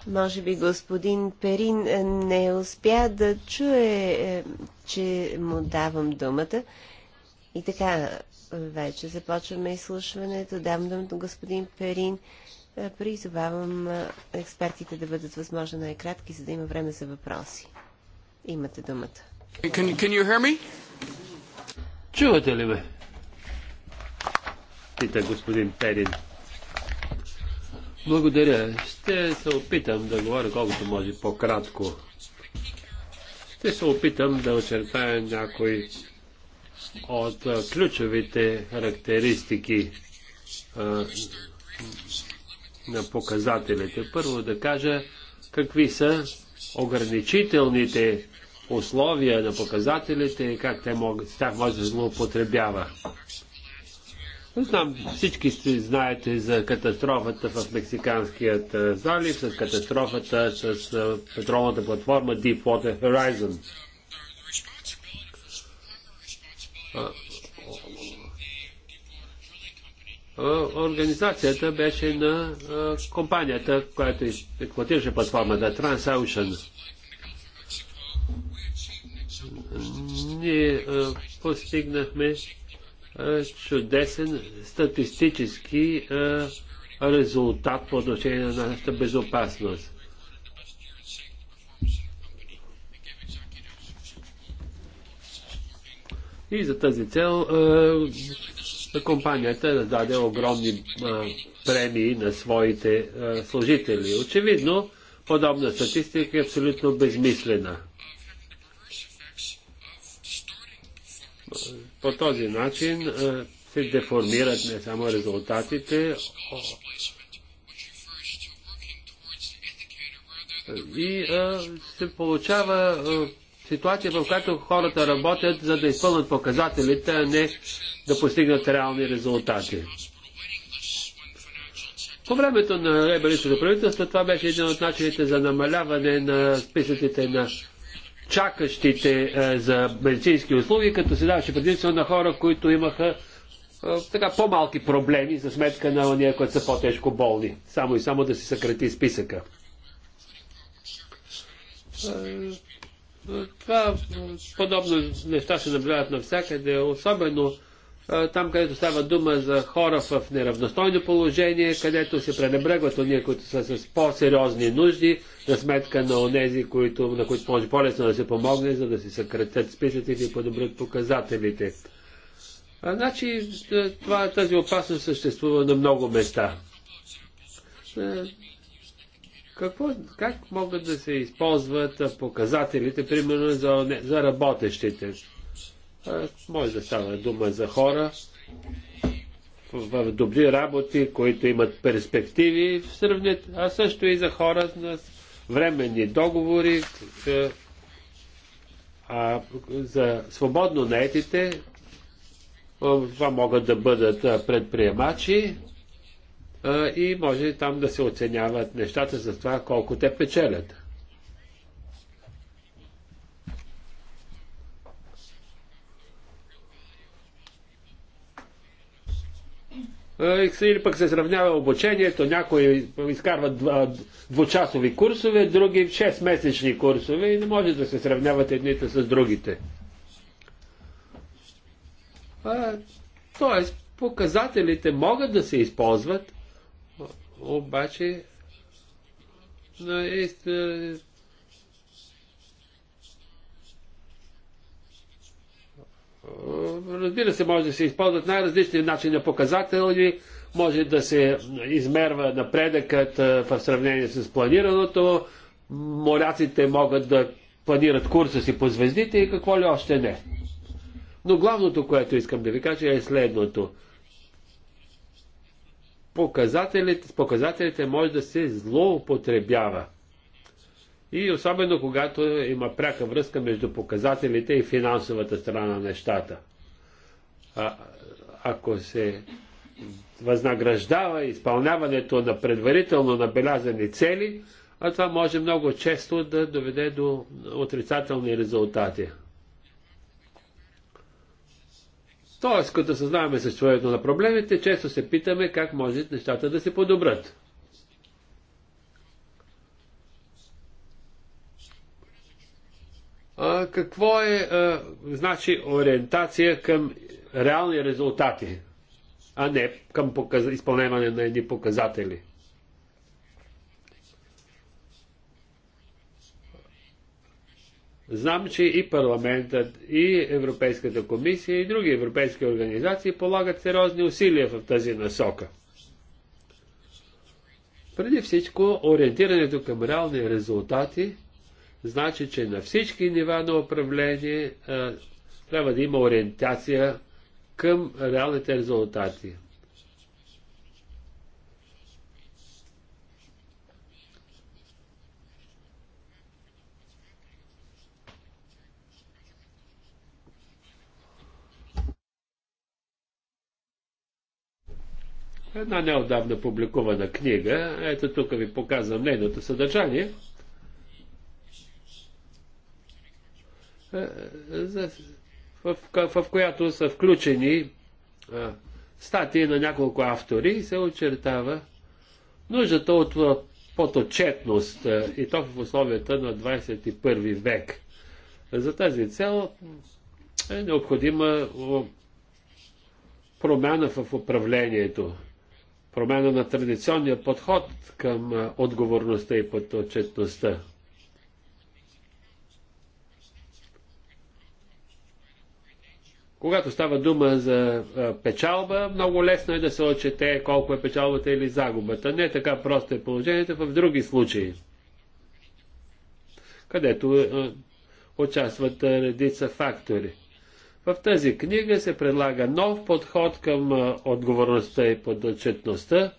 Може би господин Перин е, не успя да чуе, е, че му давам думата. И така, вече започваме изслушването. Давам думата господин Перин. Е, призовавам е, експертите да бъдат възможно най-кратки, за да има време за въпроси. Имате думата. Can, can you hear me? Чувате ли ме? Пита господин Перин. Благодаря. Ще се опитам да говоря колкото може по-кратко. Ще се опитам да очертая някои от ключовите характеристики на показателите. Първо да кажа какви са ограничителните условия на показателите и как те могат, тях може да злоупотребява. Знам, всички сте знаете за катастрофата в Мексиканският залив, с катастрофата с петролната платформа Deepwater Horizon. Е, организацията беше на е, компанията, която експлуатираше платформата TransOcean. Ние е, постигнахме чудесен статистически резултат по отношение на нашата безопасност. И за тази цел компанията даде огромни а, премии на своите а, служители. Очевидно, подобна статистика е абсолютно безмислена. По този начин а, се деформират не само резултатите, и а, се получава а, ситуация, в която хората работят за да изпълнат показателите, а не да постигнат реални резултати. По времето на лейбористското правителство това беше един от начините за намаляване на списъците на чакащите е, за медицински услуги, като се даваше предимство на хора, които имаха е, така по-малки проблеми за сметка на ония, които са по-тежко болни. Само и само да се съкрати списъка. Е, това подобно неща се наблюдават навсякъде, особено там, където става дума за хора в неравностойно положение, където се пренебрегват от ние, които са с по-сериозни нужди, за сметка на онези, които, на които може по-лесно да се помогне, за да се съкратят списъците и подобрят показателите. А, значи, това, тази опасност съществува на много места. Какво, как могат да се използват показателите, примерно за, за работещите? Може да става дума за хора в, в добри работи, които имат перспективи, в сравнят, а също и за хора на временни договори, е, а за свободно наетите е, това могат да бъдат е, предприемачи, и може там да се оценяват нещата за това колко те печелят. Или пък се сравнява обучението, някои изкарват двучасови курсове, други 6-месечни курсове и не може да се сравняват едните с другите. тоест, показателите могат да се използват, обаче наистина Разбира се, може да се използват най-различни начини на показатели, може да се измерва напредъкът в сравнение с планираното, моряците могат да планират курса си по звездите и какво ли още не. Но главното, което искам да ви кажа е следното показателите, с показателите може да се злоупотребява. И особено когато има пряка връзка между показателите и финансовата страна на нещата. А, ако се възнаграждава изпълняването на предварително набелязани цели, а това може много често да доведе до отрицателни резултати. Тоест, като съзнаваме съществуването на проблемите, често се питаме как може нещата да се подобрат. А, какво е, а, значи, ориентация към реални резултати, а не към показ... изпълняване на едни показатели? Знам, че и парламентът, и Европейската комисия, и други европейски организации полагат сериозни усилия в тази насока. Преди всичко, ориентирането към реални резултати значи, че на всички нива на управление а, трябва да има ориентация към реалните резултати. една неодавна публикувана книга. Ето тук ви показвам нейното съдържание. Е, в, в която са включени статии на няколко автори и се очертава нуждата от поточетност, и то в условията на 21 век. За тази цел е необходима промяна в управлението промяна на традиционния подход към отговорността и подотчетността. Когато става дума за печалба, много лесно е да се отчете колко е печалбата или загубата. Не е така просто е положението в други случаи, където участват редица фактори – в тази книга се предлага нов подход към отговорността и подотчетността,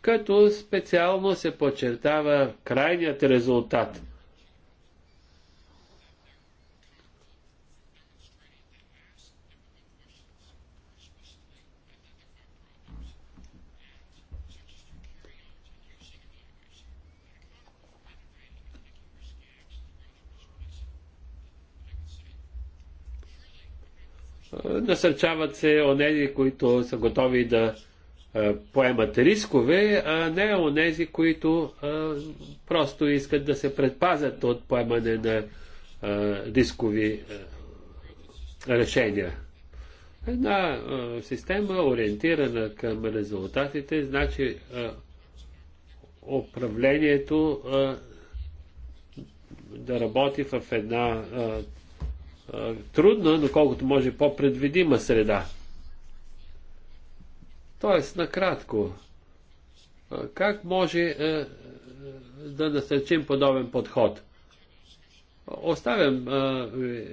като специално се подчертава крайният резултат – Насърчават се онези, които са готови да е, поемат рискове, а не онези, които е, просто искат да се предпазят от поемане на е, рискови решения. Една система, ориентирана към резултатите, значи управлението да работи в една трудна, но колкото може по-предвидима среда. Тоест, накратко, как може е, е, да насърчим подобен подход? Оставям е,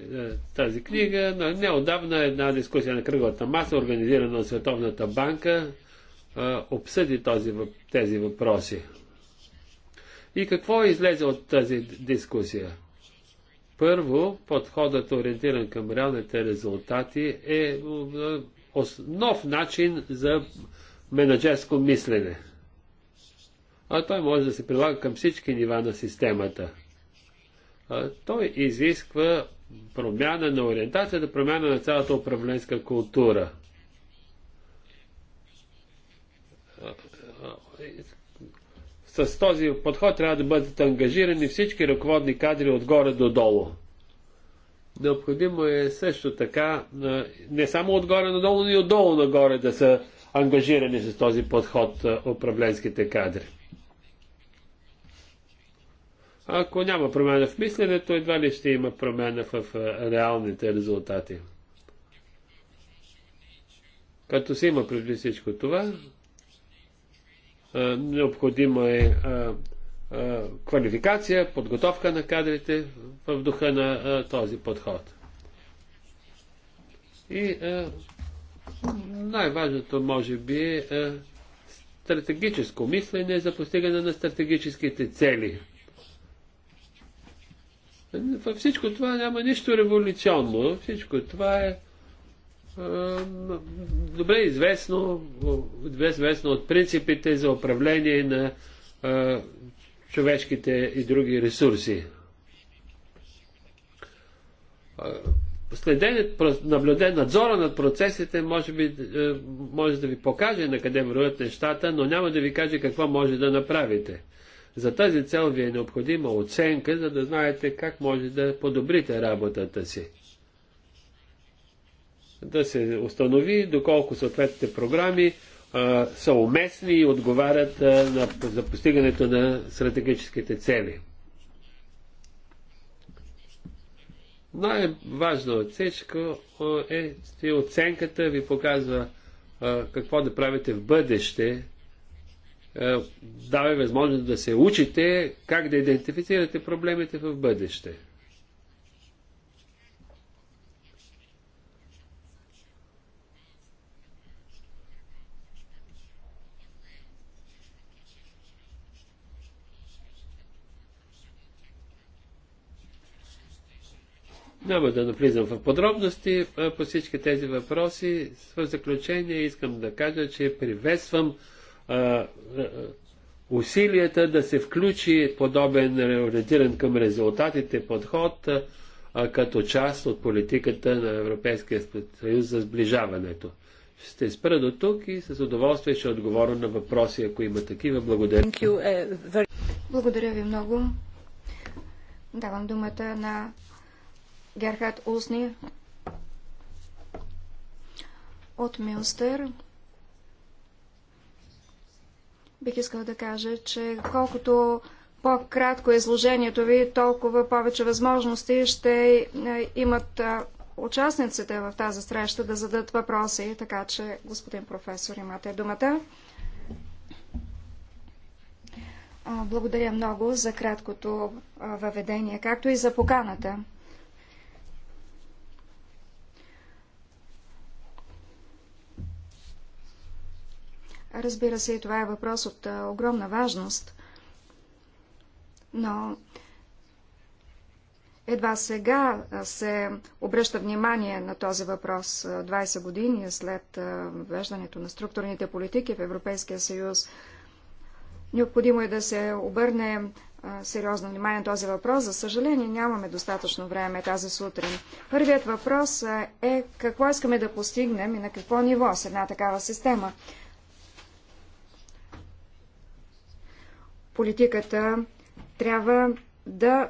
тази книга. но Неодавна една дискусия на кръглата маса, организирана от Световната банка, обсъди този, тези въпроси. И какво излезе от тази дискусия? Първо, подходът ориентиран към реалните резултати е, е нов начин за менеджерско мислене. А той може да се прилага към всички нива на системата. А той изисква промяна на ориентацията, промяна на цялата управленска култура с този подход трябва да бъдат ангажирани всички ръководни кадри отгоре до долу. Необходимо е също така, не само отгоре надолу, но и отдолу нагоре да са ангажирани с този подход управленските кадри. Ако няма промяна в мисленето, едва ли ще има промяна в реалните резултати. Като се има предвид всичко това, е, необходима е, е, е квалификация, подготовка на кадрите в духа на този подход. И най-важното, може би, е стратегическо мислене за постигане на стратегическите цели. Във всичко това няма нищо революционно. Всичко това е е, добре известно, добре известно от принципите за управление на е, човешките и други ресурси. Е, Следенят наблюден надзора над процесите може, би, може да ви покаже на къде върват нещата, но няма да ви каже какво може да направите. За тази цел ви е необходима оценка, за да знаете как може да подобрите работата си да се установи доколко съответните програми са уместни и отговарят на, за постигането на стратегическите цели. Най-важна отсечка е, че оценката ви показва какво да правите в бъдеще, дава възможност да се учите как да идентифицирате проблемите в бъдеще. Няма да навлизам в подробности по всички тези въпроси. В заключение искам да кажа, че приветствам а, усилията да се включи подобен ориентиран към резултатите подход а, като част от политиката на Европейския съюз за сближаването. Ще спра до тук и с удоволствие ще отговоря на въпроси, ако има такива. Благодаря. Е, Благодаря ви много. Давам думата на Герхард Усни от Мюнстър. Бих искал да кажа, че колкото по-кратко е изложението ви, толкова повече възможности ще е, имат участниците в тази среща да зададат въпроси. Така че, господин професор, имате думата. Благодаря много за краткото въведение, както и за поканата. Разбира се, това е въпрос от огромна важност. Но едва сега се обръща внимание на този въпрос 20 години след веждането на структурните политики в Европейския съюз. Необходимо е да се обърне сериозно внимание на този въпрос. За съжаление, нямаме достатъчно време тази сутрин. Първият въпрос е какво искаме да постигнем и на какво ниво с една такава система. политиката трябва да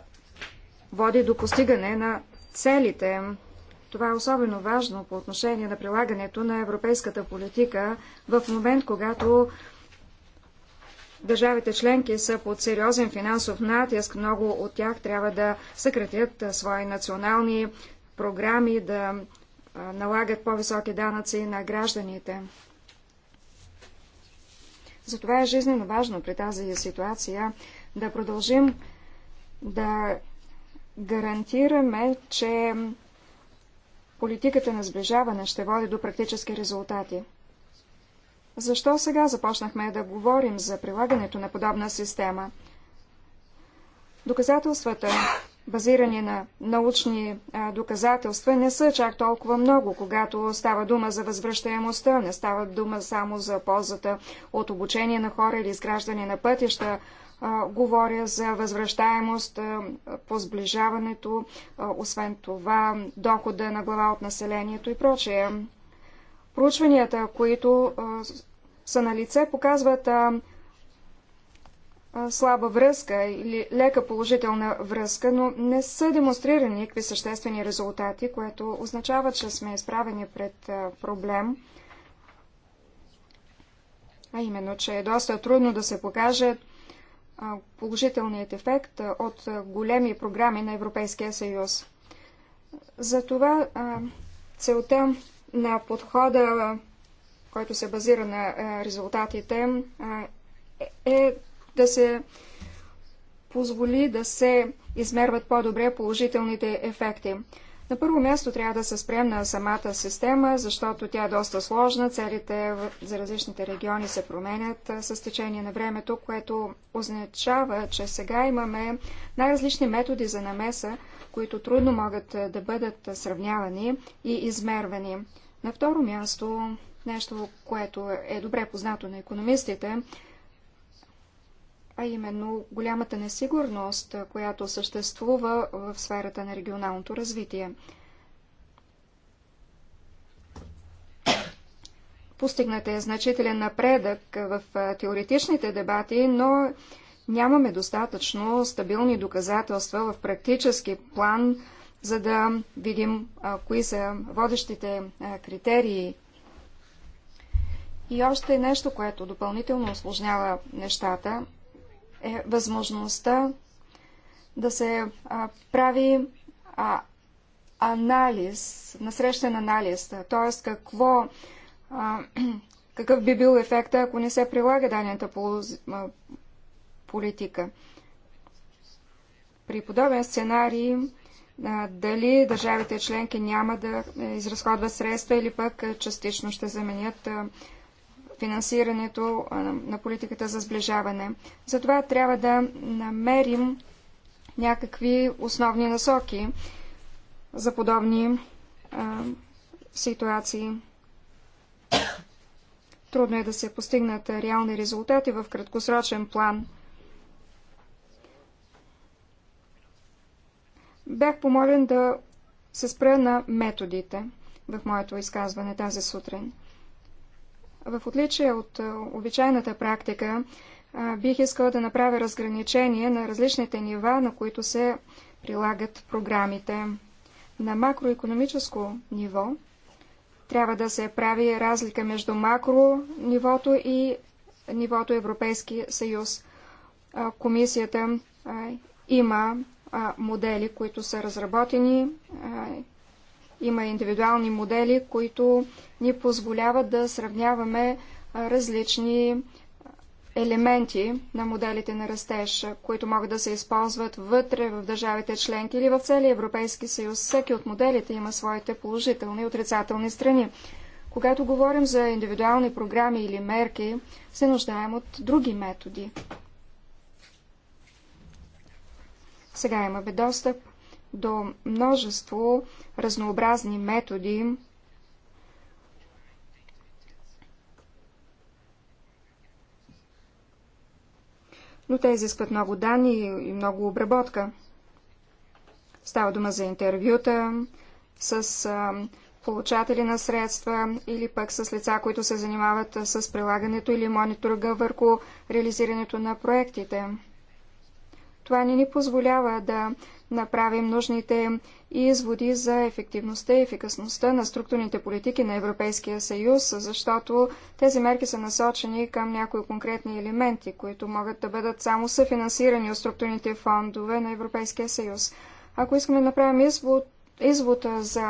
води до постигане на целите. Това е особено важно по отношение на прилагането на европейската политика в момент, когато държавите членки са под сериозен финансов натиск. Много от тях трябва да съкратят свои национални програми, да налагат по-високи данъци на гражданите. Затова е жизненно важно при тази ситуация да продължим да гарантираме, че политиката на сближаване ще води до практически резултати. Защо сега започнахме да говорим за прилагането на подобна система? Доказателствата базирани на научни доказателства, не са чак толкова много, когато става дума за възвръщаемостта, не става дума само за ползата от обучение на хора или изграждане на пътища. Говоря за възвръщаемост по сближаването, освен това дохода на глава от населението и прочее. Проучванията, които са на лице, показват слаба връзка или лека положителна връзка, но не са демонстрирани никакви съществени резултати, което означава, че сме изправени пред проблем, а именно, че е доста трудно да се покаже положителният ефект от големи програми на Европейския съюз. Затова целта на подхода, който се базира на резултатите, е да се позволи да се измерват по-добре положителните ефекти. На първо място трябва да се спрем на самата система, защото тя е доста сложна. Целите за различните региони се променят с течение на времето, което означава, че сега имаме най-различни методи за намеса, които трудно могат да бъдат сравнявани и измервани. На второ място, нещо, което е добре познато на економистите, а именно голямата несигурност, която съществува в сферата на регионалното развитие. Постигнат е значителен напредък в теоретичните дебати, но нямаме достатъчно стабилни доказателства в практически план, за да видим а, кои са водещите а, критерии. И още нещо, което допълнително осложнява нещата, е възможността да се а, прави а, анализ, насрещен анализ, т.е. какво а, какъв би бил ефекта, ако не се прилага данията политика. При подобен сценарий, дали държавите членки няма да изразходват средства или пък частично ще заменят финансирането на политиката за сближаване. Затова трябва да намерим някакви основни насоки за подобни а, ситуации. Трудно е да се постигнат реални резултати в краткосрочен план. Бях помолен да се спра на методите в моето изказване тази сутрин. В отличие от е, обичайната практика, е, бих искала да направя разграничение на различните нива, на които се прилагат програмите. На макроекономическо ниво трябва да се прави разлика между макро нивото и нивото Европейски съюз. Е, комисията има модели, които са разработени има индивидуални модели, които ни позволяват да сравняваме различни елементи на моделите на растеж, които могат да се използват вътре в държавите членки или в целия Европейски съюз. Всеки от моделите има своите положителни и отрицателни страни. Когато говорим за индивидуални програми или мерки, се нуждаем от други методи. Сега имаме достъп до множество разнообразни методи, но те изискват много данни и много обработка. Става дума за интервюта с а, получатели на средства или пък с лица, които се занимават с прилагането или мониторга върху реализирането на проектите. Това не ни позволява да направим нужните изводи за ефективността и ефикасността на структурните политики на Европейския съюз, защото тези мерки са насочени към някои конкретни елементи, които могат да бъдат само съфинансирани от структурните фондове на Европейския съюз. Ако искаме да направим извод, извод за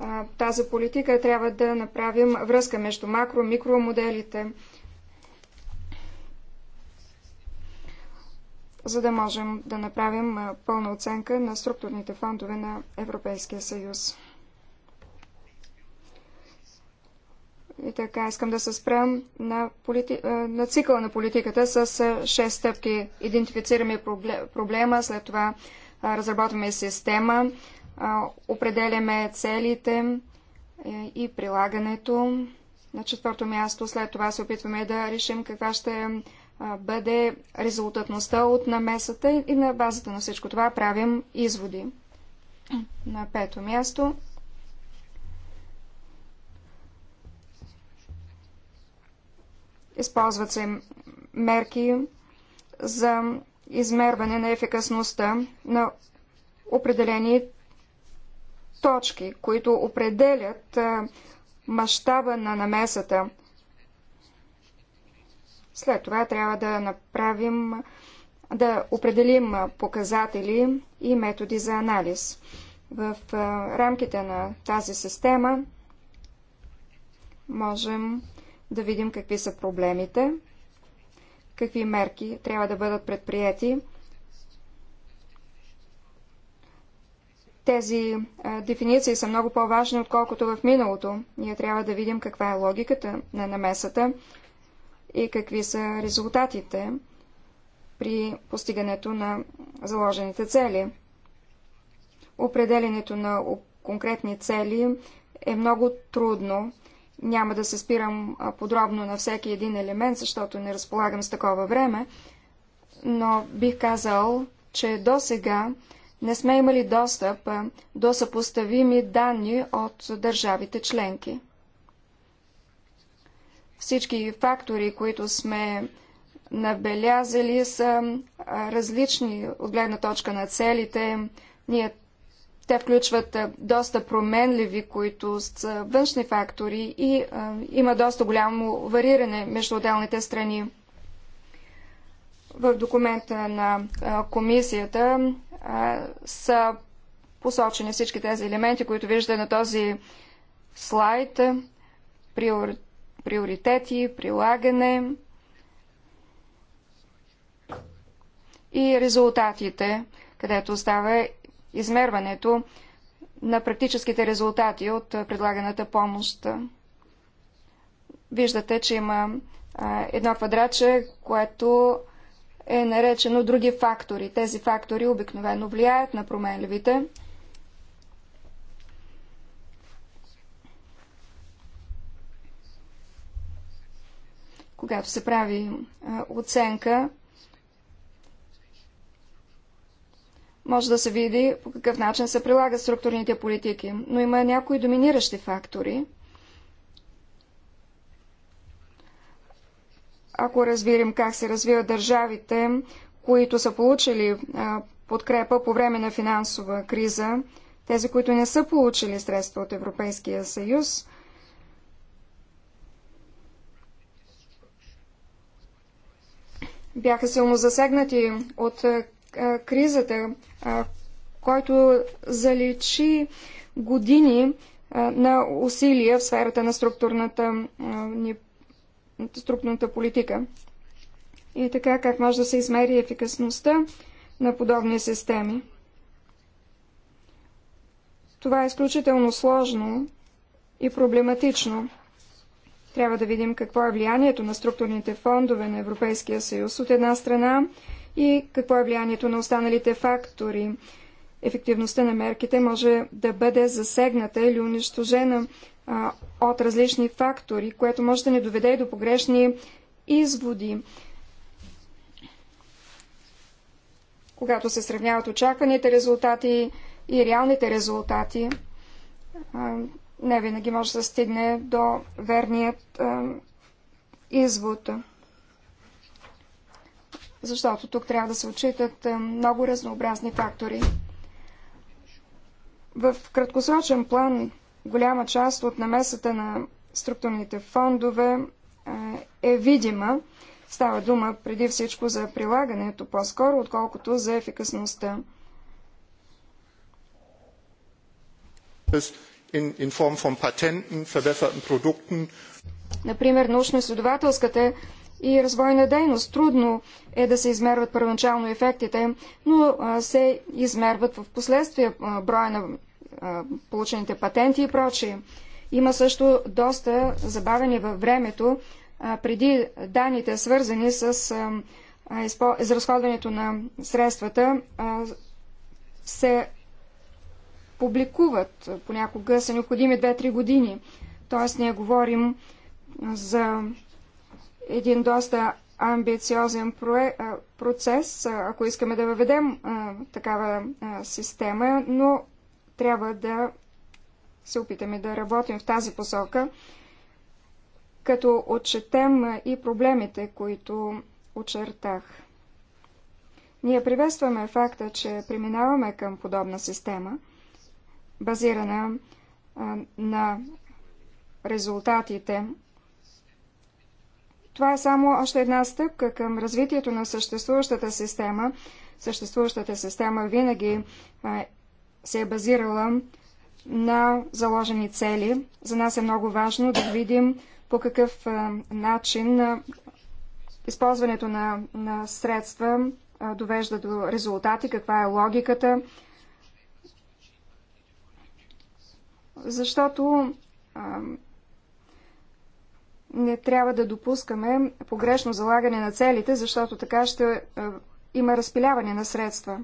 а, тази политика, трябва да направим връзка между макро- и микромоделите. моделите за да можем да направим пълна оценка на структурните фондове на Европейския съюз. И така, искам да се спрем на, полити... на цикъла на политиката с 6 стъпки. Идентифицираме проблема, след това разработваме система, определяме целите е, и прилагането. На четвърто място след това се опитваме да решим каква ще е бъде резултатността от намесата и на базата на всичко това правим изводи. На пето място използват се мерки за измерване на ефикасността на определени точки, които определят мащаба на намесата. След това трябва да направим, да определим показатели и методи за анализ. В рамките на тази система можем да видим какви са проблемите, какви мерки трябва да бъдат предприяти. Тези дефиниции са много по-важни, отколкото в миналото. Ние трябва да видим каква е логиката на намесата, и какви са резултатите при постигането на заложените цели. Определенето на конкретни цели е много трудно. Няма да се спирам подробно на всеки един елемент, защото не разполагам с такова време, но бих казал, че до сега не сме имали достъп до съпоставими данни от държавите членки. Всички фактори, които сме набелязали, са различни от гледна точка на целите. Ние те включват доста променливи, които са външни фактори и а, има доста голямо вариране между отделните страни. В документа на а, комисията а, са посочени всички тези елементи, които виждате на този слайд. Приор приоритети, прилагане и резултатите, където става измерването на практическите резултати от предлаганата помощ. Виждате, че има едно квадратче, което е наречено други фактори. Тези фактори обикновено влияят на променливите когато се прави оценка, може да се види по какъв начин се прилагат структурните политики, но има някои доминиращи фактори. Ако разбирам как се развиват държавите, които са получили подкрепа по време на финансова криза, тези, които не са получили средства от Европейския съюз, бяха силно засегнати от кризата, който заличи години на усилия в сферата на структурната, структурната политика. И така, как може да се измери ефикасността на подобни системи? Това е изключително сложно и проблематично. Трябва да видим какво е влиянието на структурните фондове на Европейския съюз от една страна и какво е влиянието на останалите фактори. Ефективността на мерките може да бъде засегната или унищожена а, от различни фактори, което може да ни доведе и до погрешни изводи. Когато се сравняват очакваните резултати и реалните резултати, не винаги може да стигне до верният а, извод. Защото тук трябва да се отчитат много разнообразни фактори. В краткосрочен план голяма част от намесата на структурните фондове е видима. Става дума преди всичко за прилагането по-скоро, отколкото за ефикасността in Form von Patenten, verbesserten Produkten. Например, научно-изследователската и развойна дейност. Трудно е да се измерват първоначално ефектите, но се измерват в последствие броя на получените патенти и прочие. Има също доста забавени във времето преди данните, свързани с изразходването на средствата, се публикуват. Понякога са необходими 2-3 години. Тоест ние говорим за един доста амбициозен процес, ако искаме да въведем такава система, но трябва да се опитаме да работим в тази посока, като отчетем и проблемите, които очертах. Ние приветстваме факта, че преминаваме към подобна система, базирана на резултатите. Това е само още една стъпка към развитието на съществуващата система. Съществуващата система винаги се е базирала на заложени цели. За нас е много важно да видим по какъв начин използването на, на средства довежда до резултати, каква е логиката защото а, не трябва да допускаме погрешно залагане на целите, защото така ще а, има разпиляване на средства.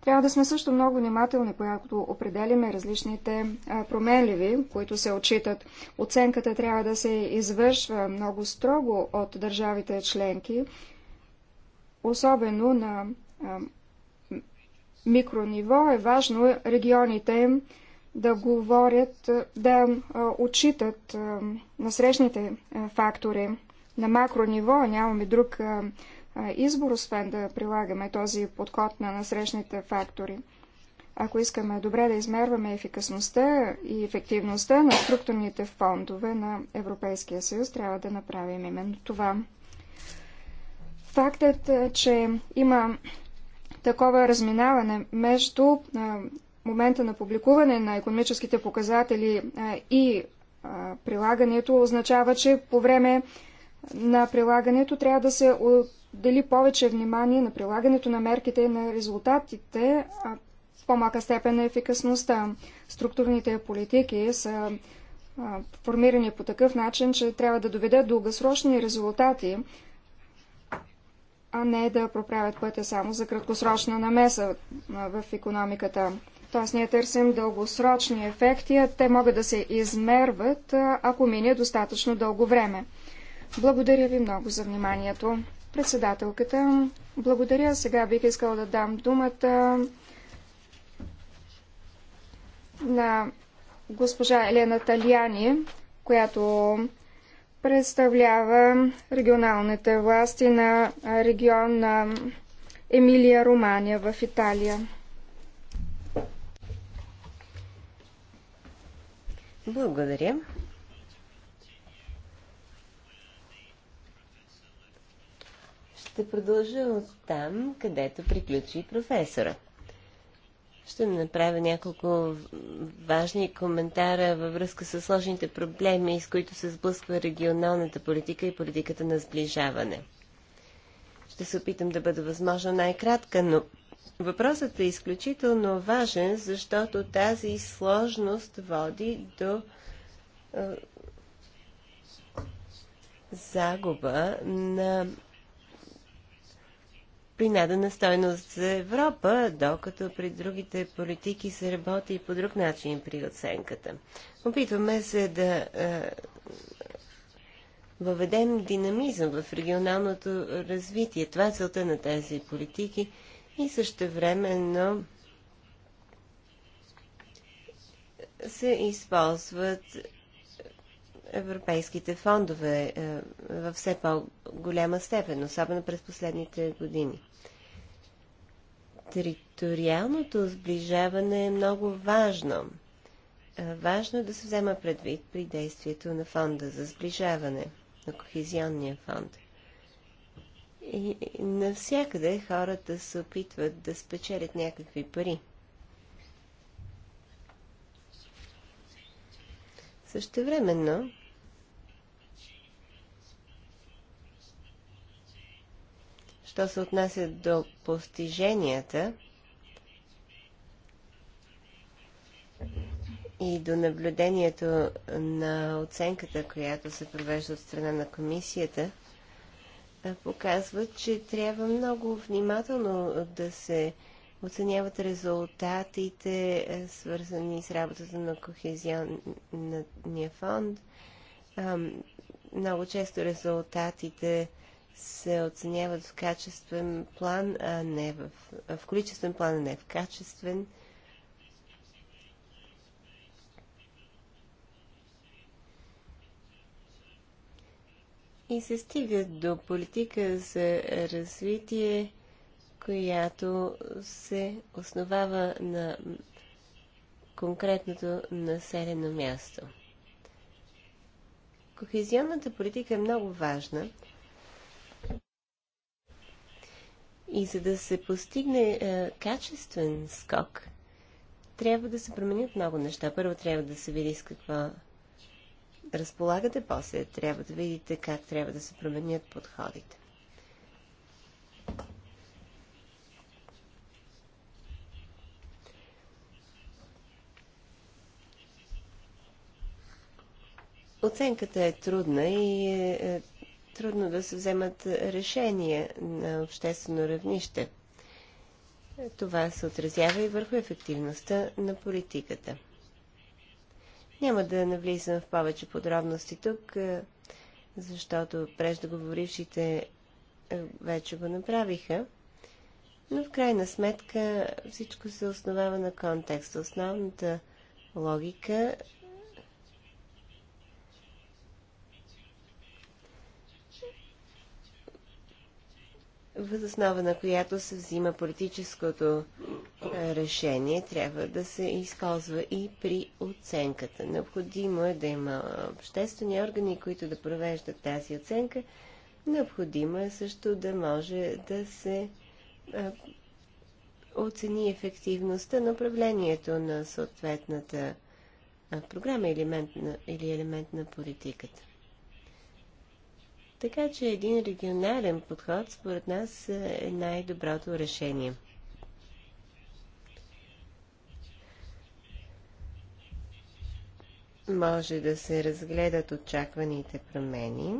Трябва да сме също много внимателни, когато определиме различните променливи, които се отчитат. Оценката трябва да се извършва много строго от държавите членки, особено на микрониво е важно регионите да говорят, да отчитат насрещните фактори на макро ниво. Нямаме друг избор, освен да прилагаме този подход на насрещните фактори. Ако искаме добре да измерваме ефикасността и ефективността на структурните фондове на Европейския съюз, трябва да направим именно това. Фактът, че има такова разминаване между момента на публикуване на економическите показатели е, и е, прилагането означава, че по време на прилагането трябва да се отдели повече внимание на прилагането на мерките и на резултатите, а в по-малка степен на ефикасността. Структурните политики са е, формирани по такъв начин, че трябва да доведат дългосрочни резултати, а не да проправят пътя само за краткосрочна намеса в економиката. Тоест ние търсим дългосрочни ефекти, а те могат да се измерват, ако мине достатъчно дълго време. Благодаря ви много за вниманието. Председателката, благодаря. Сега бих искал да дам думата на госпожа Елена Талияни, която представлява регионалните власти на регион на Емилия Романия в Италия. Благодаря. Ще продължа от там, където приключи професора. Ще направя няколко важни коментара във връзка с сложните проблеми, с които се сблъсква регионалната политика и политиката на сближаване. Ще се опитам да бъда възможно най-кратка, но Въпросът е изключително важен, защото тази сложност води до загуба на принадена стойност за Европа, докато при другите политики се работи и по друг начин при оценката. Опитваме се да е, въведем динамизъм в регионалното развитие. Това е целта на тези политики – и също времено се използват европейските фондове е, във все по-голяма степен, особено през последните години. Териториалното сближаване е много важно. Е, важно е да се взема предвид при действието на фонда за сближаване, на Кохезионния фонд. И навсякъде хората се опитват да спечелят някакви пари. Същевременно, що се отнася до постиженията и до наблюдението на оценката, която се провежда от страна на комисията – Показва, че трябва много внимателно да се оценяват резултатите, свързани с работата на Кохезионния фонд. Много често резултатите се оценяват в качествен план, а не в, в количествен план, а не в качествен. и се стига до политика за развитие, която се основава на конкретното населено място. Кохезионната политика е много важна и за да се постигне е, качествен скок, трябва да се променят много неща. Първо трябва да се види с какво разполагате после. Трябва да видите как трябва да се променят подходите. Оценката е трудна и е, е трудно да се вземат решения на обществено равнище. Това се отразява и върху ефективността на политиката. Няма да навлизам в повече подробности тук, е, защото преждоговорившите е, вече го направиха. Но в крайна сметка всичко се основава на контекста. Основната логика възоснова на която се взима политическото решение, трябва да се използва и при оценката. Необходимо е да има обществени органи, които да провеждат тази оценка. Необходимо е също да може да се оцени ефективността на управлението на съответната програма или елемент на, или елемент на политиката. Така че един регионален подход според нас е най-доброто решение. Може да се разгледат очакваните промени.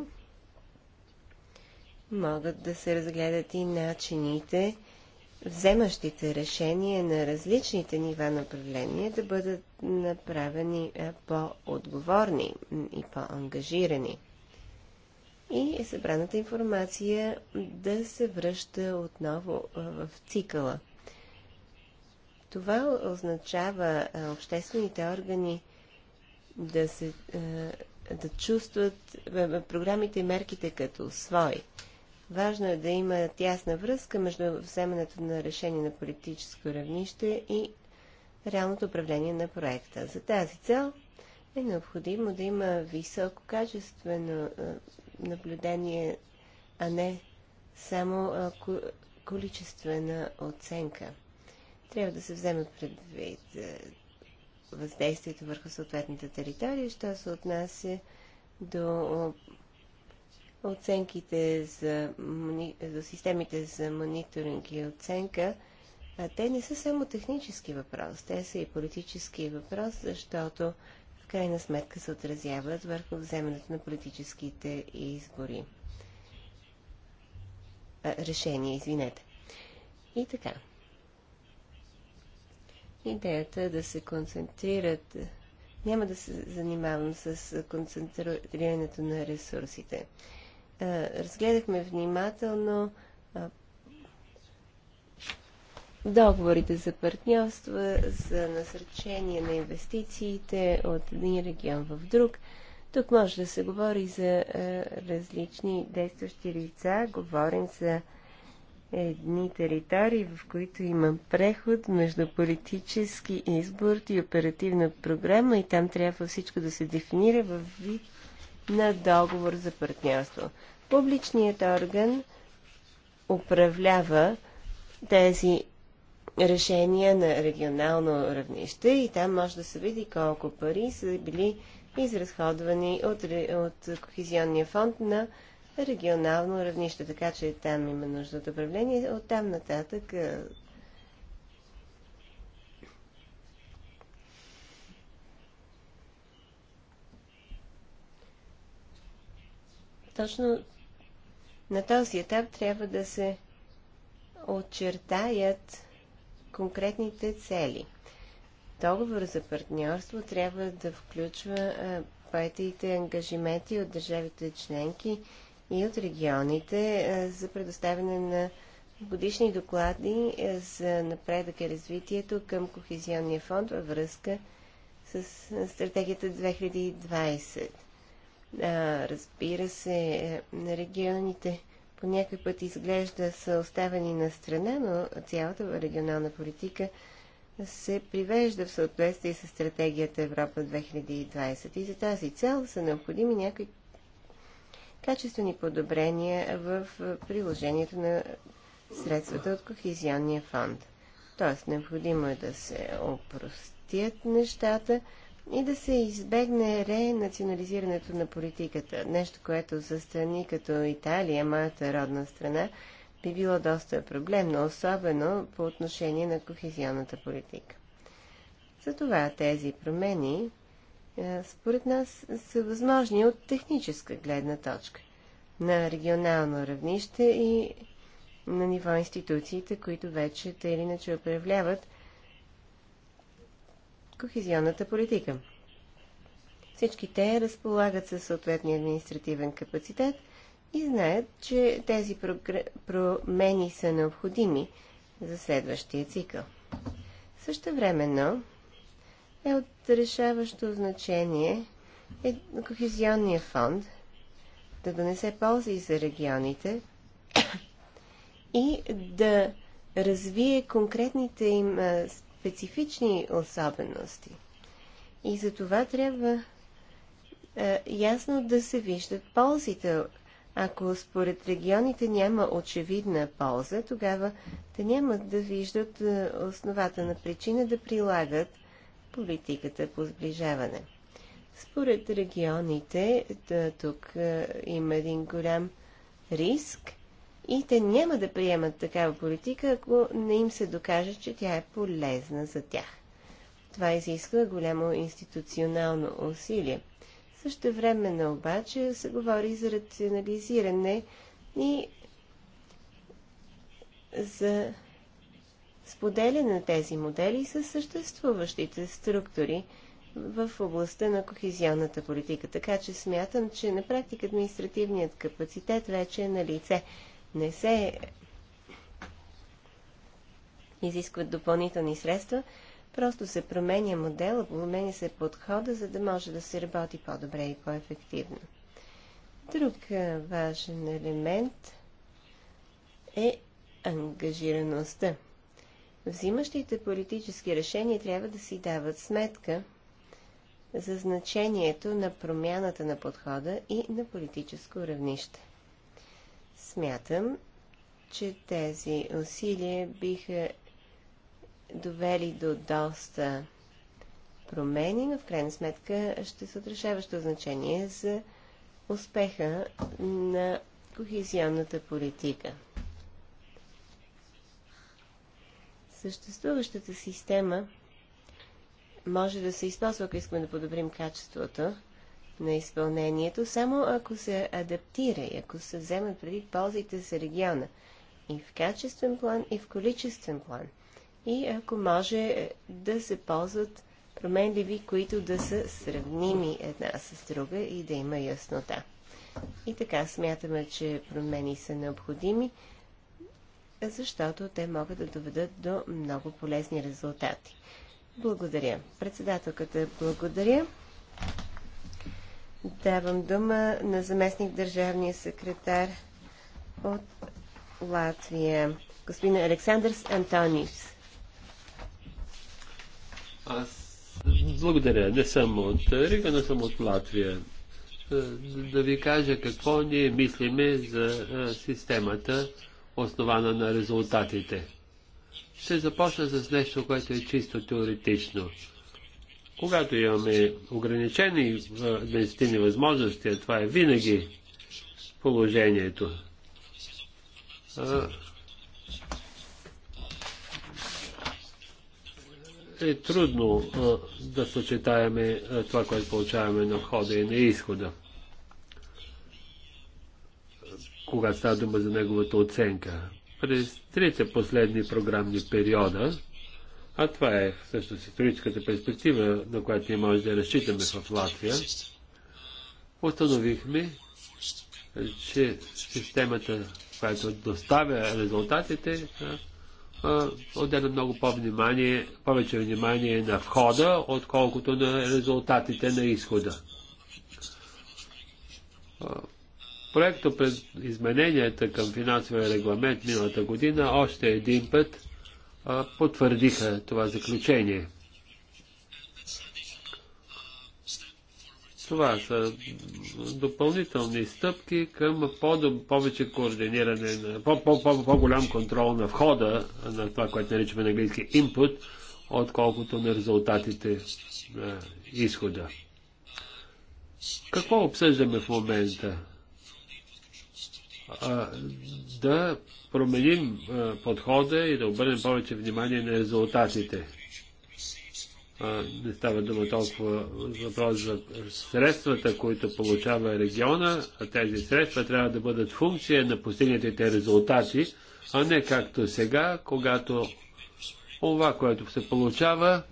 Могат да се разгледат и начините, вземащите решения на различните нива на управление да бъдат направени по-отговорни и по-ангажирани и е събраната информация да се връща отново в цикъла. Това означава обществените органи да, се, да чувстват програмите и мерките като свои. Важно е да има тясна връзка между вземането на решение на политическо равнище и реалното управление на проекта. За тази цел е необходимо да има висококачествено наблюдение, а не само количествена оценка. Трябва да се вземе предвид въздействието върху съответната територия, що се отнася до оценките за, за системите за мониторинг и оценка, а те не са само технически въпрос, те са и политически въпрос, защото крайна сметка се отразяват върху вземането на политическите избори. А, решения, извинете. И така. Идеята е да се концентрират. Няма да се занимавам с концентрирането на ресурсите. Разгледахме внимателно договорите за партньорства, за насърчение на инвестициите от един регион в друг. Тук може да се говори за е, различни действащи лица. Говорим за едни територии, в които има преход между политически избор и оперативна програма и там трябва всичко да се дефинира в вид на договор за партньорство. Публичният орган управлява тези решения на регионално равнище и там може да се види колко пари са били изразходвани от, от Кохизионния фонд на регионално равнище, така че там има нужда от управление. От там нататък точно на този етап трябва да се очертаят конкретните цели. Договор за партньорство трябва да включва поетите ангажименти от държавите членки и от регионите за предоставяне на годишни доклади за напредък и развитието към Кохезионния фонд във връзка с стратегията 2020. Разбира се, е, на регионите по някой път изглежда са оставени на страна, но цялата регионална политика се привежда в съответствие с стратегията Европа 2020. И за тази цел са необходими някои качествени подобрения в приложението на средствата от Кохизионния фонд. Тоест, необходимо е да се опростят нещата, и да се избегне ренационализирането на политиката. Нещо, което за страни като Италия, моята родна страна, би било доста проблемно, особено по отношение на кохезионната политика. Затова тези промени, е, според нас, са възможни от техническа гледна точка на регионално равнище и на ниво институциите, които вече те или иначе управляват кохезионната политика. Всички те разполагат със съответния административен капацитет и знаят, че тези промени са необходими за следващия цикъл. Също времено е от решаващо значение е кохезионния фонд да донесе ползи за регионите и да развие конкретните им специфични особености. И за това трябва е, ясно да се виждат ползите. Ако според регионите няма очевидна полза, тогава те нямат да виждат е, основата на причина да прилагат политиката по сближаване. Според регионите, тук е, има един голям риск – и те няма да приемат такава политика, ако не им се докаже, че тя е полезна за тях. Това изисква голямо институционално усилие. Също време на обаче се говори за рационализиране и за споделяне на тези модели с съществуващите структури в областта на кохизионната политика. Така че смятам, че на практика административният капацитет вече е на лице не се изискват допълнителни средства, просто се променя модела, променя се подхода, за да може да се работи по-добре и по-ефективно. Друг важен елемент е ангажираността. Взимащите политически решения трябва да си дават сметка за значението на промяната на подхода и на политическо равнище. Смятам, че тези усилия биха довели до доста промени, но в крайна сметка ще са отрешаващо значение за успеха на кохезионната политика. Съществуващата система може да се използва, ако искаме да подобрим качеството на изпълнението, само ако се адаптира и ако се вземат преди ползите за региона и в качествен план, и в количествен план. И ако може е, да се ползват променливи, които да са сравними една с друга и да има яснота. И така смятаме, че промени са необходими, защото те могат да доведат до много полезни резултати. Благодаря. Председателката благодаря. Давам дума на заместник държавния секретар от Латвия, господин Александърс Антонис. Аз благодаря. Не съм от Рига, но съм от Латвия. Е, да ви кажа какво ние мислиме за е, системата, основана на резултатите. Ще започна с нещо, което е чисто теоретично. Когато имаме ограничени административни възможности, а това е винаги положението. А, е трудно а, да съчетаеме това, което получаваме на входа и на изхода, когато става дума за неговата оценка. През трите последни програмни периода а това е всъщност историческата перспектива, на която ние може да разчитаме в Латвия. Установихме, че системата, която доставя резултатите, отделя много по-внимание, повече внимание на входа, отколкото на резултатите на изхода. Проектът пред измененията към финансовия регламент миналата година още един път потвърдиха това заключение. Това са допълнителни стъпки към повече координиране, на, по-голям контрол на входа на това, което наричаме на английски input, отколкото на резултатите на изхода. Какво обсъждаме в момента? да променим подхода и да обърнем повече внимание на резултатите. Не става дума толкова въпрос за средствата, които получава региона, а тези средства трябва да бъдат функция на постигнатите резултати, а не както сега, когато това, което се получава,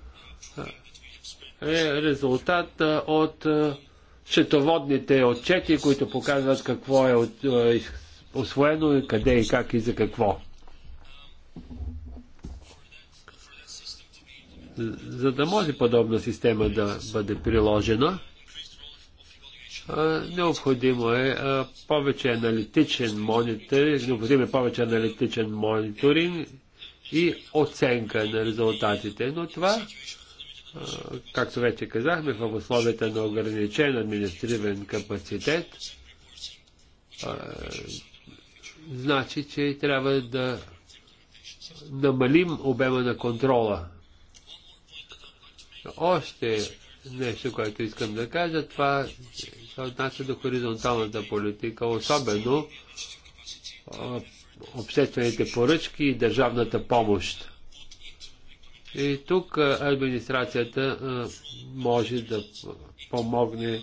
е резултат от счетоводните отчети, които показват какво е, е освоено и къде и как и за какво. За да може подобна система да бъде приложена, е, необходимо е, е повече аналитичен мониторинг, необходимо е повече аналитичен мониторинг и оценка на резултатите. Но това както вече казахме, в условията на ограничен административен капацитет, значи, че трябва да намалим обема на контрола. Още нещо, което искам да кажа, това се отнася до хоризонталната политика, особено обществените поръчки и държавната помощ. И тук администрацията може да помогне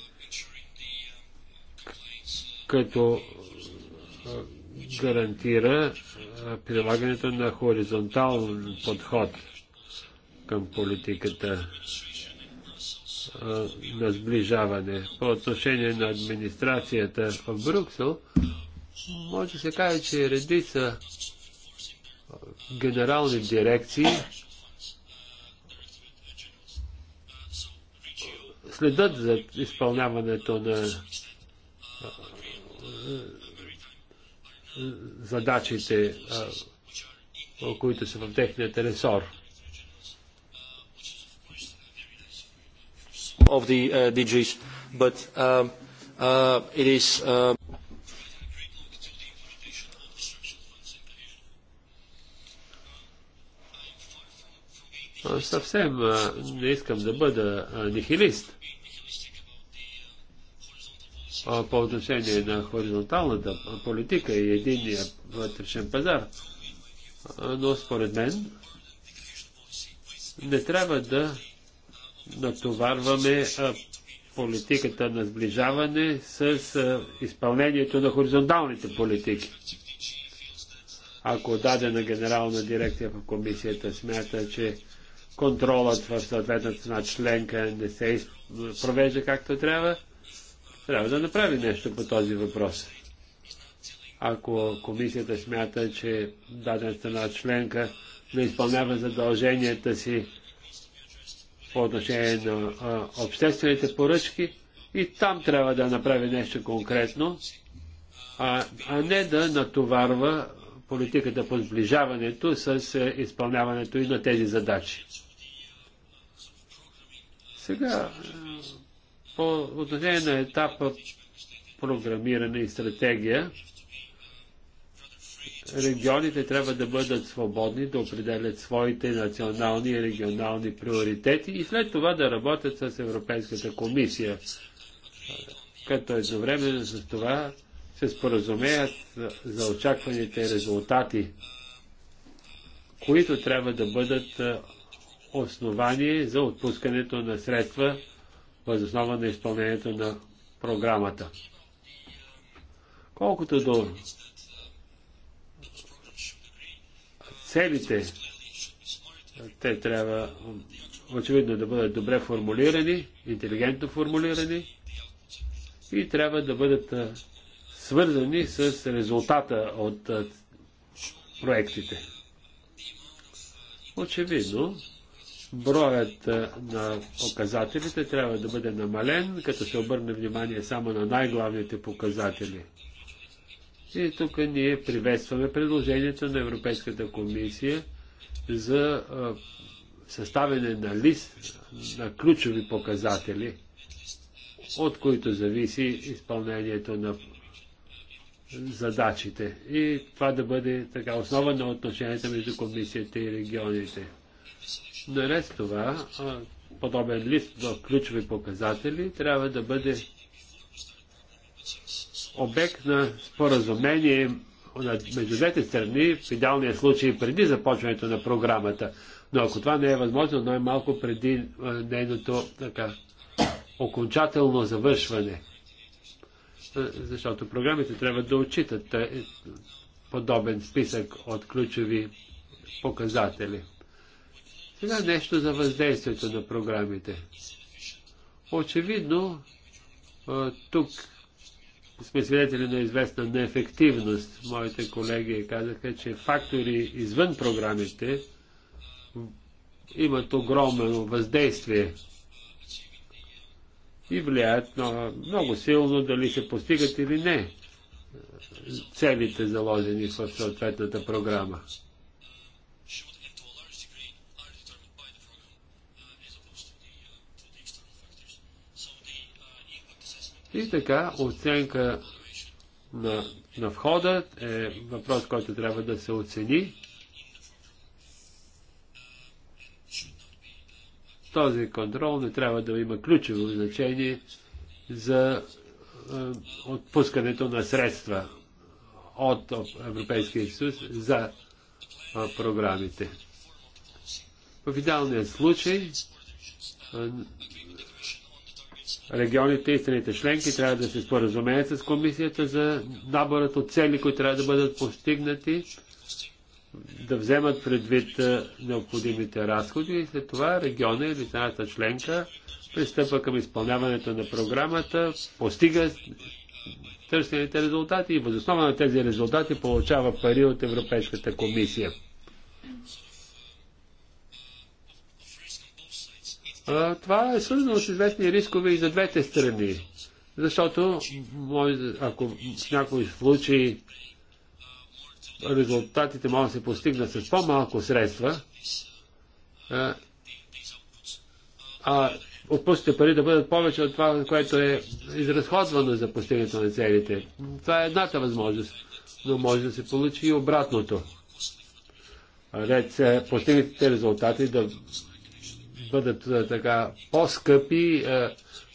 като гарантира прилагането на хоризонтален подход към политиката на сближаване. По отношение на администрацията в Брюксел, може да се каже, че редица генерални дирекции следят за изпълняването на задачите, които са в техният ресор. Of the uh, DGs, but uh, uh, it is. Uh... съвсем не искам да бъда нихилист по отношение на хоризонталната политика и единния вътрешен пазар. Но според мен не трябва да натоварваме политиката на сближаване с изпълнението на хоризонталните политики. Ако дадена генерална дирекция в комисията смята, че контролът в съответната на членка не се провежда както трябва, трябва да направи нещо по този въпрос. Ако комисията смята, че дадена страна членка не изпълнява задълженията си по отношение на а, обществените поръчки, и там трябва да направи нещо конкретно, а, а не да натоварва политиката по сближаването с е, изпълняването и на тези задачи. Сега е, по отношение на етапа програмиране и стратегия, регионите трябва да бъдат свободни да определят своите национални и регионални приоритети и след това да работят с Европейската комисия, като едновременно с това се споразумеят за очакваните резултати, които трябва да бъдат основание за отпускането на средства възоснова на изпълнението на програмата. Колкото до целите, те трябва очевидно да бъдат добре формулирани, интелигентно формулирани и трябва да бъдат свързани с резултата от проектите. Очевидно, броят е, на показателите трябва да бъде намален, като се обърне внимание само на най-главните показатели. И тук ние приветстваме предложението на Европейската комисия за е, съставяне на лист на ключови показатели, от които зависи изпълнението на задачите. И това да бъде така основа на отношенията между комисията и регионите. Наред с това, подобен лист до ключови показатели трябва да бъде обект на споразумение между двете страни, в идеалния случай преди започването на програмата. Но ако това не е възможно, най-малко преди нейното така, окончателно завършване. Защото програмите трябва да отчитат подобен списък от ключови показатели. Сега е нещо за въздействието на програмите. Очевидно, тук сме свидетели на известна неефективност. Моите колеги казаха, че фактори извън програмите имат огромно въздействие и влияят много силно дали се постигат или не целите заложени в съответната програма. И така, оценка на, на входа е въпрос, който трябва да се оцени. Този контрол не трябва да има ключово значение за е, отпускането на средства от Европейския съюз за е, програмите. В идеалния случай е, регионите и страните членки трябва да се споразумеят с комисията за наборът от цели, които трябва да бъдат постигнати, да вземат предвид необходимите разходи и след това региона или страната членка пристъпва към изпълняването на програмата, постига търсените резултати и възоснова на тези резултати получава пари от Европейската комисия. това е свързано с известни рискове и за двете страни. Защото, може, ако в някои случаи резултатите могат да се постигнат с по-малко средства, а, отпустите пари да бъдат повече от това, което е изразходвано за постигането на целите. Това е едната възможност, но може да се получи и обратното. Ред е, постигнатите резултати да бъдат е, така по-скъпи, е,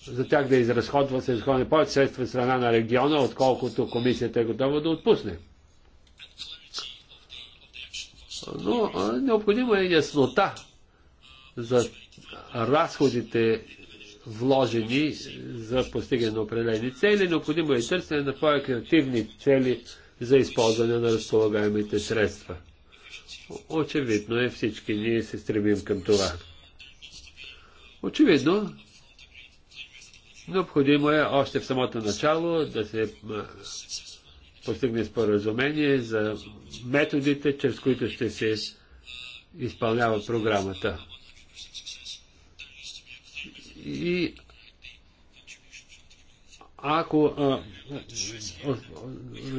за тях да изразходва се изходни повече средства страна на региона, отколкото комисията е готова да отпусне. Но е, необходима е яснота за разходите вложени за постигане на определени цели, необходимо е и търсене на по-креативни цели за използване на разполагаемите средства. Очевидно е, всички ние се стремим към това. Очевидно, необходимо е още в самото начало да се постигне споразумение за методите, чрез които ще се изпълнява програмата. И ако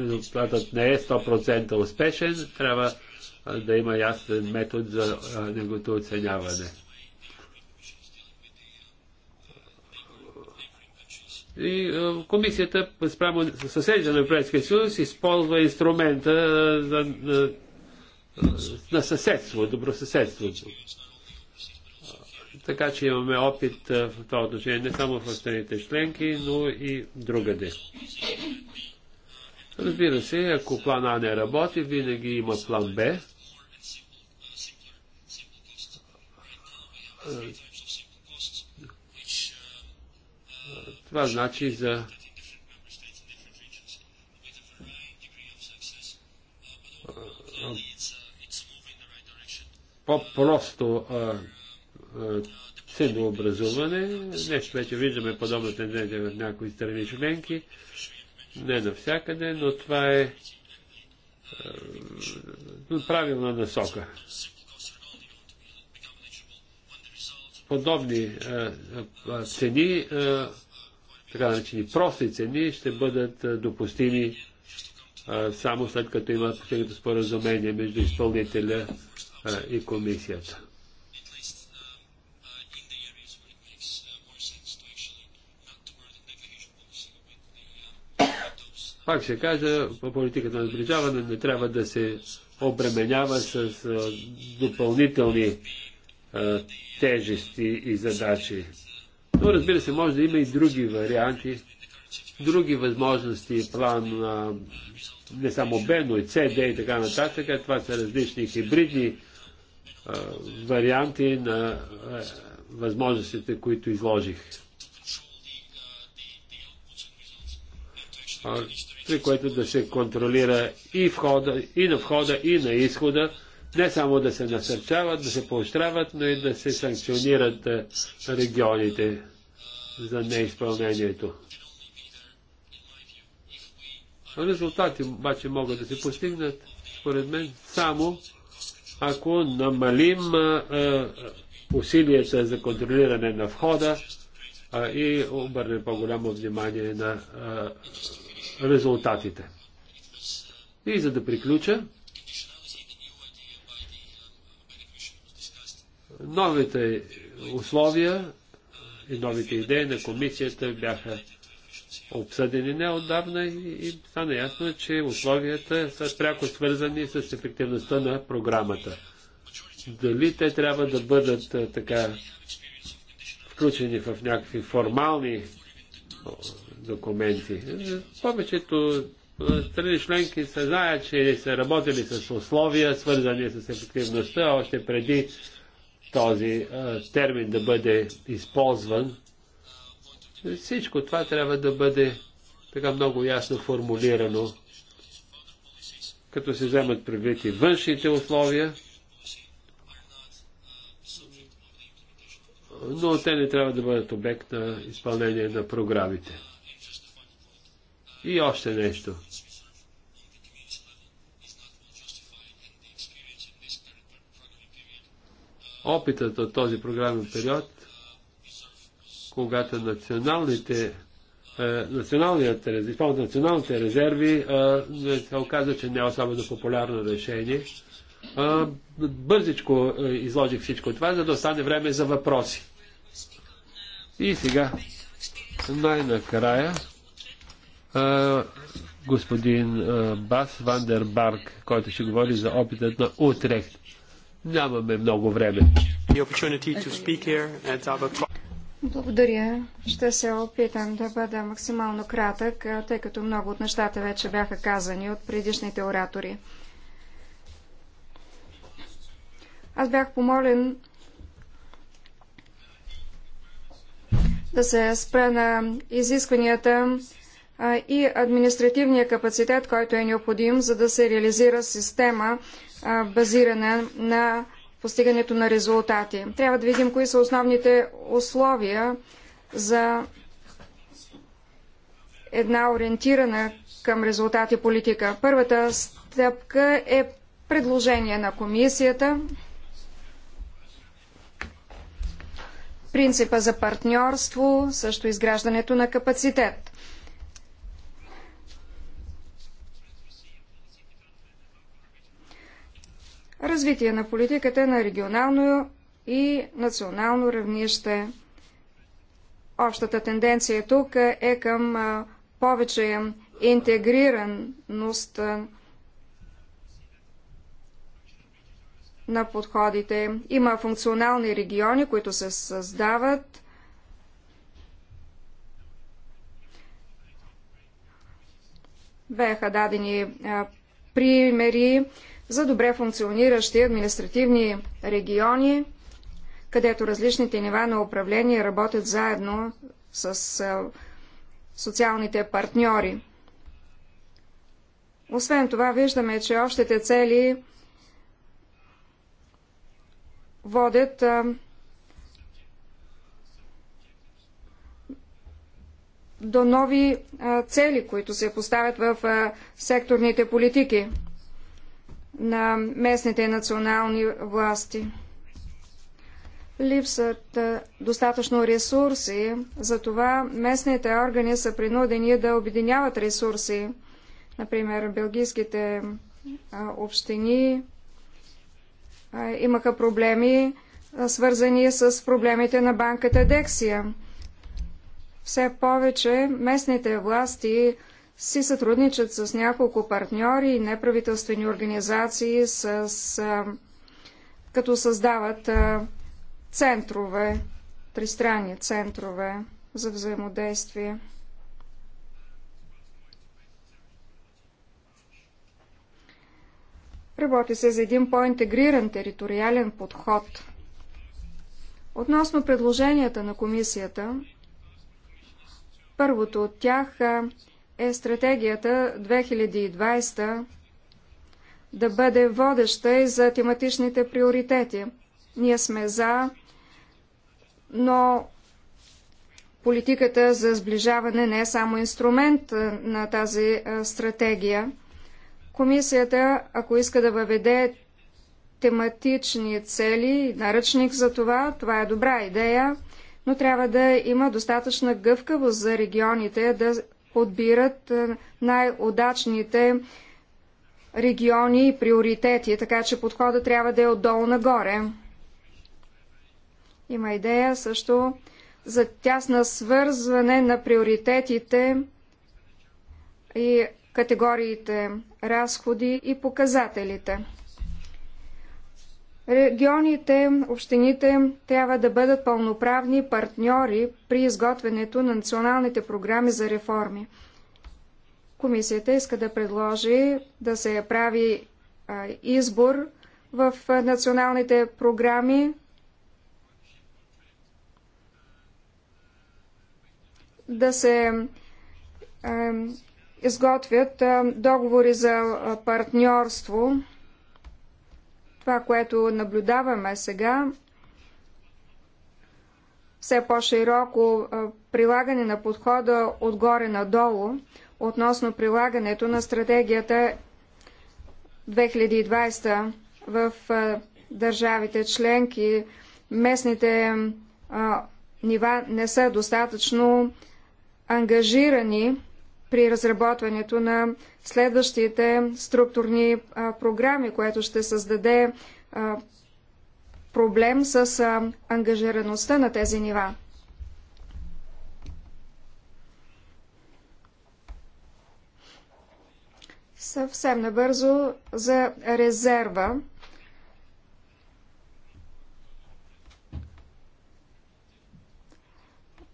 резултатът не е 100% успешен, трябва да има ясен метод за неговото негото оценяване. И е, комисията спрямо съседите на Европейския съюз използва инструмента на, е, на, е, на съседство, добросъседството. Така че имаме опит в това отношение не само в страните членки, но и другаде. Разбира се, ако план А не работи, винаги има план Б. Това значи за по-просто ценообразуване. Нещо вече виждаме подобна тенденция в някои страни членки. Не навсякъде, но това е правилна насока. Подобни цени а, така наречени прости цени, ще бъдат допустими само след като има постигнато споразумение между изпълнителя и комисията. Пак ще кажа, по политиката на сближаване не трябва да се обременява с допълнителни тежести и задачи. Но разбира се, може да има и други варианти, други възможности, план на не само Б, но и С, Д и така нататък. Това са различни хибридни а, варианти на а, възможностите, които изложих. при което да се контролира и входа, и на входа, и на изхода, не само да се насърчават, да се поощряват, но и да се санкционират е, регионите за неизпълнението. Резултати обаче могат да се постигнат, според мен, само ако намалим а, е, а, е, усилията за контролиране на входа а, и обърнем по-голямо внимание на резултатите. И за да приключа, Новите условия и новите идеи на комисията бяха обсъдени неотдавна и, стана ясно, че условията са пряко свързани с ефективността на програмата. Дали те трябва да бъдат така включени в някакви формални документи. Повечето страни членки се знаят, че са работили с условия, свързани с ефективността, още преди този а, термин да бъде използван. Всичко това трябва да бъде така много ясно формулирано, като се вземат предвид и външните условия, но те не трябва да бъдат обект на изпълнение на програмите. И още нещо – опитът от този програмен период, когато националните е, националният, резерв, националните резерви, е, е, се оказа, че не е особено популярно решение. Бързичко изложих всичко това, за да остане време за въпроси. И сега, най-накрая, господин Бас Вандербарк, който ще говори за опитът на Утрехт. Нямаме много време. Благодаря. Ще се опитам да бъда максимално кратък, тъй като много от нещата вече бяха казани от предишните оратори. Аз бях помолен да се спра на изискванията и административния капацитет, който е необходим, за да се реализира система базирана на постигането на резултати. Трябва да видим кои са основните условия за една ориентирана към резултати политика. Първата стъпка е предложение на комисията. Принципа за партньорство, също изграждането на капацитет. развитие на политиката на регионално и национално равнище. Общата тенденция тук е към повече интегрираност на подходите. Има функционални региони, които се създават. Беха дадени примери за добре функциониращи административни региони, където различните нива на управление работят заедно с социалните партньори. Освен това, виждаме, че общите цели водят до нови цели, които се поставят в секторните политики на местните и национални власти. Липсват достатъчно ресурси, затова местните органи са принудени да обединяват ресурси. Например, белгийските общини имаха проблеми, свързани с проблемите на банката Дексия. Все повече местните власти си сътрудничат с няколко партньори и неправителствени организации, с, а, като създават а, центрове, тристранни центрове за взаимодействие. Работи се за един по-интегриран териториален подход. Относно предложенията на комисията, първото от тях е стратегията 2020 да бъде водеща и за тематичните приоритети. Ние сме за, но политиката за сближаване не е само инструмент на тази стратегия. Комисията, ако иска да въведе тематични цели, наръчник за това, това е добра идея, но трябва да има достатъчна гъвкавост за регионите да подбират е, най-удачните региони и приоритети, така че подходът трябва да е отдолу нагоре. Има идея също за тясна свързване на приоритетите и категориите разходи и показателите. Регионите, общините трябва да бъдат пълноправни партньори при изготвянето на националните програми за реформи. Комисията иска да предложи да се прави а, избор в националните програми да се а, изготвят а, договори за партньорство това, което наблюдаваме сега, все по-широко прилагане на подхода отгоре надолу относно прилагането на стратегията 2020 в държавите членки, местните а, нива не са достатъчно ангажирани при разработването на следващите структурни програми, което ще създаде проблем с ангажираността на тези нива. Съвсем набързо за резерва.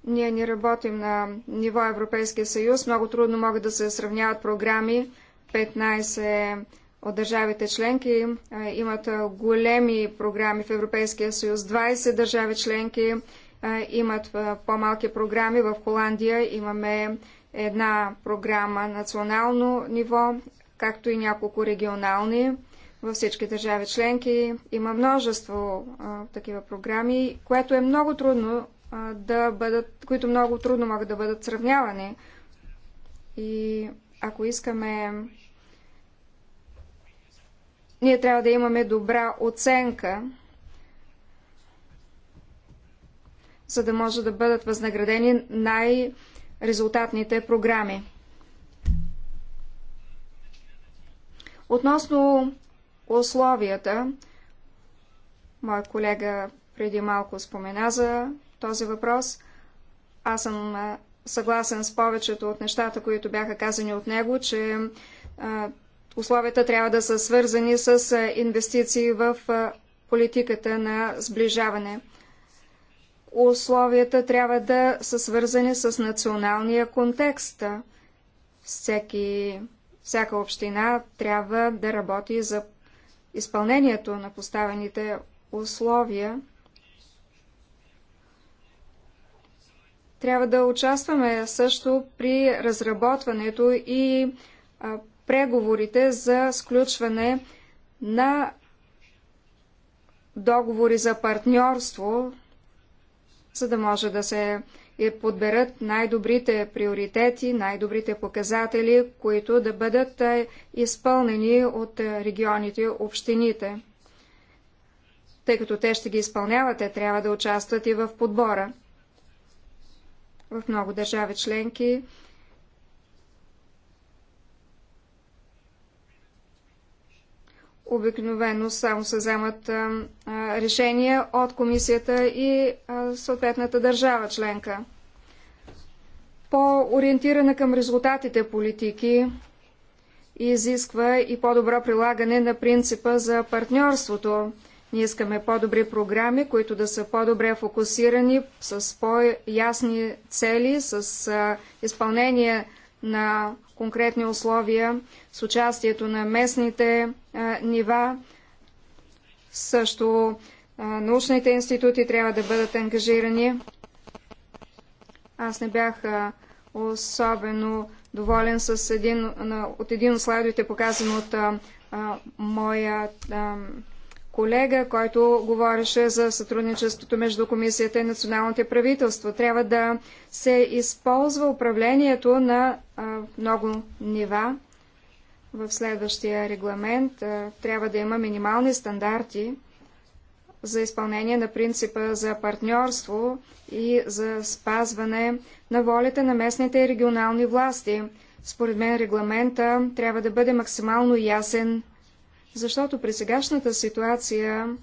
Ние не работим на ниво Европейския съюз. Много трудно могат да се сравняват програми. 15 от държавите членки имат големи програми в Европейския съюз. 20 държави членки имат по-малки програми. В Холандия имаме една програма национално ниво, както и няколко регионални. Във всички държави членки има множество а, такива програми, което е много трудно да бъдат, които много трудно могат да бъдат сравнявани. И ако искаме, ние трябва да имаме добра оценка, за да може да бъдат възнаградени най-резултатните програми. Относно условията, мой колега преди малко спомена за този въпрос. Аз съм съгласен с повечето от нещата, които бяха казани от него, че условията трябва да са свързани с инвестиции в политиката на сближаване. Условията трябва да са свързани с националния контекст. Всеки, всяка община трябва да работи за изпълнението на поставените условия. Трябва да участваме също при разработването и преговорите за сключване на договори за партньорство, за да може да се е, подберат най-добрите приоритети, най-добрите показатели, които да бъдат изпълнени от регионите, общините. Тъй като те ще ги изпълняват, те трябва да участват и в подбора в много държави членки. Обикновено само се вземат а, решения от комисията и а, съответната държава членка. По-ориентирана към резултатите политики изисква и по-добро прилагане на принципа за партньорството ние искаме по-добри програми, които да са по-добре фокусирани, с по-ясни цели, с изпълнение на конкретни условия, с участието на местните а, нива. Също а, научните институти трябва да бъдат ангажирани. Аз не бях а, особено доволен с един, от един от слайдовете, показан от моя колега, който говореше за сътрудничеството между комисията и националните правителства. Трябва да се използва управлението на много нива. В следващия регламент трябва да има минимални стандарти за изпълнение на принципа за партньорство и за спазване на волята на местните и регионални власти. Според мен регламента трябва да бъде максимално ясен защото при сегашната ситуация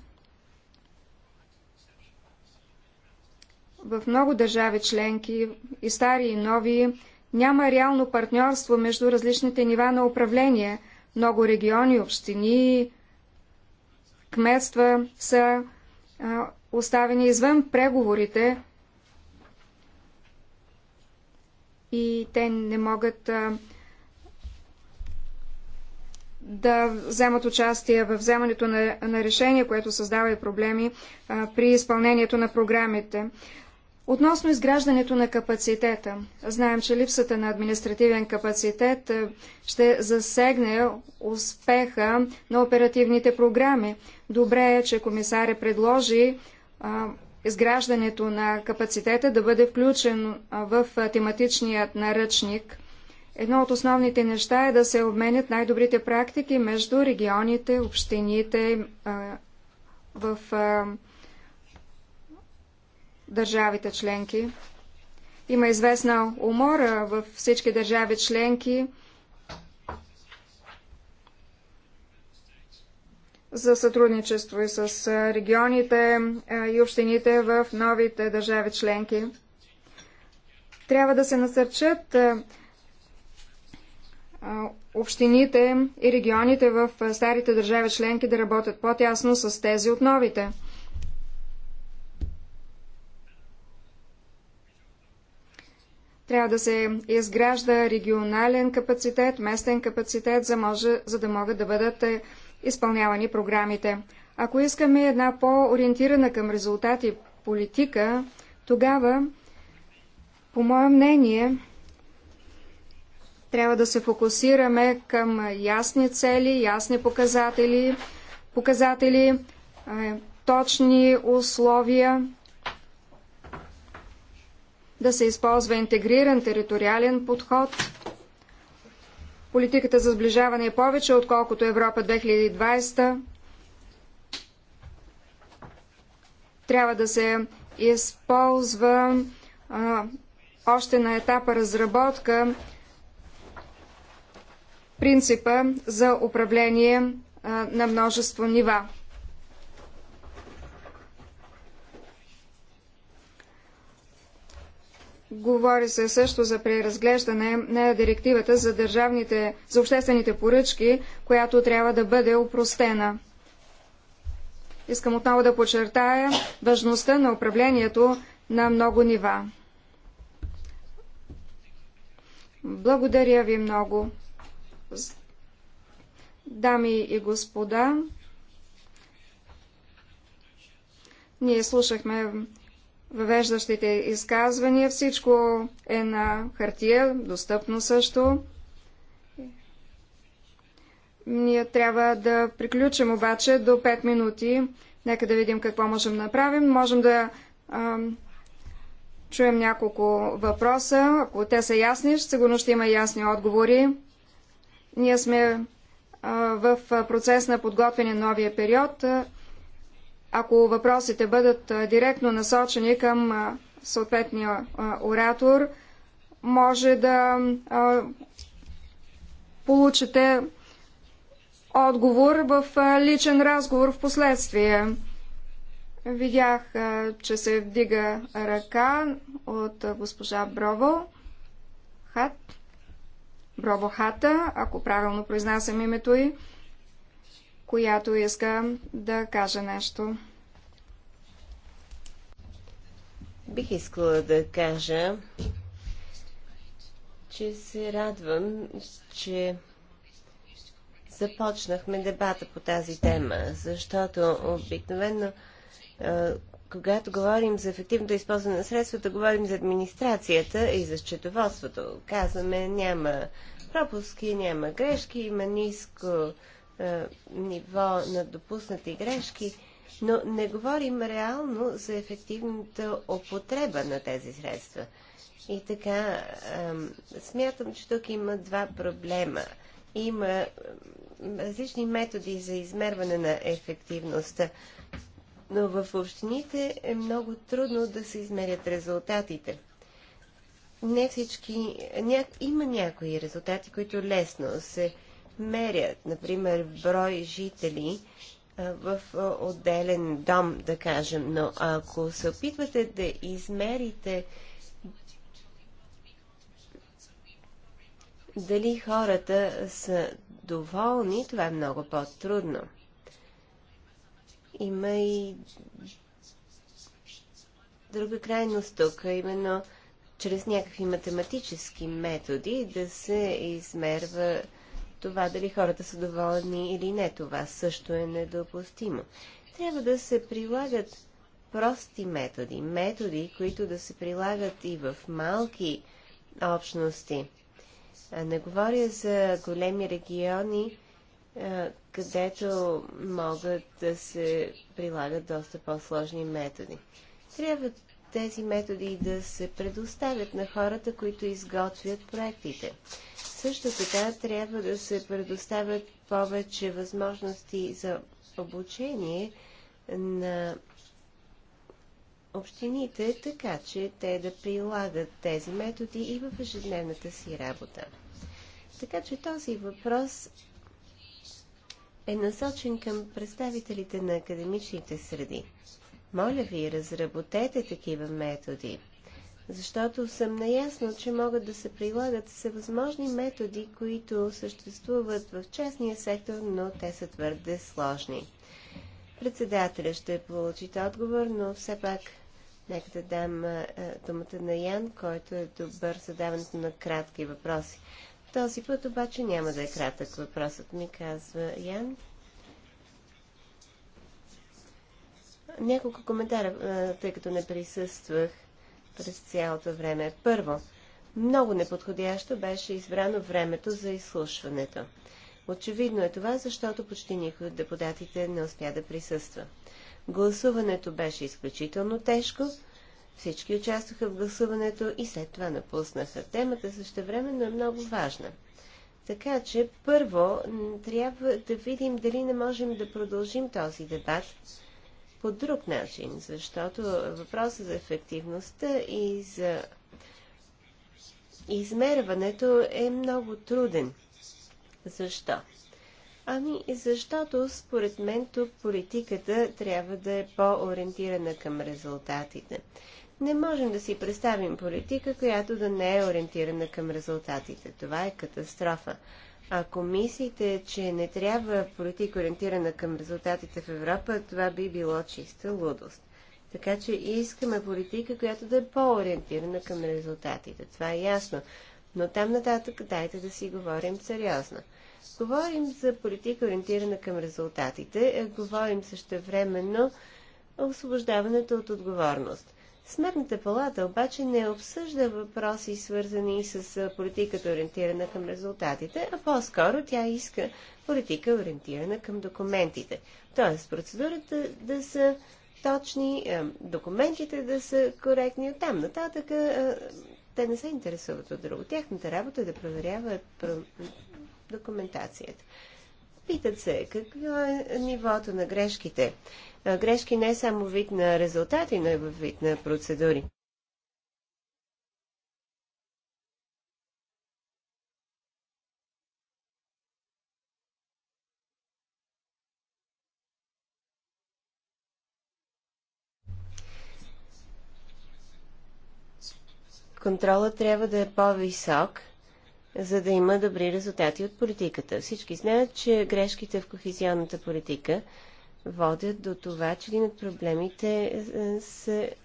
в много държави членки, и стари, и нови, няма реално партньорство между различните нива на управление. Много региони, общини, кметства са а, оставени извън преговорите и те не могат а, да вземат участие в вземането на, на решения, което създава и проблеми а, при изпълнението на програмите. Относно изграждането на капацитета, знаем, че липсата на административен капацитет ще засегне успеха на оперативните програми. Добре е, че комисаря предложи а, изграждането на капацитета да бъде включен в тематичният наръчник – Едно от основните неща е да се обменят най-добрите практики между регионите, общините в държавите членки. Има известна умора в всички държави членки за сътрудничество и с регионите и общините в новите държави членки. Трябва да се насърчат общините и регионите в старите държави членки да работят по-тясно с тези от новите. Трябва да се изгражда регионален капацитет, местен капацитет, за, може, за да могат да бъдат е, изпълнявани програмите. Ако искаме една по-ориентирана към резултати политика, тогава, по мое мнение, трябва да се фокусираме към ясни цели, ясни показатели, показатели, е, точни условия, да се използва интегриран териториален подход. Политиката за сближаване е повече, отколкото Европа 2020. Трябва да се използва а, още на етапа разработка принципа за управление на множество нива. Говори се също за преразглеждане на директивата за, държавните, за обществените поръчки, която трябва да бъде упростена. Искам отново да подчертая важността на управлението на много нива. Благодаря ви много. Дами и господа, ние слушахме въвеждащите изказвания. Всичко е на хартия, достъпно също. Ние трябва да приключим обаче до 5 минути. Нека да видим какво можем да направим. Можем да а, чуем няколко въпроса. Ако те са ясни, сигурно ще има ясни отговори. Ние сме в процес на подготвяне на новия период. Ако въпросите бъдат директно насочени към съответния оратор, може да получите отговор в личен разговор в последствие. Видях, че се вдига ръка от госпожа Брово. Хат. Бробохата, ако правилно произнасям името й, която иска да каже нещо. Бих искала да кажа, че се радвам, че започнахме дебата по тази тема, защото обикновено когато говорим за ефективното използване на средствата, говорим за администрацията и за счетоводството. Казваме, няма пропуски, няма грешки, има ниско е, ниво на допуснати грешки, но не говорим реално за ефективната употреба на тези средства. И така, е, смятам, че тук има два проблема. Има различни методи за измерване на ефективността но в общините е много трудно да се измерят резултатите. Не всички, ня... има някои резултати, които лесно се мерят, например брой жители в отделен дом, да кажем, но ако се опитвате да измерите дали хората са доволни, това е много по-трудно. Има и друга крайност тук, именно чрез някакви математически методи да се измерва това дали хората са доволни или не. Това също е недопустимо. Трябва да се прилагат прости методи, методи, които да се прилагат и в малки общности. Не говоря за големи региони, е, където могат да се прилагат доста по-сложни методи. Трябва тези методи да се предоставят на хората, които изготвят проектите. Също така трябва да се предоставят повече възможности за обучение на общините, така че те да прилагат тези методи и в ежедневната си работа. Така че този въпрос е насочен към представителите на академичните среди. Моля ви, разработете такива методи, защото съм наясно, че могат да се прилагат всевъзможни методи, които съществуват в частния сектор, но те са твърде сложни. Председателя ще получите отговор, но все пак нека да дам думата на Ян, който е добър задаването на кратки въпроси. Този път обаче няма да е кратък въпросът ми, казва Ян. Няколко коментара, тъй като не присъствах през цялото време. Първо, много неподходящо беше избрано времето за изслушването. Очевидно е това, защото почти никой от депутатите не успя да присъства. Гласуването беше изключително тежко, всички участваха в гласуването и след това напуснаха. Темата също време е много важна. Така че първо трябва да видим дали не можем да продължим този дебат по друг начин, защото въпросът за ефективността и за измерването е много труден. Защо? Ами, защото според мен тук политиката трябва да е по-ориентирана към резултатите. Не можем да си представим политика, която да не е ориентирана към резултатите. Това е катастрофа. Ако мислите, че не трябва политика ориентирана към резултатите в Европа, това би било чиста лудост. Така че искаме политика, която да е по-ориентирана към резултатите. Това е ясно. Но там нататък дайте да си говорим сериозно. Говорим за политика ориентирана към резултатите, говорим също времено освобождаването от отговорност. Сметната палата обаче не обсъжда въпроси, свързани с политиката ориентирана към резултатите, а по-скоро тя иска политика ориентирана към документите. Тоест процедурата да са точни, документите да са коректни. От там нататък те не се интересуват от друго. Тяхната работа е да проверяват документацията. Питат се какво е нивото на грешките грешки не е само вид на резултати, но и в вид на процедури. контролът трябва да е по-висок, за да има добри резултати от политиката. Всички знаят, че грешките в кохезионната политика водят до това, че един от проблемите е, се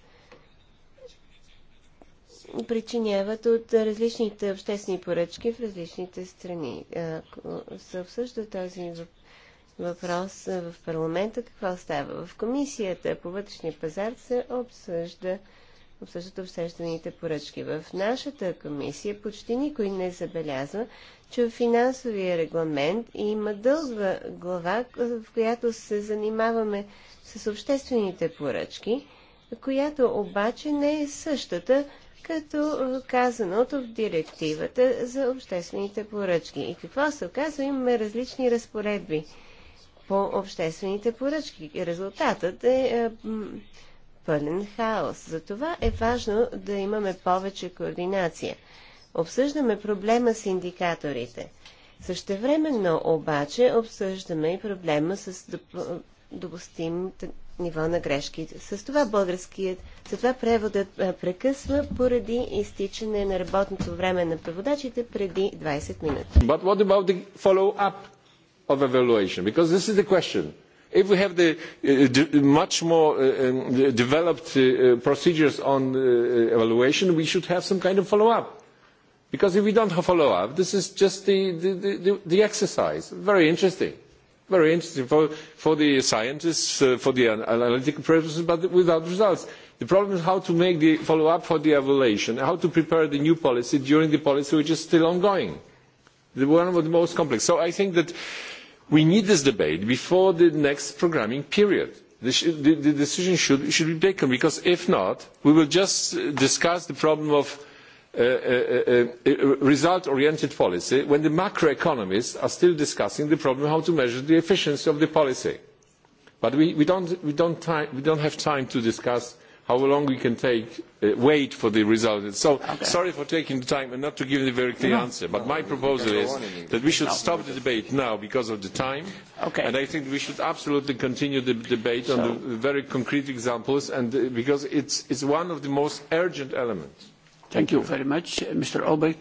причиняват от различните обществени поръчки в различните страни. Ако се обсъжда този въпрос в парламента, какво става? В комисията по вътрешния пазар се обсъжда обсъждат обществените поръчки. В нашата комисия почти никой не забелязва, че в финансовия регламент има дълга глава, в която се занимаваме с обществените поръчки, която обаче не е същата, като казаното в директивата за обществените поръчки. И какво се оказва? Имаме различни разпоредби по обществените поръчки. Резултатът е, е пълен хаос. Затова е важно да имаме повече координация. Обсъждаме проблема с индикаторите. Същевременно обаче обсъждаме и проблема с допустим ниво на грешки. С това българският, с това преводът прекъсва поради изтичане на работното време на преводачите преди 20 минути. But what about the follow-up of evaluation? Because this is the question. If we have the much more developed procedures on evaluation, we should have some kind of follow-up. Because if we don't have follow-up, this is just the, the, the, the exercise. Very interesting. Very interesting for, for the scientists, uh, for the analytical purposes, but without results. The problem is how to make the follow-up for the evaluation, how to prepare the new policy during the policy which is still ongoing. The one of the most complex. So I think that we need this debate before the next programming period. The decision should be taken, because if not, we will just discuss the problem of result-oriented policy when the macroeconomists are still discussing the problem of how to measure the efficiency of the policy. But we do not have time to discuss how long we can take, wait for the result. So sorry for taking the time and not to give a very clear answer. But my proposal is that we should stop the debate now because of the time. And I think we should absolutely continue the debate on the very concrete examples and because it's, it's one of the most urgent elements. Thank you very much, Mr. Olbrich.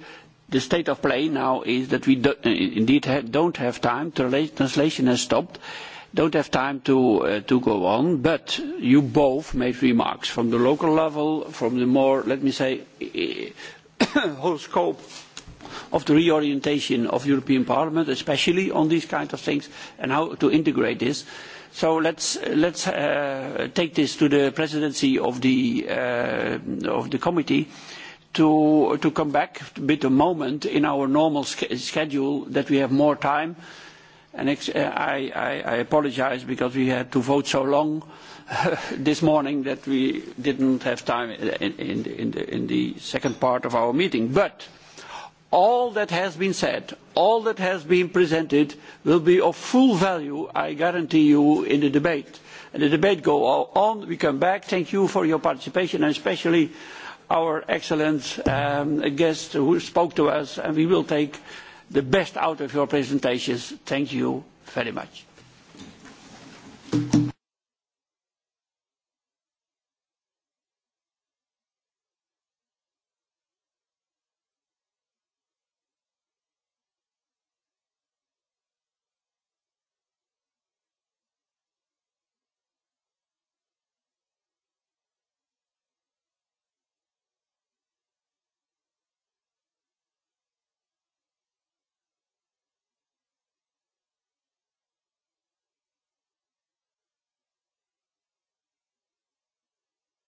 The state of play now is that we do, indeed don't have time. Translation has stopped Do not have time to go on, but you both made remarks from the local level, from the more, let me say, whole scope of the reorientation of European Parliament, especially on these kind of things, and how to integrate this. So let's let's take this to the presidency of the committee to come back with a moment in our normal schedule that we have more time I apologize because we had to vote so long this morning that we didn't have time in the second part of our meeting. But all that has been said, all that has been presented will be of full value, I guarantee you, in the debate. And the debate goes on, we come back. Thank you for your participation, and especially our excellent guest who spoke to us, and we will take the best out of your presentations. Thank you very much.